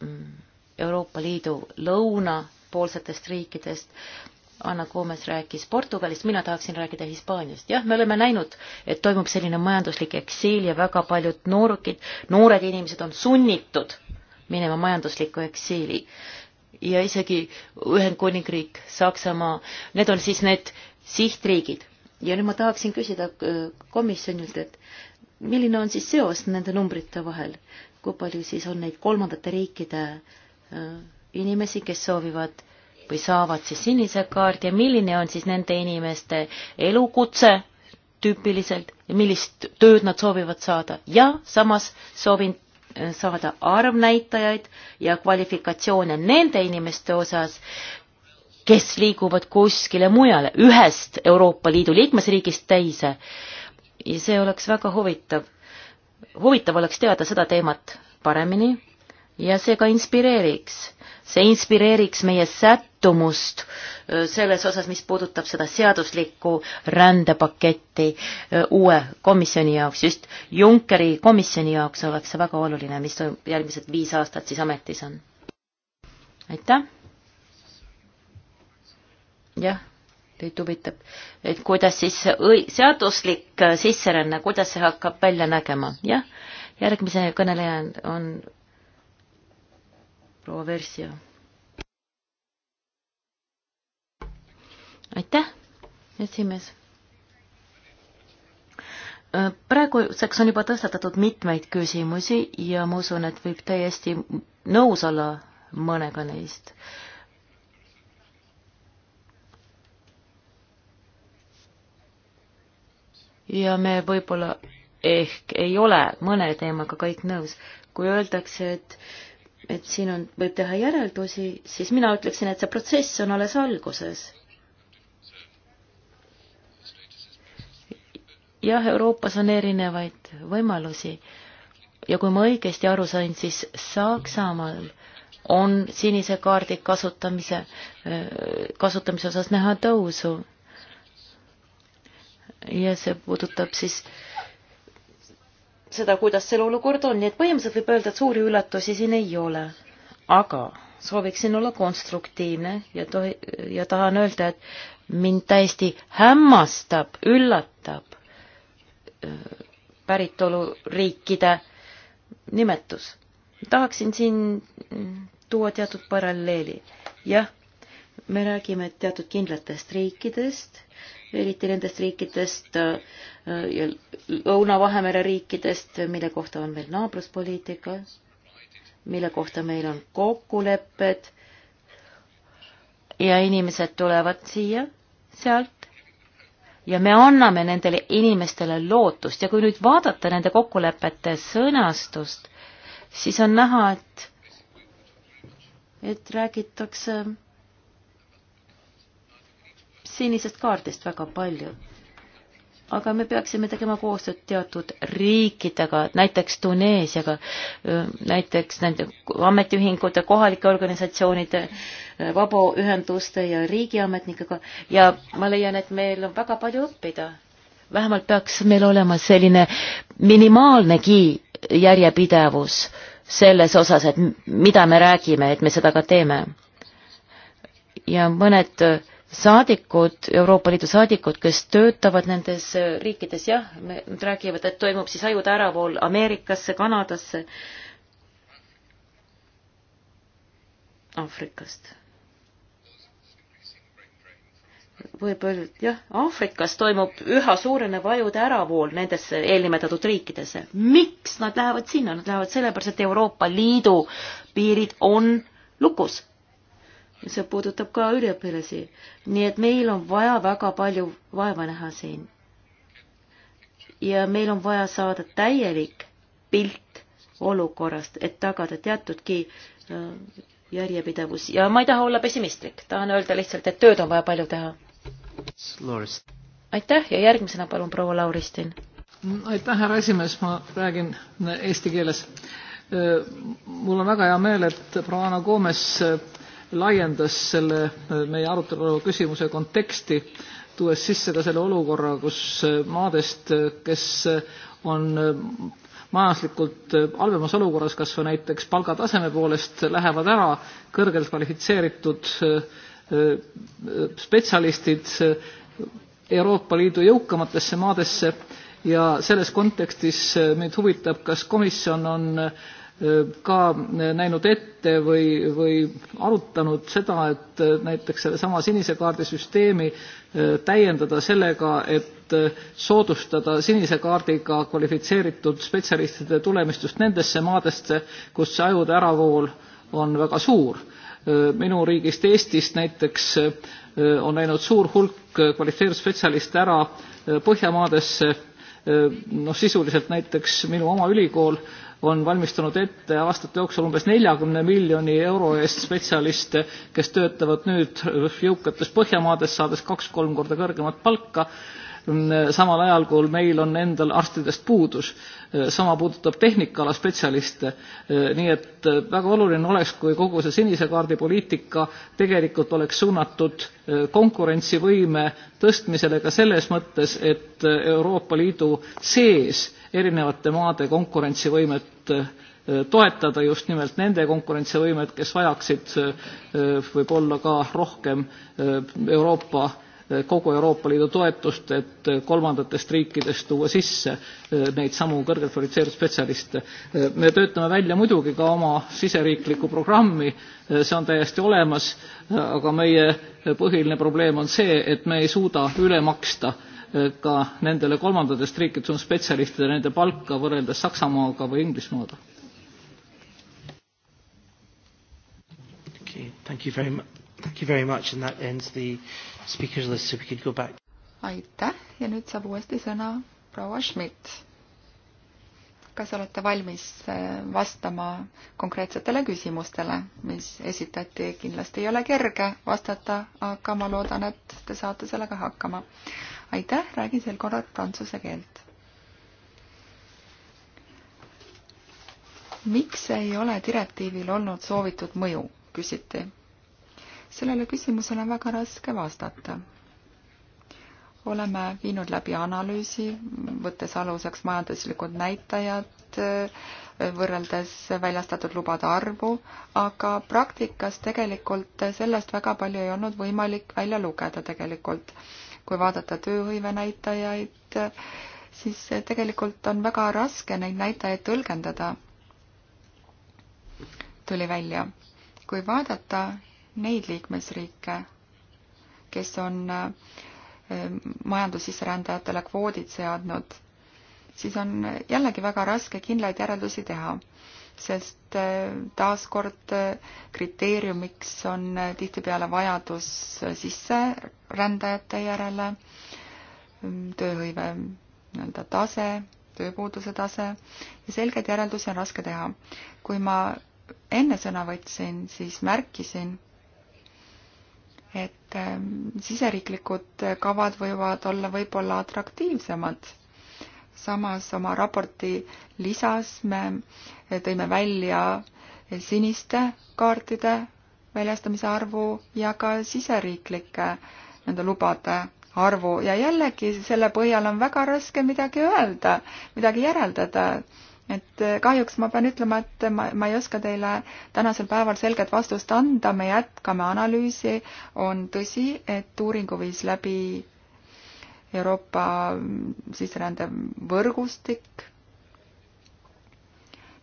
mm, Euroopa Liidu lõunapoolsetest riikidest. Anna Gomes rääkis Portugalist, mina tahaksin rääkida Hispaaniast. jah, me oleme näinud, et toimub selline majanduslik eksiil ja väga paljud noorukid, noored inimesed on sunnitud minema majanduslikku eksiili. ja isegi Ühendkuningriik, Saksamaa, need on siis need sihtriigid, ja nüüd ma tahaksin küsida äh, komisjonilt, et milline on siis seos nende numbrite vahel, kui palju siis on neid kolmandate riikide äh, inimesi, kes soovivad või saavad siis sinise kaardi ja milline on siis nende inimeste elukutse tüüpiliselt ja millist tööd nad soovivad saada ja samas soovin äh, saada arvnäitajaid ja kvalifikatsioone nende inimeste osas, kes liiguvad kuskile mujale, ühest Euroopa Liidu liikmesriigist teise. ja see oleks väga huvitav. huvitav oleks teada seda teemat paremini ja see ka inspireeriks. see inspireeriks meie sättumust äh, selles osas, mis puudutab seda seaduslikku rändepaketti äh, uue komisjoni jaoks, just Junckeri komisjoni jaoks oleks see väga oluline, mis järgmised viis aastat siis ametis on. aitäh! jah, teid huvitab, et kuidas siis seaduslik äh, sisseränne, kuidas see hakkab välja nägema, jah. järgmise kõneleja on proua Versio. aitäh, esimees äh, praeguseks on juba tõstatatud mitmeid küsimusi ja ma usun, et võib täiesti nõus olla mõnega neist. ja me võib-olla ehk ei ole mõne teemaga kõik nõus. kui öeldakse, et, et siin on, võib teha järeldusi, siis mina ütleksin, et see protsess on alles alguses. jah, Euroopas on erinevaid võimalusi ja kui ma õigesti aru sain, siis Saksamaal on sinise kaardi kasutamise, kasutamise osas näha tõusu ja see puudutab siis seda, kuidas selle olukord on, nii et põhimõtteliselt võib öelda, et suuri üllatusi siin ei ole. aga sooviksin olla konstruktiivne ja tohi, ja tahan öelda, et mind täiesti hämmastab, üllatab äh, päritoluriikide nimetus. tahaksin siin mm, tuua teatud paralleeli. jah, me räägime teatud kindlatest riikidest eriti nendest riikidest äh, ja Lõuna-Vahemere riikidest, mille kohta on meil naabruspoliitika, mille kohta meil on kokkulepped ja inimesed tulevad siia sealt ja me anname nendele inimestele lootust ja kui nüüd vaadata nende kokkulepete sõnastust, siis on näha, et, et räägitakse sinisest kaardist väga palju. aga me peaksime tegema koostööd teatud riikidega, näiteks Tuneesiaga, näiteks nende ametiühingute, kohalike organisatsioonide, vabaühenduste ja riigiametnikega ja ma leian, et meil on väga palju õppida. vähemalt peaks meil olema selline minimaalnegi järjepidevus selles osas, et mida me räägime, et me seda ka teeme. ja mõned saadikud, Euroopa Liidu saadikud, kes töötavad nendes riikides, jah, nad räägivad, et toimub siis ajude äravool Ameerikasse, Kanadasse, Aafrikast. võib öelda, jah, Aafrikas toimub üha suurenev ajude äravool nendesse eelnimetatud riikidesse. miks nad lähevad sinna? Nad lähevad sellepärast, et Euroopa Liidu piirid on lukus see puudutab ka üliõpilasi. nii et meil on vaja väga palju vaeva näha siin. ja meil on vaja saada täielik pilt olukorrast, et tagada teatudki äh, järjepidevus ja ma ei taha olla pessimistlik, tahan öelda lihtsalt, et tööd on vaja palju teha. aitäh ja järgmisena palun proua Lauristin. aitäh, härra esimees, ma räägin eesti keeles. Äh, mul on väga hea meel, et proua Ana Koomes äh, laiendas selle äh, meie arutelu küsimuse konteksti, tuues sisse ka selle olukorra, kus äh, maadest, äh, kes on majanduslikult halvemas olukorras kas või näiteks palgataseme poolest, lähevad ära kõrgelt kvalifitseeritud spetsialistid Euroopa Liidu jõukamatesse maadesse ja selles kontekstis mind huvitab, kas komisjon on äh, Äh, ka näinud ette või, või arutanud seda, et äh, näiteks sellesama sinise kaardi süsteemi äh, täiendada sellega, et soodustada sinise kaardiga kvalifitseeritud spetsialistide tulemist just nendesse maadesse, kus see ajude äravool on väga suur. minu riigist Eestist näiteks on läinud suur hulk kvalifitseeritud spetsialiste ära Põhjamaadesse, noh sisuliselt näiteks minu oma ülikool on valmistanud ette aastate jooksul umbes neljakümne miljoni euro eest spetsialiste kes töötavad nüüd jõukates põhjamaades saades kaks kolm korda kõrgemat palka samal ajal kui meil on endal arstidest puudus sama puudutab tehnikaala spetsialiste nii et väga oluline oleks kui kogu see sinise kaardi poliitika tegelikult oleks suunatud konkurentsivõime tõstmisele ka selles mõttes et euroopa liidu sees erinevate maade konkurentsivõimet eh, toetada just nimelt nende konkurentsivõimet kes vajaksid eh, võib-olla ka rohkem eh, euroopa kogu euroopa liidu toetust et kolmandatest riikidest tuua sisse neid samu kõrgelt kvalifitseeritud spetsialiste me töötame välja muidugi ka oma siseriiklikku programmi see on täiesti olemas aga meie põhiline probleem on see et me ei suuda üle maksta Eh, ka nendele kolmandatest riikidest on spetsialistide nende palka võrreldes Saksamaaga või Inglismaaga. aitäh ja nüüd saab uuesti sõna proua Schmidt. kas olete valmis eh, vastama konkreetsetele küsimustele, mis esitati, kindlasti ei ole kerge vastata, aga ma loodan, et te saate sellega hakkama aitäh, räägin sel korral prantsuse keelt. miks ei ole direktiivil olnud soovitud mõju, küsiti. sellele küsimusele on väga raske vastata. oleme viinud läbi analüüsi, võttes aluseks majanduslikud näitajad, võrreldes väljastatud lubade arvu, aga praktikas tegelikult sellest väga palju ei olnud võimalik välja lugeda tegelikult kui vaadata tööhõive näitajaid, siis tegelikult on väga raske neid näitajaid tõlgendada, tuli välja. kui vaadata neid liikmesriike, kes on äh, majandussisserändajatele kvoodid seadnud, siis on jällegi väga raske kindlaid järeldusi teha sest äh, taaskord äh, kriteeriumiks on äh, tihtipeale vajadus sisserändajate järele, mm, tööhõive nii-öelda tase, tööpuuduse tase ja selgeid järeldusi on raske teha. kui ma enne sõna võtsin, siis märkisin, et siseriiklikud kavad võivad olla võib-olla atraktiivsemad samas oma raporti lisas me tõime välja siniste kaartide väljastamise arvu ja ka siseriiklike nende lubade arvu ja jällegi selle põhjal on väga raske midagi öelda, midagi järeldada. et kahjuks ma pean ütlema, et ma, ma ei oska teile tänasel päeval selget vastust anda, me jätkame analüüsi. on tõsi, et uuringu viis läbi Euroopa sisserände võrgustik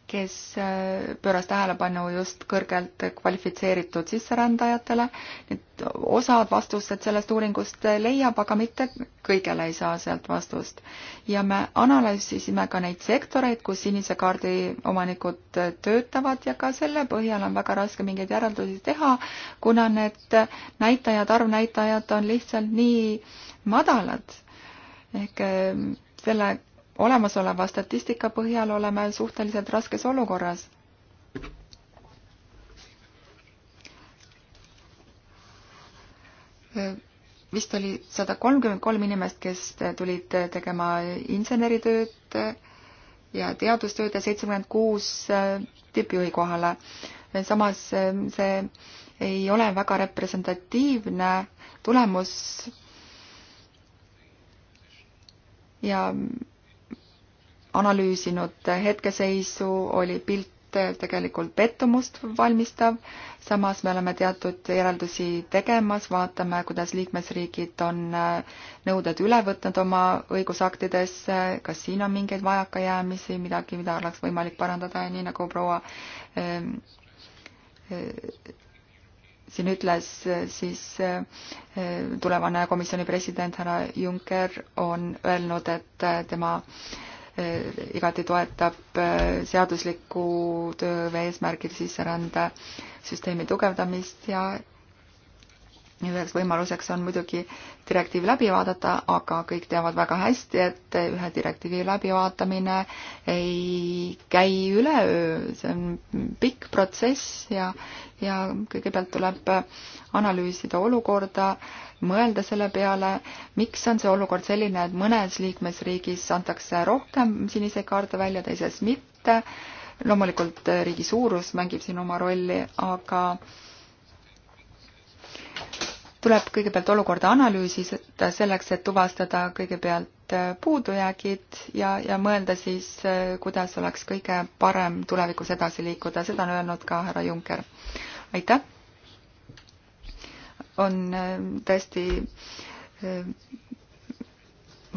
kes äh, pööras tähelepanu just kõrgelt kvalifitseeritud sisserändajatele. nüüd osad vastused sellest uuringust leiab, aga mitte kõigele ei saa sealt vastust. ja me analüüsisime ka neid sektoreid, kus sinise kaardi omanikud töötavad ja ka selle põhjal on väga raske mingeid järeldusi teha, kuna need näitajad, arvnäitajad on lihtsalt nii madalad. ehk äh, selle olemasoleva statistika põhjal oleme suhteliselt raskes olukorras. vist oli sada kolmkümmend kolm inimest, kes tulid tegema inseneritööd ja teadustööd ja seitsekümmend kuus tippjuhi kohale. samas see ei ole väga representatiivne tulemus ja analüüsinud hetkeseisu, oli pilt tegelikult pettumust valmistav, samas me oleme teatud järeldusi tegemas, vaatame, kuidas liikmesriigid on äh, nõuded üle võtnud oma õigusaktidesse, kas siin on mingeid vajakajäämisi, midagi, mida oleks võimalik parandada ja nii nagu proua ähm, äh, siin ütles, siis äh, tulevane komisjoni president härra Juncker on öelnud, et tema äh, Eh, igati toetab eh, seadusliku töö eesmärgil sisserände süsteemi tugevdamist ja üheks võimaluseks on muidugi direktiiv läbi vaadata, aga kõik teavad väga hästi, et ühe direktiivi läbivaatamine ei käi üleöö, see on pikk protsess ja, ja kõigepealt tuleb analüüsida olukorda, mõelda selle peale, miks on see olukord selline, et mõnes liikmesriigis antakse rohkem siniseid kaarte välja, teises mitte. loomulikult riigi suurus mängib siin oma rolli, aga tuleb kõigepealt olukorda analüüsida selleks, et tuvastada kõigepealt äh, puudujäägid ja, ja mõelda siis, äh, kuidas oleks kõige parem tulevikus edasi liikuda, seda on öelnud ka härra Juncker. aitäh! on äh, tõesti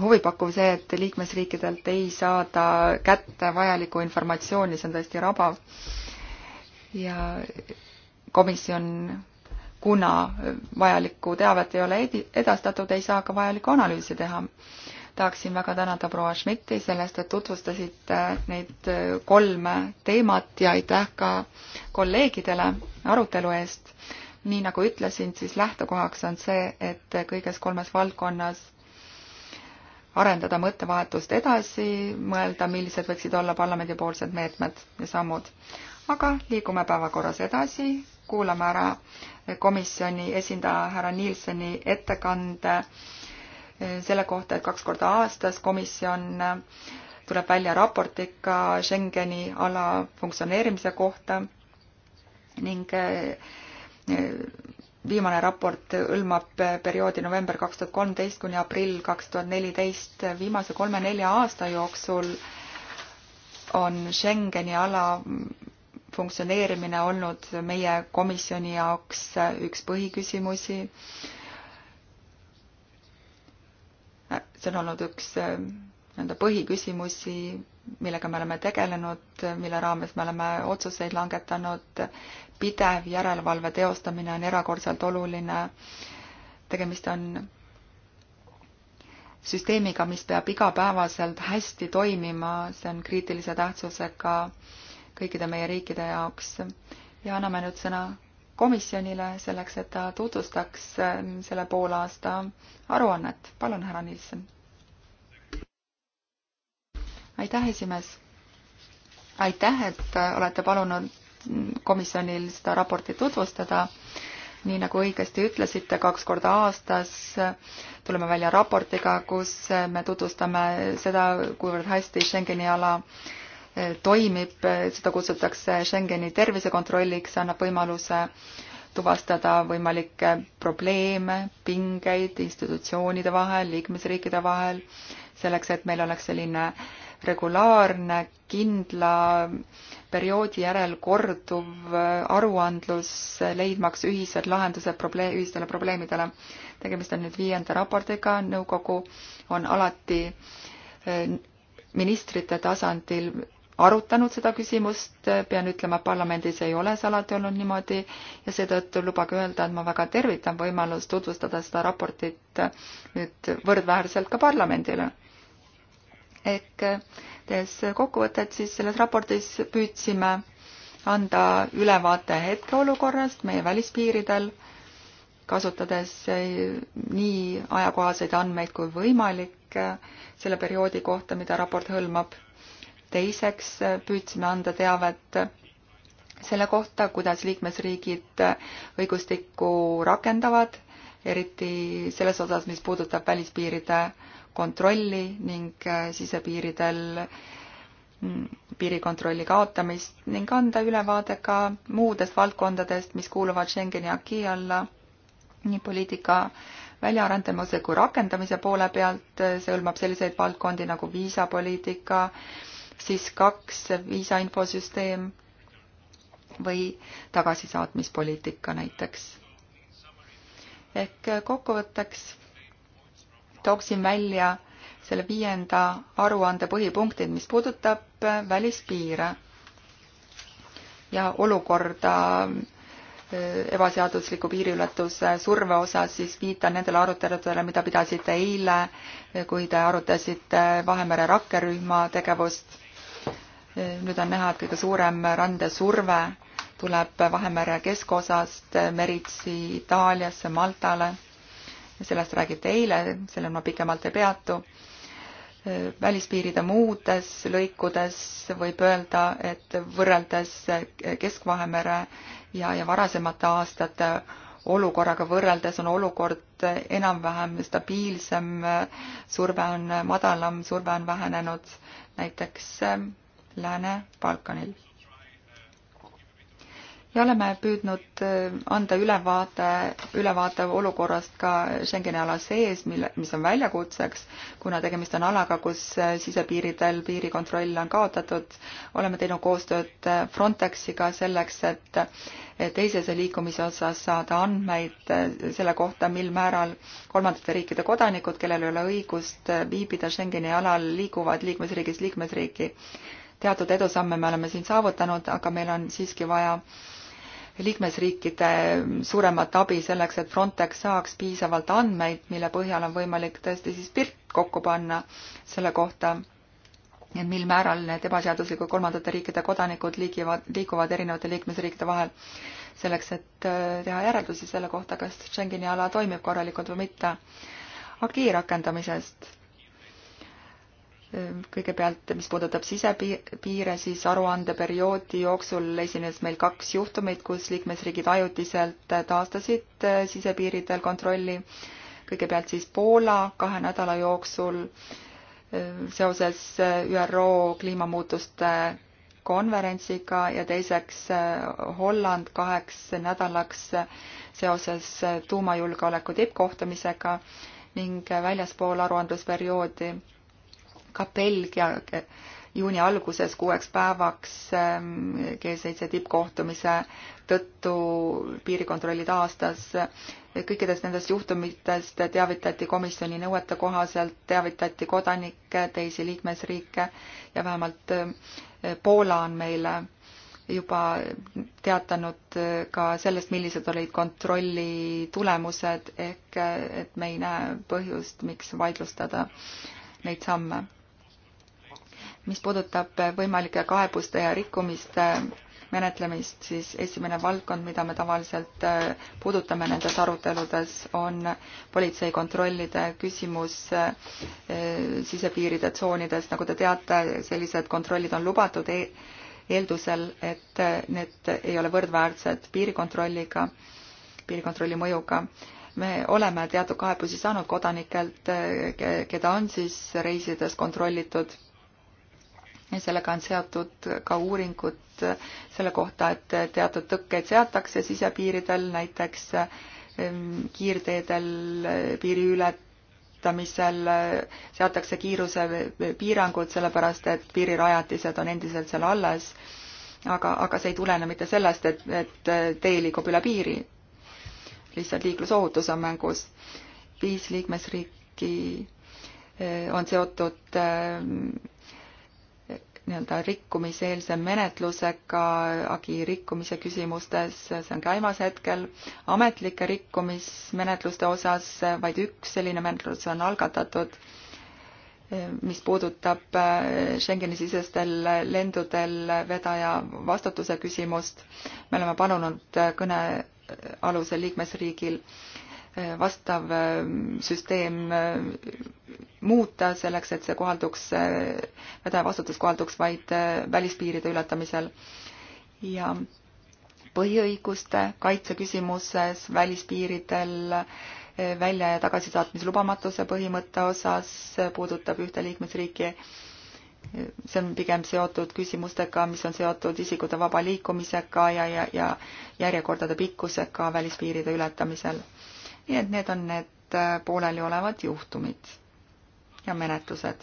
huvipakkuv see, et liikmesriikidelt ei saada kätte vajalikku informatsiooni, see on tõesti rabav. ja komisjon kuna vajalikku teavet ei ole edastatud, ei saa ka vajalikku analüüsi teha. tahaksin väga tänada proua Schmidti sellest, et tutvustasite neid kolme teemat ja aitäh ka kolleegidele arutelu eest. nii nagu ütlesin, siis lähtekohaks on see, et kõiges kolmes valdkonnas arendada mõttevahetust edasi, mõelda, millised võiksid olla parlamendipoolsed meetmed ja sammud. aga liigume päevakorras edasi kuulame ära komisjoni esindaja härra Nielseni ettekande eh, selle kohta, et kaks korda aastas komisjon eh, tuleb välja raportiga Schengeni ala funktsioneerimise kohta ning eh, viimane raport hõlmab perioodi november kaks tuhat kolmteist kuni aprill kaks tuhat neliteist. viimase kolme-nelja aasta jooksul on Schengeni ala funktsioneerimine olnud meie komisjoni jaoks üks põhiküsimusi. see on olnud üks äh, nii-öelda põhiküsimusi, millega me oleme tegelenud, mille raames me oleme otsuseid langetanud. pidev järelevalve teostamine on erakordselt oluline. tegemist on süsteemiga, mis peab igapäevaselt hästi toimima, see on kriitilise tähtsusega äh, kõikide meie riikide jaoks ja anname nüüd sõna komisjonile selleks, et ta tutvustaks ähm, selle poolaasta aruannet. palun, härra Nilsson. aitäh, esimees. aitäh, et äh, olete palunud mm, komisjonil seda raportit tutvustada. nii nagu õigesti ütlesite, kaks korda aastas äh, tuleme välja raportiga, kus äh, me tutvustame seda, kuivõrd hästi Schengeni ala äh, toimib, seda kutsutakse Schengeni tervisekontrolliks, annab võimaluse tuvastada võimalikke probleeme, pingeid institutsioonide vahel, liikmesriikide vahel, selleks et meil oleks selline regulaarne, kindla perioodi järel korduv aruandlus, leidmaks ühised lahendused probleem, ühistele probleemidele. tegemist on nüüd viienda raportiga, nõukogu on alati eh, ministrite tasandil arutanud seda küsimust, pean ütlema, et parlamendis ei ole see alati olnud niimoodi ja seetõttu lubage öelda, et ma väga tervitan võimalust tutvustada seda raportit nüüd võrdväärselt ka parlamendile. ehk tehes kokkuvõtet, siis selles raportis püüdsime anda ülevaate hetkeolukorrast meie välispiiridel, kasutades nii ajakohaseid andmeid kui võimalik selle perioodi kohta, mida raport hõlmab teiseks äh, püüdsime anda teavet selle kohta, kuidas liikmesriigid äh, õigustikku rakendavad, eriti selles osas, mis puudutab välispiiride kontrolli ning äh, sisepiiridel mm, piirikontrolli kaotamist ning anda ülevaade ka muudest valdkondadest, mis kuuluvad Schengeni aki alla, nii poliitika väljaarendamise kui rakendamise poole pealt, see hõlmab selliseid valdkondi nagu viisapoliitika, siis kaks viisa infosüsteem või tagasisaatmispoliitika näiteks. ehk kokkuvõtteks tooksin välja selle viienda aruande põhipunktid, mis puudutab välispiire ja olukorda äh, ebaseadusliku piiriületuse surve osas, siis viitan nendele aruteludele, mida pidasite eile, kui te arutasite Vahemere rakkerühma tegevust nüüd on näha, et kõige suurem randesurve tuleb Vahemere keskosast meritsi Itaaliasse, Maltale. sellest räägiti eile, sellel ma pikemalt ei peatu. välispiiride muudes lõikudes võib öelda, et võrreldes Kesk-Vahemere ja, ja varasemate aastate olukorraga võrreldes on olukord enam-vähem stabiilsem, surve on madalam, surve on vähenenud näiteks Lääne-Balkanil. ja oleme püüdnud äh, anda ülevaate, ülevaate olukorrast ka Schengeni ala sees, mille, mis on väljakutseks, kuna tegemist on alaga, kus äh, sisepiiridel piirikontroll on kaotatud. oleme teinud koostööd äh, Frontexiga selleks, et teisese liikumise osas saada andmeid selle kohta, mil määral kolmandate riikide kodanikud, kellel ei ole õigust viibida Schengeni alal, liiguvad liikmesriigist liikmesriiki teatud edusamme me oleme siin saavutanud, aga meil on siiski vaja liikmesriikide suuremat abi selleks, et Frontex saaks piisavalt andmeid, mille põhjal on võimalik tõesti siis pilt kokku panna selle kohta, mil määral need ebaseaduslikud kolmandate riikide kodanikud liigivad, liiguvad erinevate liikmesriikide vahel, selleks et äh, teha järeldusi selle kohta, kas Schengeni ala toimib korralikult või mitte. agi rakendamisest kõigepealt, mis puudutab sisepiire, siis aruandeperioodi jooksul esines meil kaks juhtumit, kus liikmesriigid ajutiselt taastasid äh, sisepiiridel kontrolli. kõigepealt siis Poola kahe nädala jooksul äh, seoses äh, ÜRO kliimamuutuste konverentsiga ja teiseks Holland kaheks nädalaks seoses tuumajulgeoleku tippkohtumisega ning väljaspool aruandlusperioodi ka Belgia eh, juuni alguses kuueks päevaks ehm, G7 tippkohtumise tõttu piirikontrollid aastas. kõikidest nendest juhtumitest teavitati komisjoni nõuete kohaselt, teavitati kodanikke, teisi liikmesriike ja vähemalt eh, Poola on meile juba teatanud eh, ka sellest, millised olid kontrolli tulemused, ehk et me ei näe põhjust, miks vaidlustada neid samme mis puudutab eh, võimalike kaebuste ja rikkumiste eh, menetlemist, siis esimene valdkond, mida me tavaliselt eh, puudutame nendes aruteludes, on politseikontrollide küsimus sisepiiride tsoonides. nagu te teate, sellised kontrollid on lubatud e-, eeldusel, et need ei ole võrdväärsed piirikontrolliga, piirikontrolli mõjuga me oleme teatud kaebusi saanud kodanikelt, keda on siis reisides kontrollitud sellega on seotud ka uuringud selle kohta, et teatud tõkkeid seatakse sisepiiridel, näiteks ehm, kiirteedel piiri ületamisel seatakse kiirusepiirangud, sellepärast et piirirajatised on endiselt seal alles. aga, aga see ei tulene mitte sellest, et, et tee liigub üle piiri. lihtsalt liiklusohutus on mängus. viis liikmesriiki eh, on seotud ehm, nii-öelda rikkumiseelse menetlusega agi rikkumise küsimustes, see on käimas hetkel, ametlike rikkumismenetluste osas vaid üks selline menetlus on algatatud, mis puudutab äh, Schengeni sisestel lendudel vedaja vastutuse küsimust. me oleme palunud äh, kõnealusel liikmesriigil äh, vastav süsteem muuta selleks, et see kohalduks, vedaja vastutus kohalduks vaid äh, välispiiride ületamisel. ja põhiõiguste kaitse küsimuses välispiiridel äh, välja ja tagasisaatmise lubamatuse põhimõtte osas äh, puudutab ühte liikmesriiki. see on pigem seotud küsimustega, mis on seotud isikute vaba liikumisega ja, ja, ja järjekordade pikkusega välispiiride ületamisel. nii et need on need pooleliolevad juhtumid ja menetlused.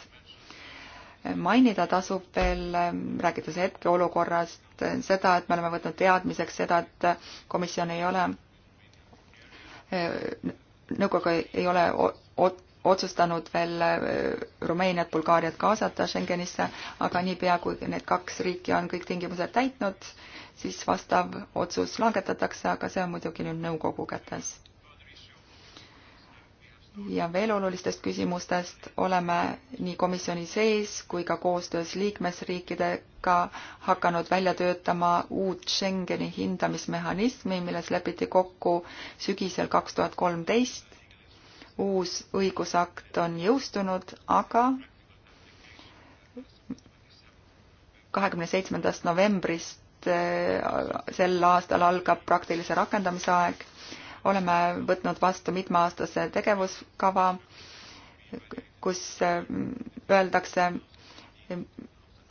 mainida tasub veel, ähm, rääkides hetkeolukorrast, äh, seda, et me oleme võtnud teadmiseks seda, et komisjon ei ole, äh, nõukogu ei ole otsustanud veel äh, Rumeeniat, Bulgaariat kaasata Schengenisse, aga niipea, kui need kaks riiki on kõik tingimused täitnud, siis vastav otsus langetatakse, aga see on muidugi nüüd nõukogu kätes ja veel olulistest küsimustest oleme nii komisjoni sees kui ka koostöös liikmesriikidega hakanud välja töötama uut Schengeni hindamismehhanismi, milles lepiti kokku sügisel kaks tuhat kolmteist. uus õigusakt on jõustunud, aga kahekümne seitsmendast novembrist eh, sel aastal algab praktilise rakendamise aeg oleme võtnud vastu mitmeaastase tegevuskava, kus mm, öeldakse mm,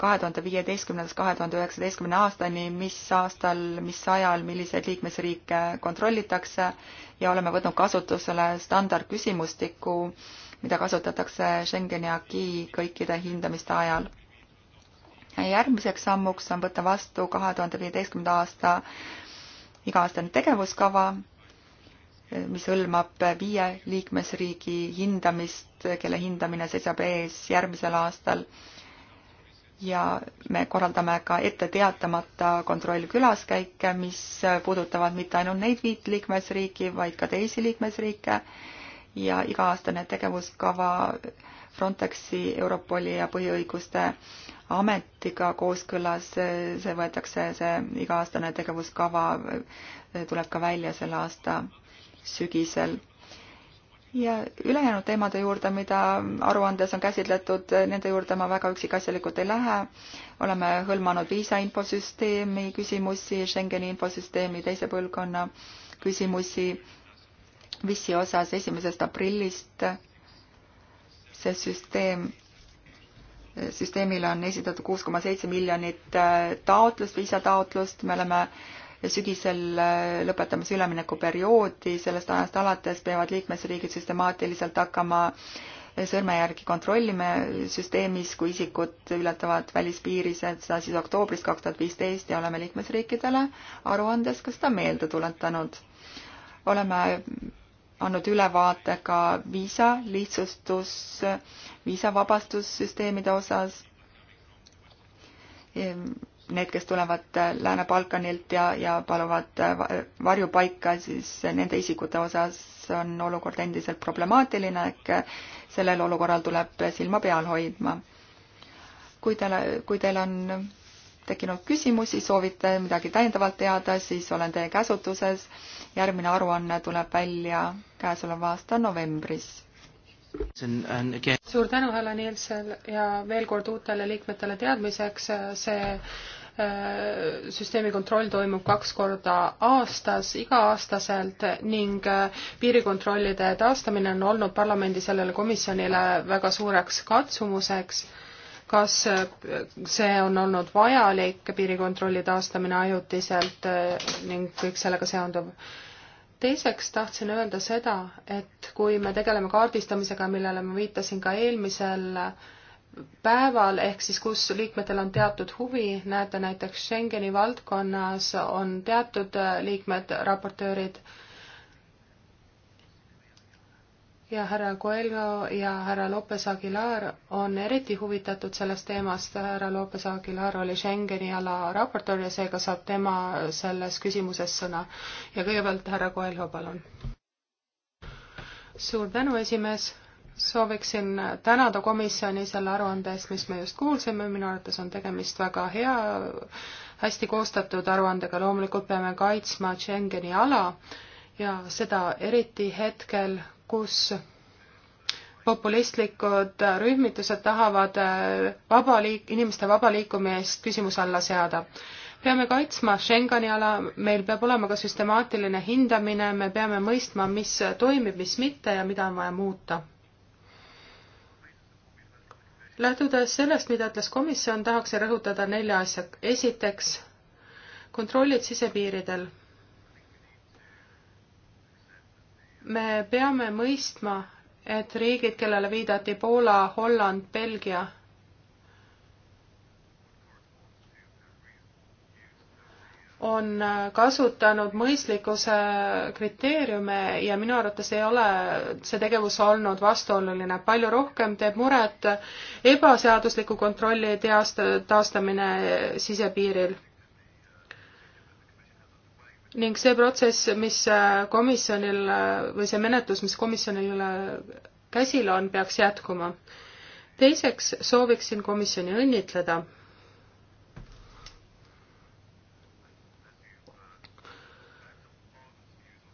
kahe tuhande viieteistkümnendast kahe tuhande üheksateistkümne aastani, mis aastal, mis ajal, milliseid liikmesriike kontrollitakse ja oleme võtnud kasutusele standardküsimustiku, mida kasutatakse Schengeni aki kõikide hindamiste ajal järgmiseks sammuks on võtta vastu kahe tuhande viieteistkümnenda aasta iga-aastane tegevuskava mis hõlmab viie liikmesriigi hindamist, kelle hindamine seisab ees järgmisel aastal. ja me korraldame ka ette teatamata kontrollkülaskäike, mis puudutavad mitte ainult neid viit liikmesriiki, vaid ka teisi liikmesriike ja iga-aastane tegevuskava Frontexi, Europoli ja põhiõiguste ametiga kooskõlas, see võetakse, see iga-aastane tegevuskava tuleb ka välja selle aasta sügisel. ja ülejäänud teemade juurde, mida aruandes on käsitletud, nende juurde ma väga üksikasjalikult ei lähe. oleme hõlmanud viisa infosüsteemi küsimusi, Schengeni infosüsteemi teise põlvkonna küsimusi, VIS-i osas esimesest aprillist see süsteem süsteemile on esitatud kuus koma seitse miljonit äh, taotlust, viisataotlust, me oleme sügisel äh, lõpetamas üleminekuperioodi, sellest ajast alates peavad liikmesriigid süstemaatiliselt hakkama äh, sõrmejärgi kontrollime süsteemis, kui isikud ületavad välispiiri, seda siis oktoobris kaks tuhat viisteist ja oleme liikmesriikidele aruandes ka seda meelde tuletanud. oleme andnud ülevaate ka viisa lihtsustus, viisavabastussüsteemide osas ehm, need, kes tulevad äh, Lääne-Balkanilt ja, ja paluvad äh, varjupaika, siis nende isikute osas on olukord endiselt problemaatiline ehk äh, sellel olukorral tuleb silma peal hoidma. kui teil, kui teil on tekkinud küsimusi, soovite midagi täiendavalt teada, siis olen teie käsutuses. järgmine aruanne tuleb välja käesoleva aasta novembris. suur tänu, härra Nielsen ja veel kord uutele liikmetele teadmiseks, see süsteemi kontroll toimub kaks korda aastas, iga-aastaselt ning äh, piirikontrollide taastamine on olnud parlamendi sellele komisjonile väga suureks katsumuseks. kas äh, see on olnud vajalik, piirikontrolli taastamine ajutiselt äh, ning kõik sellega seonduv? teiseks tahtsin öelda seda, et kui me tegeleme kaardistamisega, millele ma viitasin ka eelmisel äh, päeval, ehk siis kus liikmetel on teatud huvi, näete näiteks Schengeni valdkonnas on teatud äh, liikmed, raportöörid ja härra Coelho ja härra Lopez Aguilar on eriti huvitatud sellest teemast, härra Lopez Aguilar oli Schengeni ala raportöör ja seega saab tema selles küsimuses sõna. ja kõigepealt härra Coelho, palun. suur tänu, esimees sooviksin tänada komisjoni selle aruande eest, mis me just kuulsime, minu arvates on tegemist väga hea, hästi koostatud aruandega, loomulikult peame kaitsma Schengeni ala ja seda eriti hetkel, kus populistlikud rühmitused tahavad äh, vaba liik-, inimeste vaba liikumist küsimuse alla seada peame kaitsma Schengeni ala, meil peab olema ka süstemaatiline hindamine, me peame mõistma, mis toimib, mis mitte ja mida on vaja muuta lähtudes sellest, mida ütles komisjon, tahaksin rõhutada nelja asja. esiteks, kontrollid sisepiiridel. me peame mõistma, et riigid, kellele viidati Poola, Holland, Belgia on kasutanud mõistlikkuse kriteeriume ja minu arvates ei ole see tegevus olnud vastuoluline. palju rohkem teeb muret ebaseadusliku kontrolli teast-, taastamine sisepiiril. ning see protsess, mis komisjonil või see menetlus, mis komisjonil käsil on, peaks jätkuma. teiseks sooviksin komisjoni õnnitleda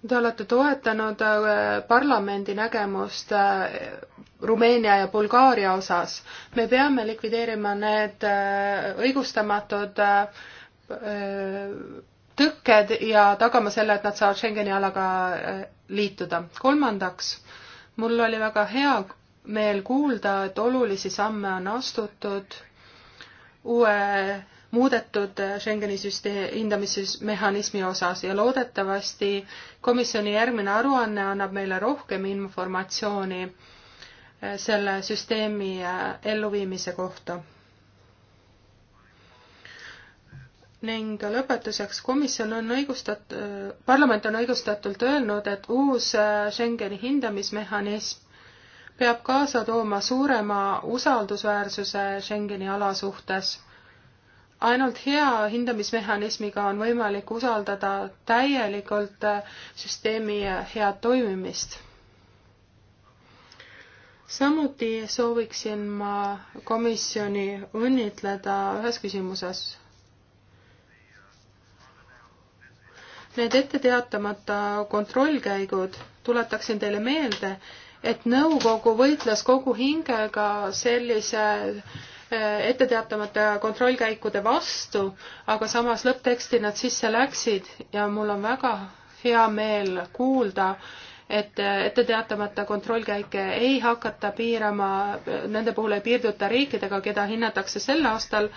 Te olete toetanud äh, parlamendi nägemust äh, Rumeenia ja Bulgaaria osas. me peame likvideerima need äh, õigustamatud tõkked ja tagama selle, et nad saavad Schengeni alaga liituda. kolmandaks, mul oli väga hea meel kuulda, et olulisi samme on astutud uue muudetud Schengeni süsteemi hindamismehhanismi osas ja loodetavasti komisjoni järgmine aruanne annab meile rohkem informatsiooni eh, selle süsteemi eh, elluviimise kohta. ning lõpetuseks, komisjon on õigustat-, parlament on õigustatult öelnud, et uus eh, Schengeni hindamismehhanism peab kaasa tooma suurema usaldusväärsuse Schengeni ala suhtes ainult hea hindamismehhanismiga on võimalik usaldada täielikult äh, süsteemi äh, head toimimist. samuti sooviksin ma komisjoni õnnitleda ühes küsimuses. Need ette teatamata kontrollkäigud, tuletaksin teile meelde, et nõukogu võitles kogu hingega sellise Eh, etteteatamata kontrollkäikude vastu, aga samas lõppteksti nad sisse läksid ja mul on väga hea meel kuulda, et etteteatamata kontrollkäike ei hakata piirama, nende puhul ei piirduta riikidega, keda hinnatakse sel aastal,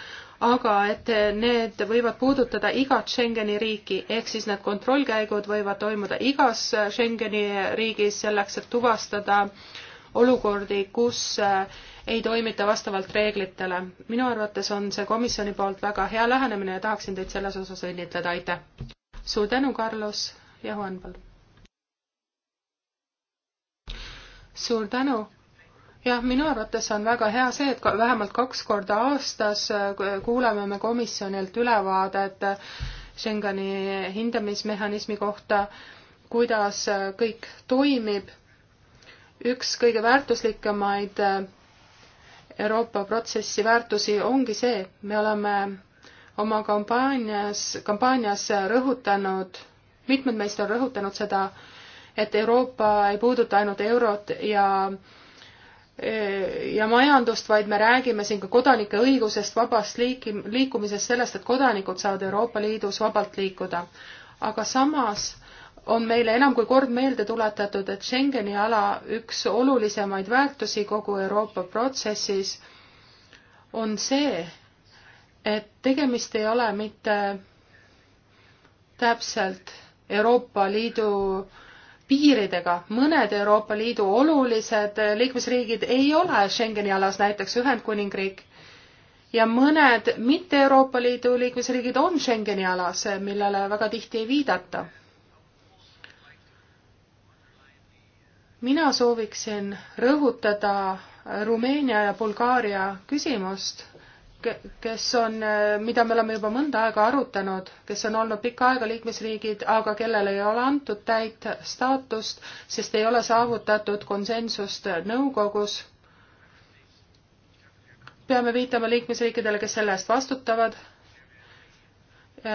aga et need võivad puudutada igat Schengeni riiki, ehk siis need kontrollkäigud võivad toimuda igas Schengeni riigis selleks, et tuvastada olukordi, kus eh, ei toimita vastavalt reeglitele. minu arvates on see komisjoni poolt väga hea lähenemine ja tahaksin teid selles osas õnnitleda, aitäh! suur tänu, Carlos ja Juan, palun! suur tänu! jah, minu arvates on väga hea see, et vähemalt kaks korda aastas äh, kuuleme me komisjonilt ülevaadet äh, Schengeni hindamismehhanismi kohta, kuidas äh, kõik toimib. üks kõige väärtuslikemaid Euroopa protsessi väärtusi ongi see, me oleme oma kampaanias, kampaanias rõhutanud, mitmed meist on rõhutanud seda, et Euroopa ei puuduta ainult eurot ja eh, ja majandust, vaid me räägime siin ka kodanike õigusest, vabast liiki-, liikumisest, sellest, et kodanikud saavad Euroopa Liidus vabalt liikuda. aga samas on meile enam kui kord meelde tuletatud, et Schengeni ala üks olulisemaid väärtusi kogu Euroopa protsessis on see, et tegemist ei ole mitte täpselt Euroopa Liidu piiridega, mõned Euroopa Liidu olulised liikmesriigid ei ole Schengeni alas, näiteks Ühendkuningriik, ja mõned mitte Euroopa Liidu liikmesriigid on Schengeni alas, millele väga tihti ei viidata mina sooviksin rõhutada Rumeenia ja Bulgaaria küsimust, kes on, mida me oleme juba mõnda aega arutanud, kes on olnud pikka aega liikmesriigid, aga kellele ei ole antud täit staatust, sest ei ole saavutatud konsensust nõukogus. peame viitama liikmesriikidele, kes selle eest vastutavad,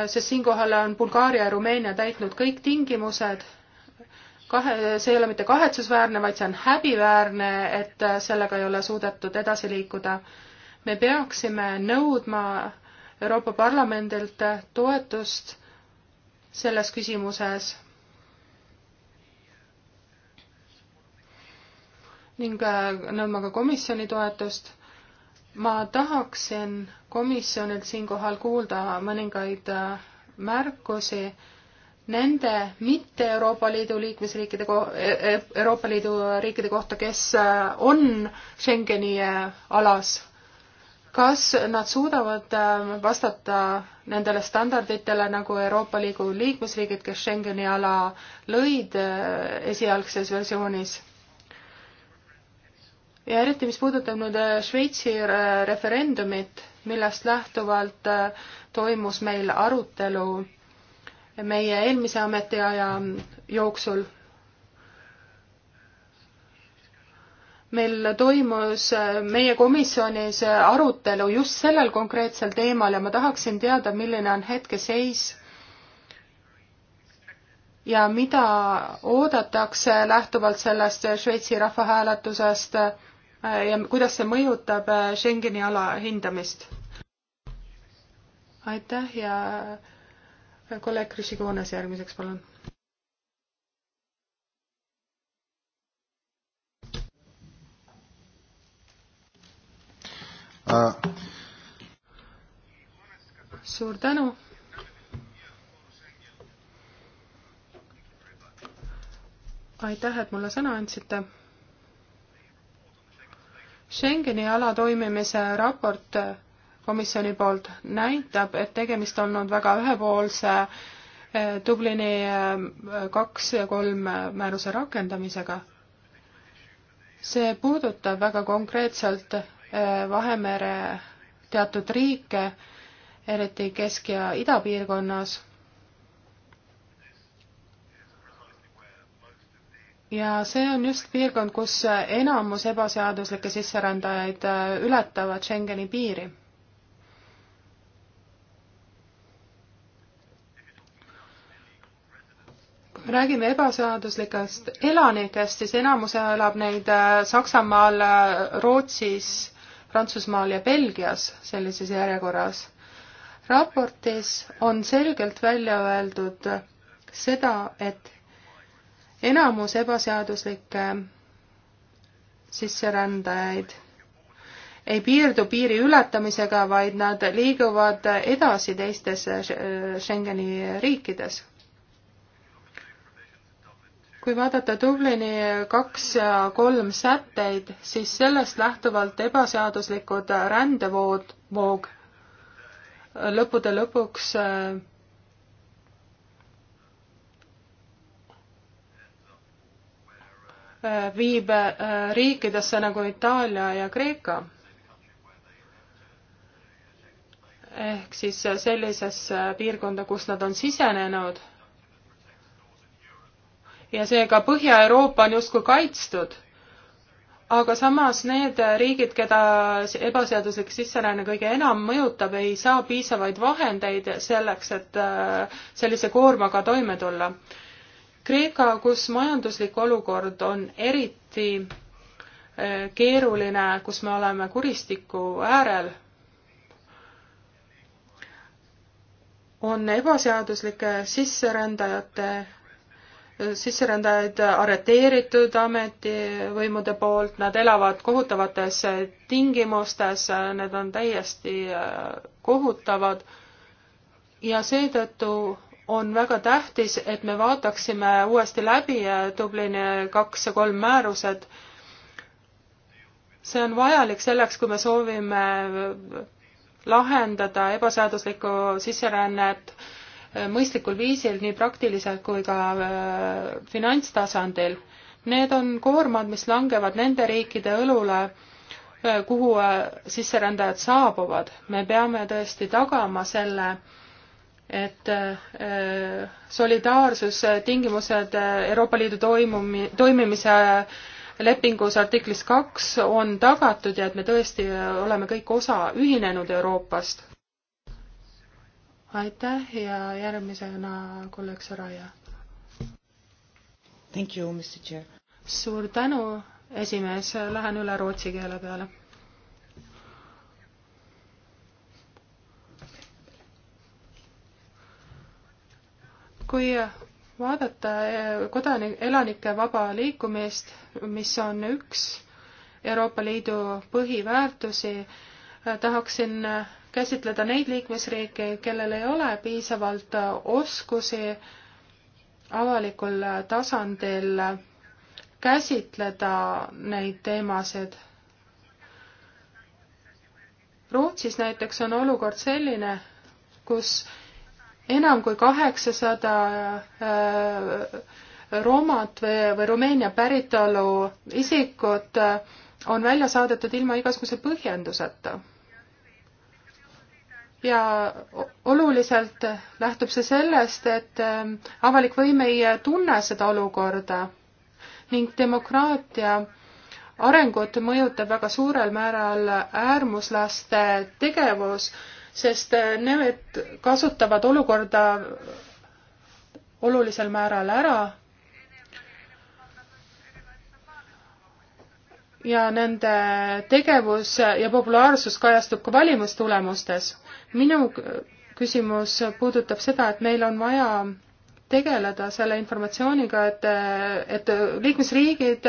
sest siinkohal on Bulgaaria ja Rumeenia täitnud kõik tingimused kahe, see ei ole mitte kahetsusväärne, vaid see on häbiväärne, et äh, sellega ei ole suudetud edasi liikuda. me peaksime nõudma Euroopa Parlamendilt äh, toetust selles küsimuses. ning äh, nõudma ka komisjoni toetust. ma tahaksin komisjonilt siinkohal kuulda mõningaid märkusi nende mitte Euroopa Liidu liikmesriikide, e-, e-, Euroopa Liidu riikide kohta, kes äh, on Schengeni äh, alas. kas nad suudavad äh, vastata nendele standarditele, nagu Euroopa Liidu liikmesriigid, kes Schengeni ala lõid esialgses versioonis? ja eriti, mis puudutab nüüd Šveitsi referendumit, millest lähtuvalt toimus meil arutelu meie eelmise ametiaja jooksul. meil toimus äh, meie komisjonis arutelu just sellel konkreetsel teemal ja ma tahaksin teada, milline on hetkeseis ja mida oodatakse lähtuvalt sellest Šveitsi rahvahääletusest äh, ja kuidas see mõjutab äh, Schengeni ala hindamist? aitäh ja kolleeg Krissi Koones järgmiseks, palun. Ah. suur tänu. aitäh, et mulle sõna andsite. Schengeni ala toimimise raport komisjoni poolt näitab, et tegemist on olnud väga ühepoolse eh, Dublini eh, kaks ja kolm määruse rakendamisega. see puudutab väga konkreetselt eh, Vahemere teatud riike, eriti Kesk- ja idapiirkonnas ja see on just piirkond, kus enamus ebaseaduslikke sisserändajaid ületavad Schengeni piiri. kui räägime ebaseaduslikest elanikest, siis enamus elab neid äh, Saksamaal, äh, Rootsis, Prantsusmaal ja Belgias sellises järjekorras. raportis on selgelt välja öeldud seda, et enamus ebaseaduslikke sisserändajaid ei piirdu piiri ületamisega, vaid nad liiguvad edasi teistes Schengeni riikides kui vaadata Dublini kaks ja kolm sätteid, siis sellest lähtuvalt ebaseaduslikud rändevood, voog lõppude lõpuks äh, äh, viib äh, riikidesse nagu Itaalia ja Kreeka. ehk siis sellisesse piirkonda, kus nad on sisenenud ja seega Põhja-Euroopa on justkui kaitstud. aga samas need riigid, keda ebaseaduslik sisseränne kõige enam mõjutab, ei saa piisavaid vahendeid selleks, et äh, sellise koormaga toime tulla. Kreeka, kus majanduslik olukord on eriti äh, keeruline, kus me oleme kuristiku äärel, on ebaseaduslike sisserändajate sisserändajaid arreteeritud ametivõimude poolt, nad elavad kohutavates tingimustes, need on täiesti äh, kohutavad ja seetõttu on väga tähtis, et me vaataksime uuesti läbi äh, Dublini kaks ja kolm määrused. see on vajalik selleks, kui me soovime lahendada ebaseaduslikku sisserännet Äh, mõistlikul viisil nii praktiliselt kui ka äh, finantstasandil. Need on koormad, mis langevad nende riikide õlule, äh, kuhu sisserändajad saabuvad. me peame tõesti tagama selle, et solidaarsustingimused Euroopa Liidu toimumi, toimimise lepingus artiklis kaks on tagatud ja et me tõesti oleme kõik osa ühinenud Euroopast aitäh ja järgmisena kolleeg Saraja. Thank you, Mr Chair. suur tänu, esimees, lähen üle rootsi keele peale kui vaadata eh, kodanik, elanike vaba liikumist, mis on üks Euroopa Liidu põhiväärtusi, tahaksin eh, käsitleda neid liikmesriike, kellel ei ole piisavalt äh, oskusi avalikul äh, tasandil äh, käsitleda neid teemasid. Rootsis näiteks on olukord selline, kus enam kui kaheksasada romat või, või Rumeenia päritolu isikut on välja saadetud ilma igasuguse põhjenduseta ja oluliselt lähtub see sellest, et ähm, avalik võim ei tunne seda olukorda ning demokraatia arengut mõjutab väga suurel määral äärmuslaste tegevus, sest äh, need kasutavad olukorda olulisel määral ära ja nende tegevus ja populaarsus kajastub ka valimistulemustes minu küsimus puudutab seda, et meil on vaja tegeleda selle informatsiooniga, et, et liikmesriigid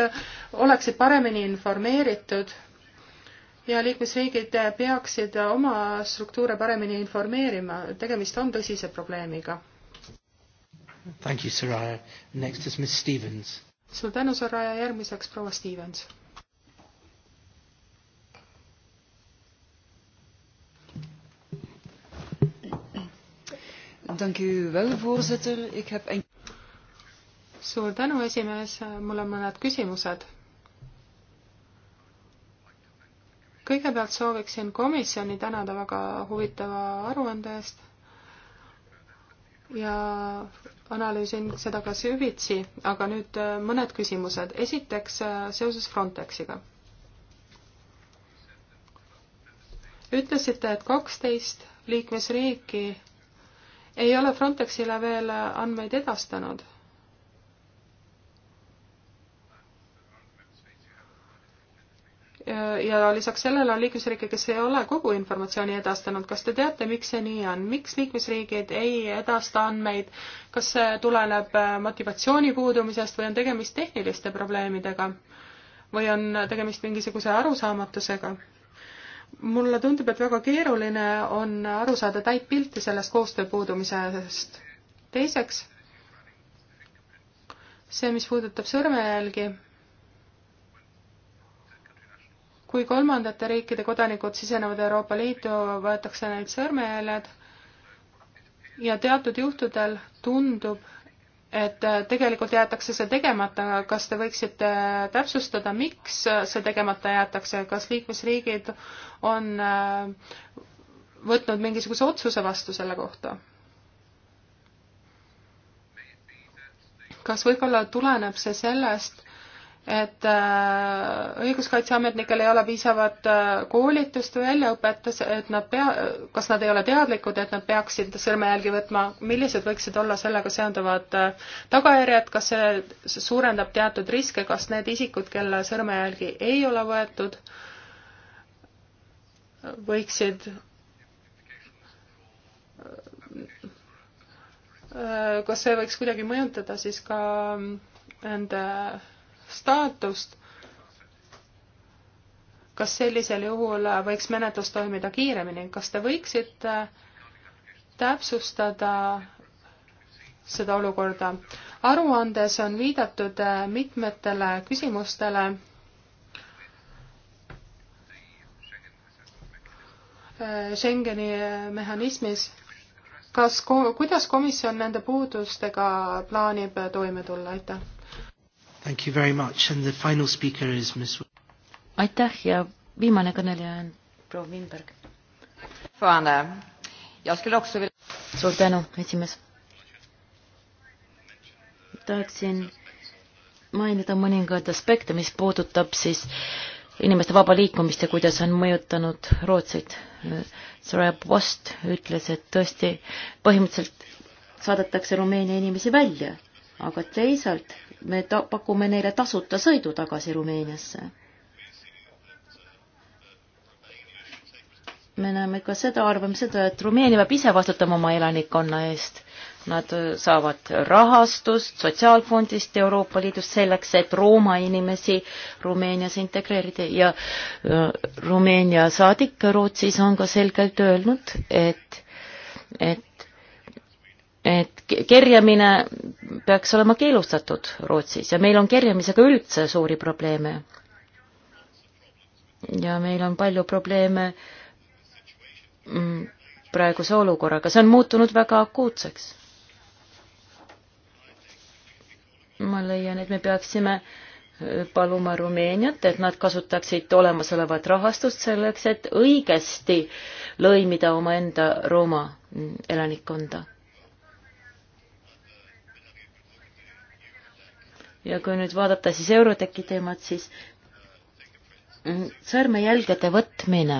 oleksid paremini informeeritud ja liikmesriigid peaksid oma struktuure paremini informeerima, tegemist on tõsise probleemiga. Thank you, Soraya. Next is Miss Stevens. suur tänu, Soraya, järgmiseks proua Stevens Dank u wel, voorzitter. Ik heb een... suur tänu, esimees, mul on mõned küsimused. kõigepealt sooviksin komisjoni tänada väga huvitava aruande eest ja analüüsin seda ka süvitsi, aga nüüd äh, mõned küsimused. esiteks äh, seoses Frontexiga ütlesite, et kaksteist liikmesriiki ei ole Frontexile veel andmeid edastanud. ja lisaks sellele on liikmesriike, kes ei ole kogu informatsiooni edastanud. kas te teate, miks see nii on, miks liikmesriigid ei edasta andmeid, kas see tuleneb motivatsiooni puudumisest või on tegemist tehniliste probleemidega või on tegemist mingisuguse arusaamatusega? mulle tundub, et väga keeruline on aru saada täit pilti sellest koostöö puudumisest. teiseks, see, mis puudutab sõrmejälgi, kui kolmandate riikide kodanikud sisenevad Euroopa Liitu, võetakse neilt sõrmejäljed ja teatud juhtudel tundub, et äh, tegelikult jäetakse see tegemata, kas te võiksite täpsustada, miks see tegemata jäetakse, kas liikmesriigid on äh, võtnud mingisuguse otsuse vastu selle kohta? kas võib-olla tuleneb see sellest, et äh, õiguskaitseametnikel ei ole piisavat äh, koolitust või väljaõpet, et nad pea, kas nad ei ole teadlikud, et nad peaksid sõrmejälgi võtma, millised võiksid olla sellega seonduvad äh, tagajärjed, kas see suurendab teatud riske, kas need isikud, kelle sõrmejälgi ei ole võetud, võiksid kas see võiks kuidagi mõjutada siis ka mm, nende staatust. kas sellisel juhul võiks menetlus toimida kiiremini, kas te võiksite täpsustada seda olukorda? aruandes on viidatud äh, mitmetele küsimustele äh, Schengeni äh, mehhanismis. kas, kuidas komisjon nende puudustega plaanib toime tulla, aitäh? Thank you very much and the final speaker is Miss aitäh ja viimane kõneleja on proua Wimberg. suur tänu, esimees. tahaksin mainida mõningaid aspekte, mis puudutab siis inimeste vaba liikumist ja kuidas on mõjutanud Rootsit. Soraya Post ütles, et tõesti põhimõtteliselt saadetakse Rumeenia inimesi välja, aga teisalt me ta-, pakume neile tasuta sõidu tagasi Rumeeniasse. me näeme ka seda, arvame seda, et Rumeenia peab ise vastutama oma elanikkonna eest. Nad saavad rahastust Sotsiaalfondist, Euroopa Liidust selleks, et Rooma inimesi Rumeenias integreerida ja Rumeenia saadik Rootsis on ka selgelt öelnud, et, et et kerjamine peaks olema keelustatud Rootsis ja meil on kerjamisega üldse suuri probleeme. ja meil on palju probleeme mm, praeguse olukorraga, see on muutunud väga akuutseks. ma leian, et me peaksime äh, paluma Rumeeniat, et nad kasutaksid olemasolevat rahastust selleks, et õigesti lõimida omaenda Rooma mm, elanikkonda ja kui nüüd vaadata siis Euroteki teemat, siis sõrmejälgede võtmine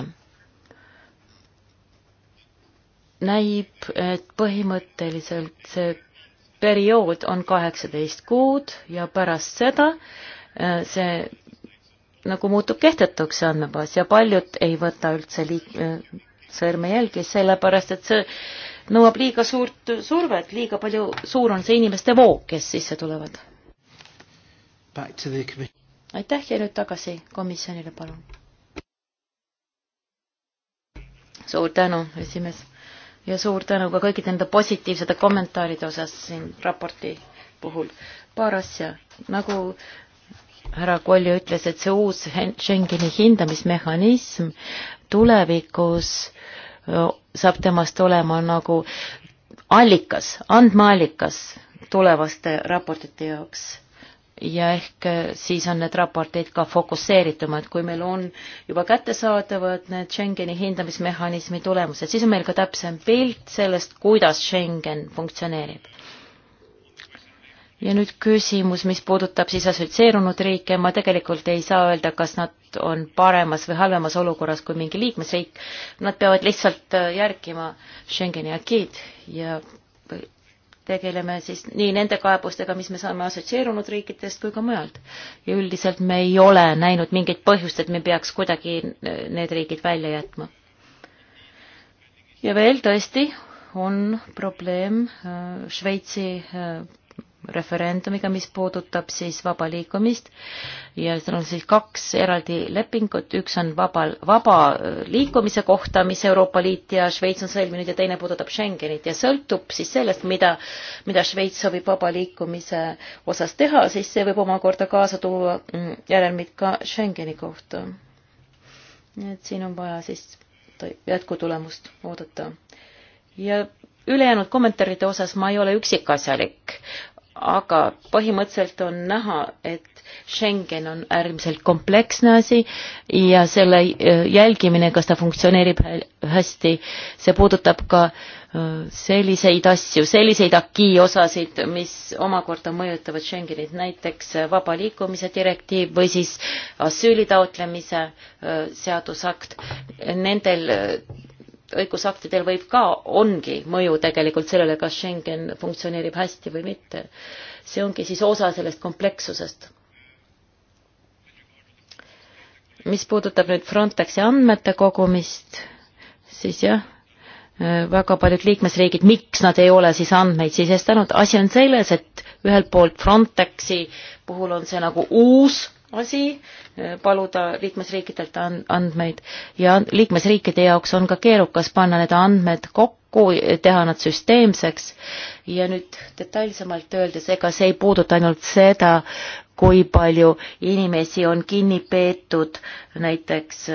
näib, et põhimõtteliselt see periood on kaheksateist kuud ja pärast seda äh, see nagu muutub kehtetuks see andmebaas ja paljud ei võta üldse liik-, äh, sõrmejälgi, sellepärast et see nõuab liiga suurt survet, liiga palju, suur on see inimeste voog, kes sisse tulevad aitäh ja nüüd tagasi komisjonile, palun. suur tänu, esimees, ja suur tänu ka kõikide nende positiivsete kommentaaride osas siin raporti puhul. paar asja, nagu härra Kolju ütles, et see uus Schengeni hindamismehhanism tulevikus saab temast olema nagu allikas, andmeallikas tulevaste raportite jaoks ja ehk eh, siis on need raportid ka fokusseeritumad, kui meil on juba kättesaadavad need Schengeni hindamismehhanismi tulemused, siis on meil ka täpsem pilt sellest, kuidas Schengen funktsioneerib. ja nüüd küsimus, mis puudutab siis assotsieerunud riike, ma tegelikult ei saa öelda, kas nad on paremas või halvemas olukorras kui mingi liikmesriik, nad peavad lihtsalt eh, järgima Schengeni akiid ja tegeleme siis nii nende kaebustega, mis me saame assotsieerunud riikidest kui ka mujalt. ja üldiselt me ei ole näinud mingit põhjust, et me peaks kuidagi need riigid välja jätma. ja veel tõesti on probleem äh, Šveitsi äh, referendumiga, mis puudutab siis vaba liikumist ja seal on siis kaks eraldi lepingut, üks on vabal, vaba liikumise kohta, mis Euroopa Liit ja Šveits on sõlminud ja teine puudutab Schengenit ja sõltub siis sellest, mida, mida Šveits soovib vaba liikumise osas teha, siis see võib omakorda kaasa tuua mm, järelmid ka Schengeni kohta. nii et siin on vaja siis jätkutulemust oodata ja ülejäänud kommentaaride osas ma ei ole üksikasjalik, aga põhimõtteliselt on näha, et Schengen on äärmiselt kompleksne asi ja selle äh, jälgimine, kas ta funktsioneerib hästi, see puudutab ka äh, selliseid asju, selliseid akii osasid, mis omakorda mõjutavad Schengenit, näiteks äh, vaba liikumise direktiiv või siis asüüli taotlemise seadusakt. Nendel õigusaktidel võib ka, ongi mõju tegelikult sellele, kas Schengen funktsioneerib hästi või mitte. see ongi siis osa sellest komplekssusest. mis puudutab nüüd Frontexi andmete kogumist, siis jah, väga paljud liikmesriigid, miks nad ei ole siis andmeid sisestanud, asi on selles, et ühelt poolt Frontexi puhul on see nagu uus asi paluda liikmesriikidelt andmeid ja liikmesriikide jaoks on ka keerukas panna need andmed kokku, teha nad süsteemseks ja nüüd detailsemalt öeldes, ega see ei puuduta ainult seda, kui palju inimesi on kinni peetud näiteks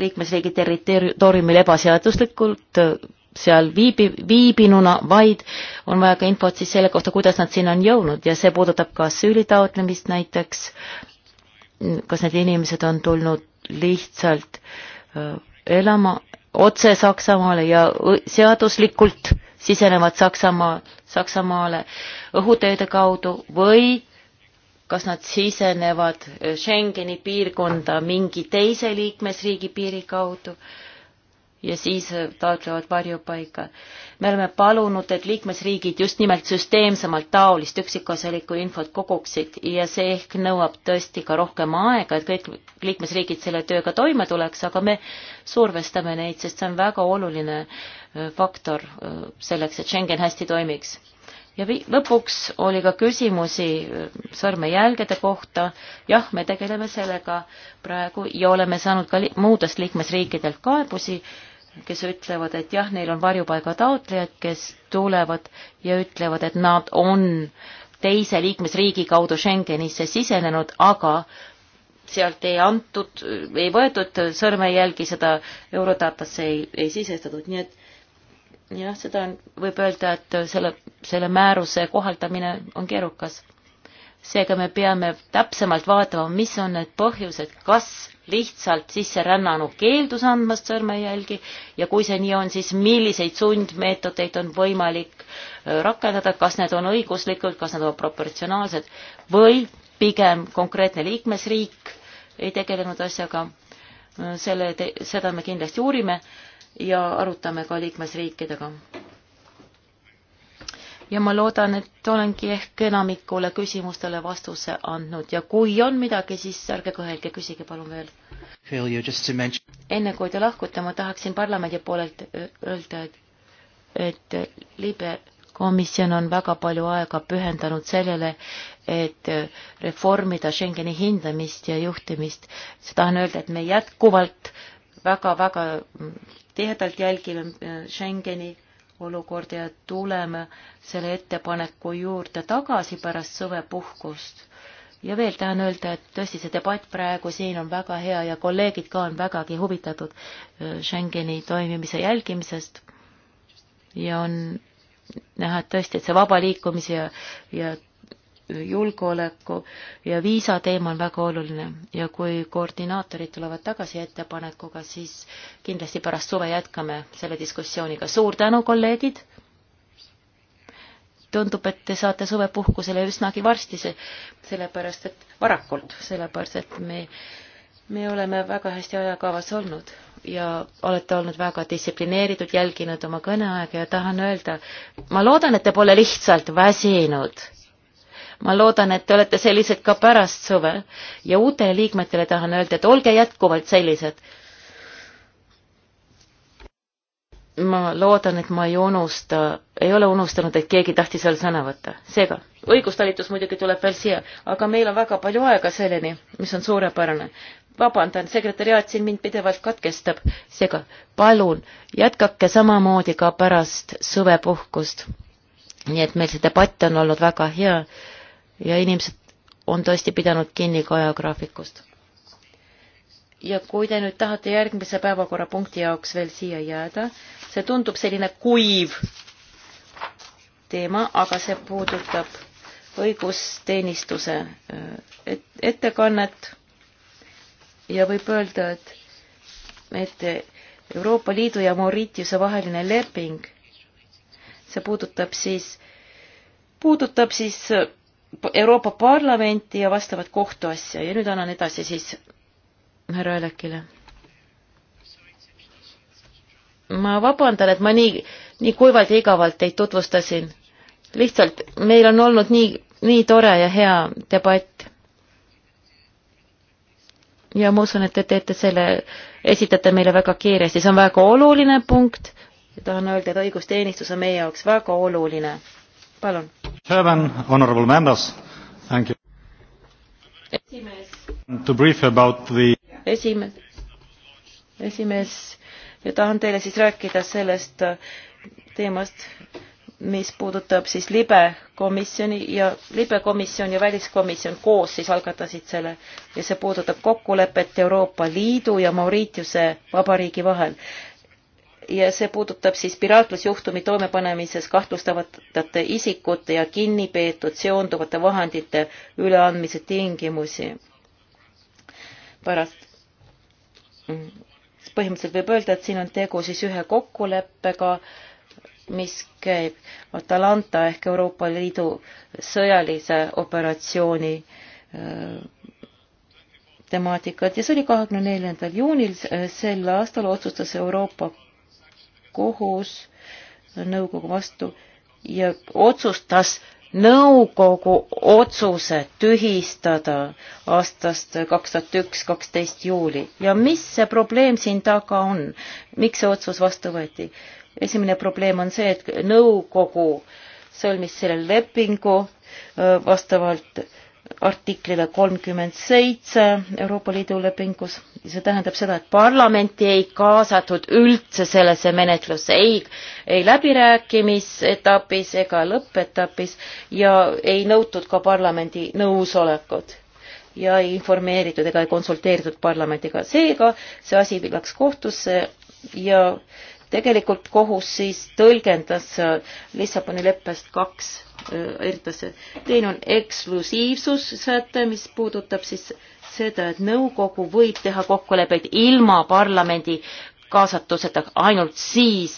liikmesriigi territooriumil ebaseaduslikult, seal viibi-, viibinuna, vaid on vaja ka infot siis selle kohta, kuidas nad sinna on jõudnud ja see puudutab ka asüüli taotlemist näiteks kas need inimesed on tulnud lihtsalt äh, elama otse Saksamaale ja seaduslikult sisenevad Saksamaa, Saksamaale õhuteede kaudu või kas nad sisenevad äh, Schengeni piirkonda mingi teise liikmesriigi piiri kaudu äh, ja siis äh, taotlevad varjupaika. me oleme palunud, et liikmesriigid just nimelt süsteemsemalt taolist üksikasjalikku infot koguksid ja see ehk nõuab tõesti ka rohkem aega, et kõik liikmesriigid selle tööga toime tuleks, aga me survestame neid, sest see on väga oluline äh, faktor äh, selleks, et Schengen hästi toimiks ja lõpuks oli ka küsimusi sõrmejälgede kohta. jah, me tegeleme sellega praegu ja oleme saanud ka li muudest liikmesriikidelt kaebusi kes ütlevad, et jah, neil on varjupaiga taotlejad, kes tulevad ja ütlevad, et nad on teise liikmesriigi kaudu Schengenisse sisenenud, aga sealt ei antud, ei võetud sõrmejälgi, seda Eurodatasse ei, ei sisestatud, nii et jah, seda on, võib öelda, et selle, selle määruse kohaldamine on keerukas seega me peame täpsemalt vaatama, mis on need põhjused, kas lihtsalt sisserännanu keeldus andmast sõrmejälgi ja kui see nii on, siis milliseid sundmeetodeid on võimalik äh, rakendada, kas need on õiguslikud, kas need on proportsionaalsed või pigem konkreetne liikmesriik ei tegelenud asjaga. Äh, selle, seda me kindlasti uurime ja arutame ka liikmesriikidega ja ma loodan, et olengi ehk enamikule küsimustele vastuse andnud ja kui on midagi, siis ärge kõhelge, küsige palun veel. enne kui te lahkute, ma tahaksin parlamendi poolelt öelda, et, et libe komisjon on väga palju aega pühendanud sellele, et reformida Schengeni hindamist ja juhtimist. tahan öelda, et me jätkuvalt väga-väga tihedalt jälgime Schengeni olukorda ja tuleme selle ettepaneku juurde tagasi pärast suvepuhkust. ja veel tahan öelda, et tõesti, see debatt praegu siin on väga hea ja kolleegid ka on vägagi huvitatud äh, Schengeni toimimise jälgimisest ja on näha, et tõesti, et see vaba liikumise ja, ja julgeoleku ja viisa teema on väga oluline ja kui koordinaatorid tulevad tagasi ettepanekuga, siis kindlasti pärast suve jätkame selle diskussiooniga. suur tänu, kolleegid! tundub, et te saate suvepuhkusele üsnagi varsti, sellepärast et varakult, sellepärast et me, me oleme väga hästi ajakavas olnud ja olete olnud väga distsiplineeritud, jälginud oma kõneaega ja tahan öelda, ma loodan, et te pole lihtsalt väsinud ma loodan, et te olete sellised ka pärast suve ja uutele liikmetele tahan öelda, et olge jätkuvalt sellised. ma loodan, et ma ei unusta, ei ole unustanud, et keegi tahtis veel sõna võtta, seega õigustalitus muidugi tuleb veel siia, aga meil on väga palju aega selleni, mis on suurepärane vabandan, sekretäriaat siin mind pidevalt katkestab, seega palun jätkake samamoodi ka pärast suvepuhkust. nii et meil see debatt on olnud väga hea ja inimesed on tõesti pidanud kinni ka ajagraafikust. ja kui te nüüd tahate järgmise päevakorrapunkti jaoks veel siia jääda, see tundub selline kuiv teema, aga see puudutab õigusteenistuse äh, et, ettekannet ja võib öelda, et, et Euroopa Liidu ja Mauritiuse vaheline leping, see puudutab siis, puudutab siis Euroopa Parlamenti ja vastavat kohtuasja ja nüüd annan edasi siis härra Elekile. ma vabandan, et ma nii, nii kuivalt ja igavalt teid tutvustasin. lihtsalt meil on olnud nii, nii tore ja hea debatt. ja ma usun, et te teete selle, esitate meile väga kiiresti, see on väga oluline punkt ja tahan öelda, et õigusteenistus on meie jaoks väga oluline. palun Chairman, honorable members, thank you. esimees. To brief about the. esimees, esimees ja tahan teile siis rääkida sellest äh, teemast, mis puudutab siis libe komisjoni ja libe komisjon ja väliskomisjon koos siis algatasid selle ja see puudutab kokkulepet Euroopa Liidu ja Mauritiuse vabariigi vahel ja see puudutab siis piraatlusjuhtumi toimepanemises kahtlustavatute isikute ja kinnipeetud seonduvate vahendite üleandmise tingimusi. pärast põhimõtteliselt võib öelda, et siin on tegu siis ühe kokkuleppega, mis käib Atalanta ehk Euroopa Liidu sõjalise operatsiooni äh, temaatikat ja see oli kahekümne neljandal juunil sel aastal otsustas Euroopa kohus nõukogu vastu ja otsustas nõukogu otsuse tühistada aastast kaks tuhat üks, kaksteist juuli ja mis see probleem siin taga on, miks see otsus vastu võeti? esimene probleem on see, et nõukogu sõlmis selle lepingu äh, vastavalt artiklile kolmkümmend seitse Euroopa Liidu lepingus. see tähendab seda, et parlamenti ei kaasatud üldse sellesse menetlusse, ei, ei läbirääkimisetapis ega lõppetapis ja ei nõutud ka parlamendi nõusolekut ja ei informeeritud ega ei konsulteeritud parlamendiga. seega see asi läks kohtusse ja tegelikult kohus siis tõlgendas äh, Lissaboni leppest kaks äh, eritas, teine on eksklusiivsussäte, mis puudutab siis seda, et nõukogu võib teha kokkuleppeid ilma parlamendi kaasatuseta ainult siis,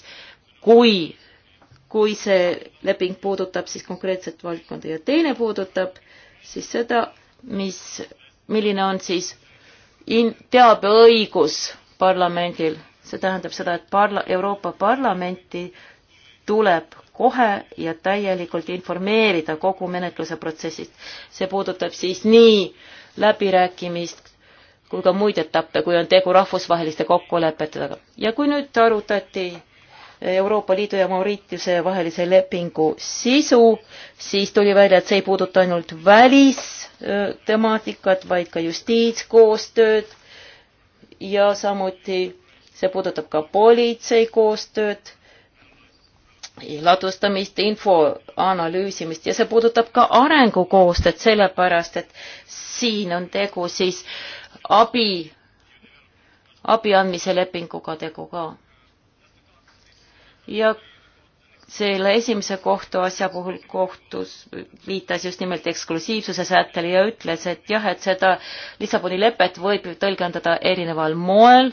kui, kui see leping puudutab siis konkreetset valdkonda ja teine puudutab siis seda, mis, milline on siis in-, teabeõigus parlamendil see tähendab seda, et parla-, Euroopa Parlamenti tuleb kohe ja täielikult informeerida kogu menetluse protsessist. see puudutab siis nii läbirääkimist kui ka muid etappe, kui on tegu rahvusvaheliste kokkulepetega. ja kui nüüd arutati Euroopa Liidu ja Mauritiuse vahelise lepingu sisu, siis tuli välja, et see ei puuduta ainult välistemaatikat, vaid ka justiitskoostööd ja samuti see puudutab ka politsei koostööd, ladustamist, info analüüsimist ja see puudutab ka arengukoostööd, sellepärast et siin on tegu siis abi, abi andmise lepinguga tegu ka. ja selle esimese kohtuasja puhul kohtus viitas just nimelt eksklusiivsuse sättele ja ütles, et jah, et seda Lissaboni lepet võib ju tõlgendada erineval moel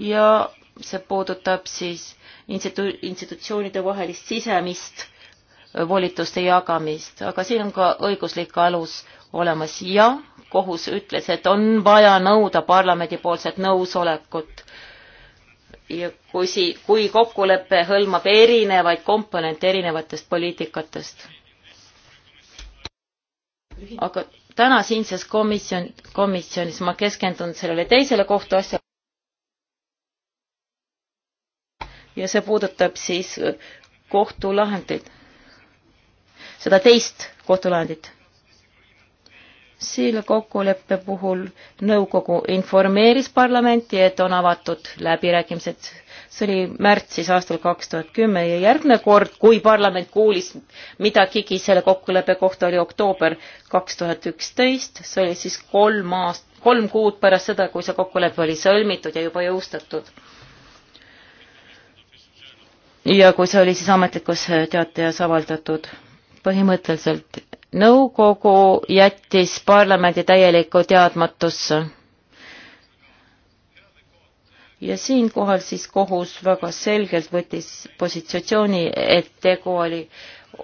ja see puudutab siis institu-, institutsioonide vahelist sisemist äh, volituste jagamist, aga siin on ka õiguslik alus olemas ja kohus ütles, et on vaja nõuda parlamendipoolset nõusolekut. ja kui si-, kui kokkulepe hõlmab erinevaid komponente erinevatest poliitikatest. aga täna siinses komisjon, komisjonis ma keskendun sellele teisele kohtuasjale. ja see puudutab siis äh, kohtulahendit, seda teist kohtulahendit. selle kokkuleppe puhul nõukogu informeeris parlamenti, et on avatud läbirääkimised. see oli märtsis aastal kaks tuhat kümme ja järgmine kord, kui parlament kuulis midagigi selle kokkuleppe kohta, oli oktoober kaks tuhat üksteist, see oli siis kolm aast-, kolm kuud pärast seda, kui see kokkulepe oli sõlmitud ja juba jõustatud ja kui see oli siis ametlikus äh, teatajas avaldatud. põhimõtteliselt nõukogu jättis parlamendi täielikku teadmatusse. ja siinkohal siis kohus väga selgelt võttis positsiooni, et tegu oli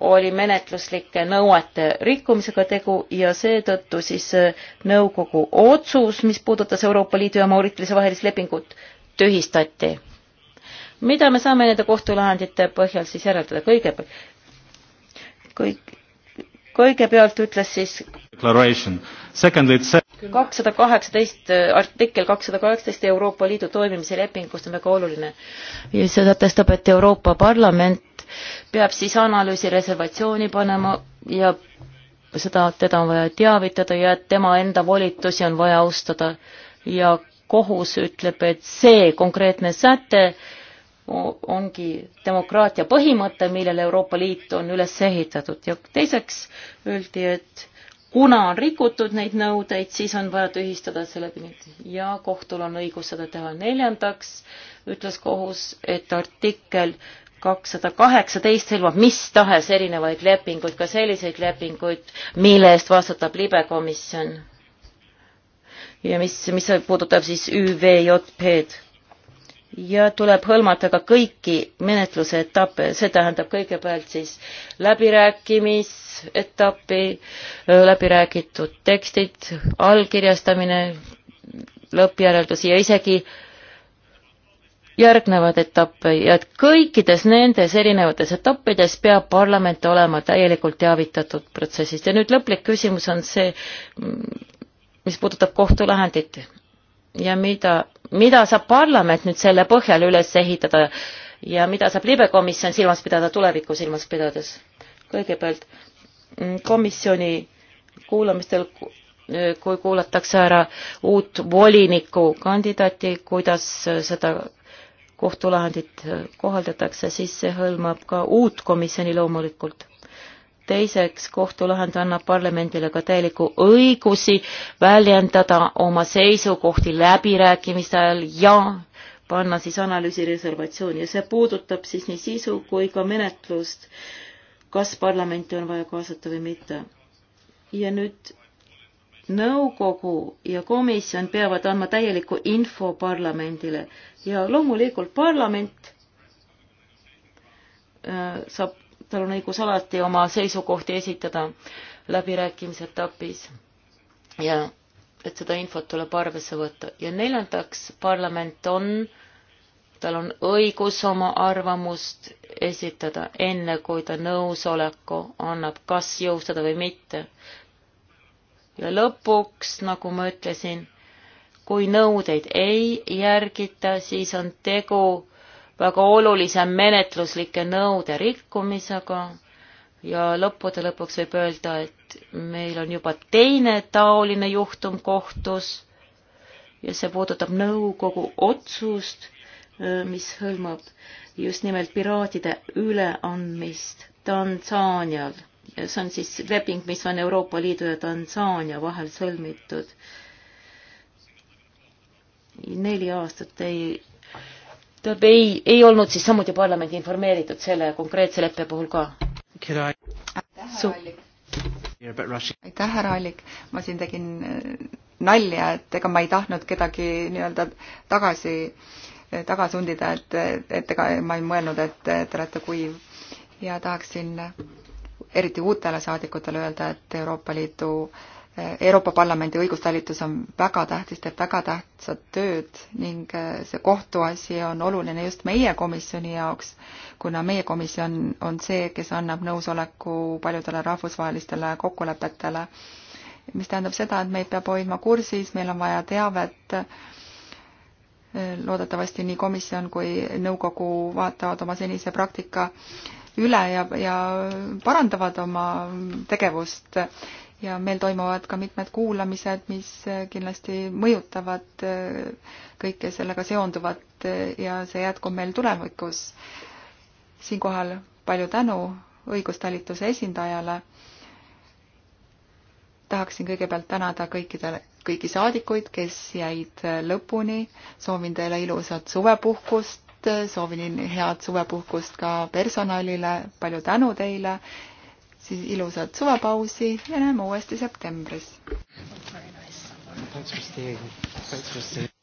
oli menetluslike nõuete rikkumisega tegu ja seetõttu siis äh, nõukogu otsus, mis puudutas Euroopa Liidu ja Mauritiuse vahelist lepingut, tühistati mida me saame nende kohtulahendite põhjal siis järeldada? kõigepealt, kõik, kõigepealt ütles siis kakssada kaheksateist, artikkel kakssada kaheksateist Euroopa Liidu toimimise lepingust on väga oluline. ja see sätestab, et Euroopa Parlament peab siis analüüsi reservatsiooni panema ja seda, teda on vaja teavitada ja tema enda volitusi on vaja austada ja kohus ütleb, et see konkreetne säte ongi demokraatia põhimõte, millele Euroopa Liit on üles ehitatud ja teiseks öeldi, et kuna on rikutud neid nõudeid, siis on vaja tühistada selle ja kohtul on õigus seda teha. neljandaks ütles kohus, et artikkel kakssada kaheksateist hõlmab mis tahes erinevaid lepinguid, ka selliseid lepinguid, mille eest vastutab libe komisjon. ja mis, mis puudutab siis ÜVJP-d ja tuleb hõlmata ka kõiki menetluse etappe, see tähendab kõigepealt siis läbirääkimisetapi, äh, läbiräägitud tekstid, allkirjastamine, lõppjäreldus ja isegi järgnevad etappe ja et kõikides nendes erinevates etappides peab parlament olema täielikult teavitatud protsessist ja nüüd lõplik küsimus on see, mm, mis puudutab kohtulahendit ja mida, mida saab parlament nüüd selle põhjal üles ehitada ja mida saab libekomisjon silmas pidada tulevikku silmas pidades? kõigepealt mm, komisjoni kuulamistel, kui kuulatakse ära uut volinikku kandidaati, kuidas seda kohtulahendit kohaldatakse, siis see hõlmab ka uut komisjoni loomulikult teiseks, kohtulahend annab parlamendile ka täieliku õigusi väljendada oma seisukohti läbirääkimiste ajal ja panna siis analüüsi reservatsiooni ja see puudutab siis nii sisu kui ka menetlust, kas parlamenti on vaja kaasata või mitte. ja nüüd nõukogu ja komisjon peavad andma täielikku info parlamendile ja loomulikult parlament äh, saab tal on õigus alati oma seisukohti esitada läbirääkimise etapis ja et seda infot tuleb arvesse võtta. ja neljandaks, parlament on, tal on õigus oma arvamust esitada, enne kui ta nõusoleku annab, kas jõustada või mitte. ja lõpuks, nagu ma ütlesin, kui nõudeid ei järgita, siis on tegu väga olulise menetluslike nõude rikkumisega ja lõppude lõpuks võib öelda, et meil on juba teine taoline juhtum kohtus ja see puudutab nõukogu otsust, mis hõlmab just nimelt piraatide üleandmist Tansaanial. see on siis leping, mis on Euroopa Liidu ja Tansaania vahel sõlmitud. neli aastat ei ei, ei olnud siis samuti parlament informeeritud selle konkreetse leppe puhul ka? aitäh, härra Allik. ma siin tegin äh, nalja, et ega ma ei tahtnud kedagi nii-öelda tagasi, äh, taga sundida, et, et ega ma ei mõelnud, et te olete kuiv. ja tahaksin eriti uutele saadikutele öelda, et Euroopa Liidu äh, Euroopa Parlamendi õigustalitus on väga tähtis, teeb väga tähtsat tööd ning äh, see kohtuasi on oluline just meie komisjoni jaoks, kuna meie komisjon on see, kes annab nõusoleku paljudele rahvusvahelistele kokkulepetele, mis tähendab seda, et meid peab hoidma kursis, meil on vaja teavet, loodetavasti nii komisjon kui nõukogu vaatavad oma senise praktika üle ja, ja parandavad oma tegevust ja meil toimuvad ka mitmed kuulamised, mis kindlasti mõjutavad äh, kõike sellega seonduvat äh, ja see jätkub meil tulevikus. siinkohal palju tänu õigustalituse esindajale. tahaksin kõigepealt tänada kõikidele, kõiki saadikuid, kes jäid äh, lõpuni. soovin teile ilusat suvepuhkust, soovin head suvepuhkust ka personalile, palju tänu teile siis ilusat suvapausi ja näeme uuesti septembris. Thanks for staying. Thanks for staying.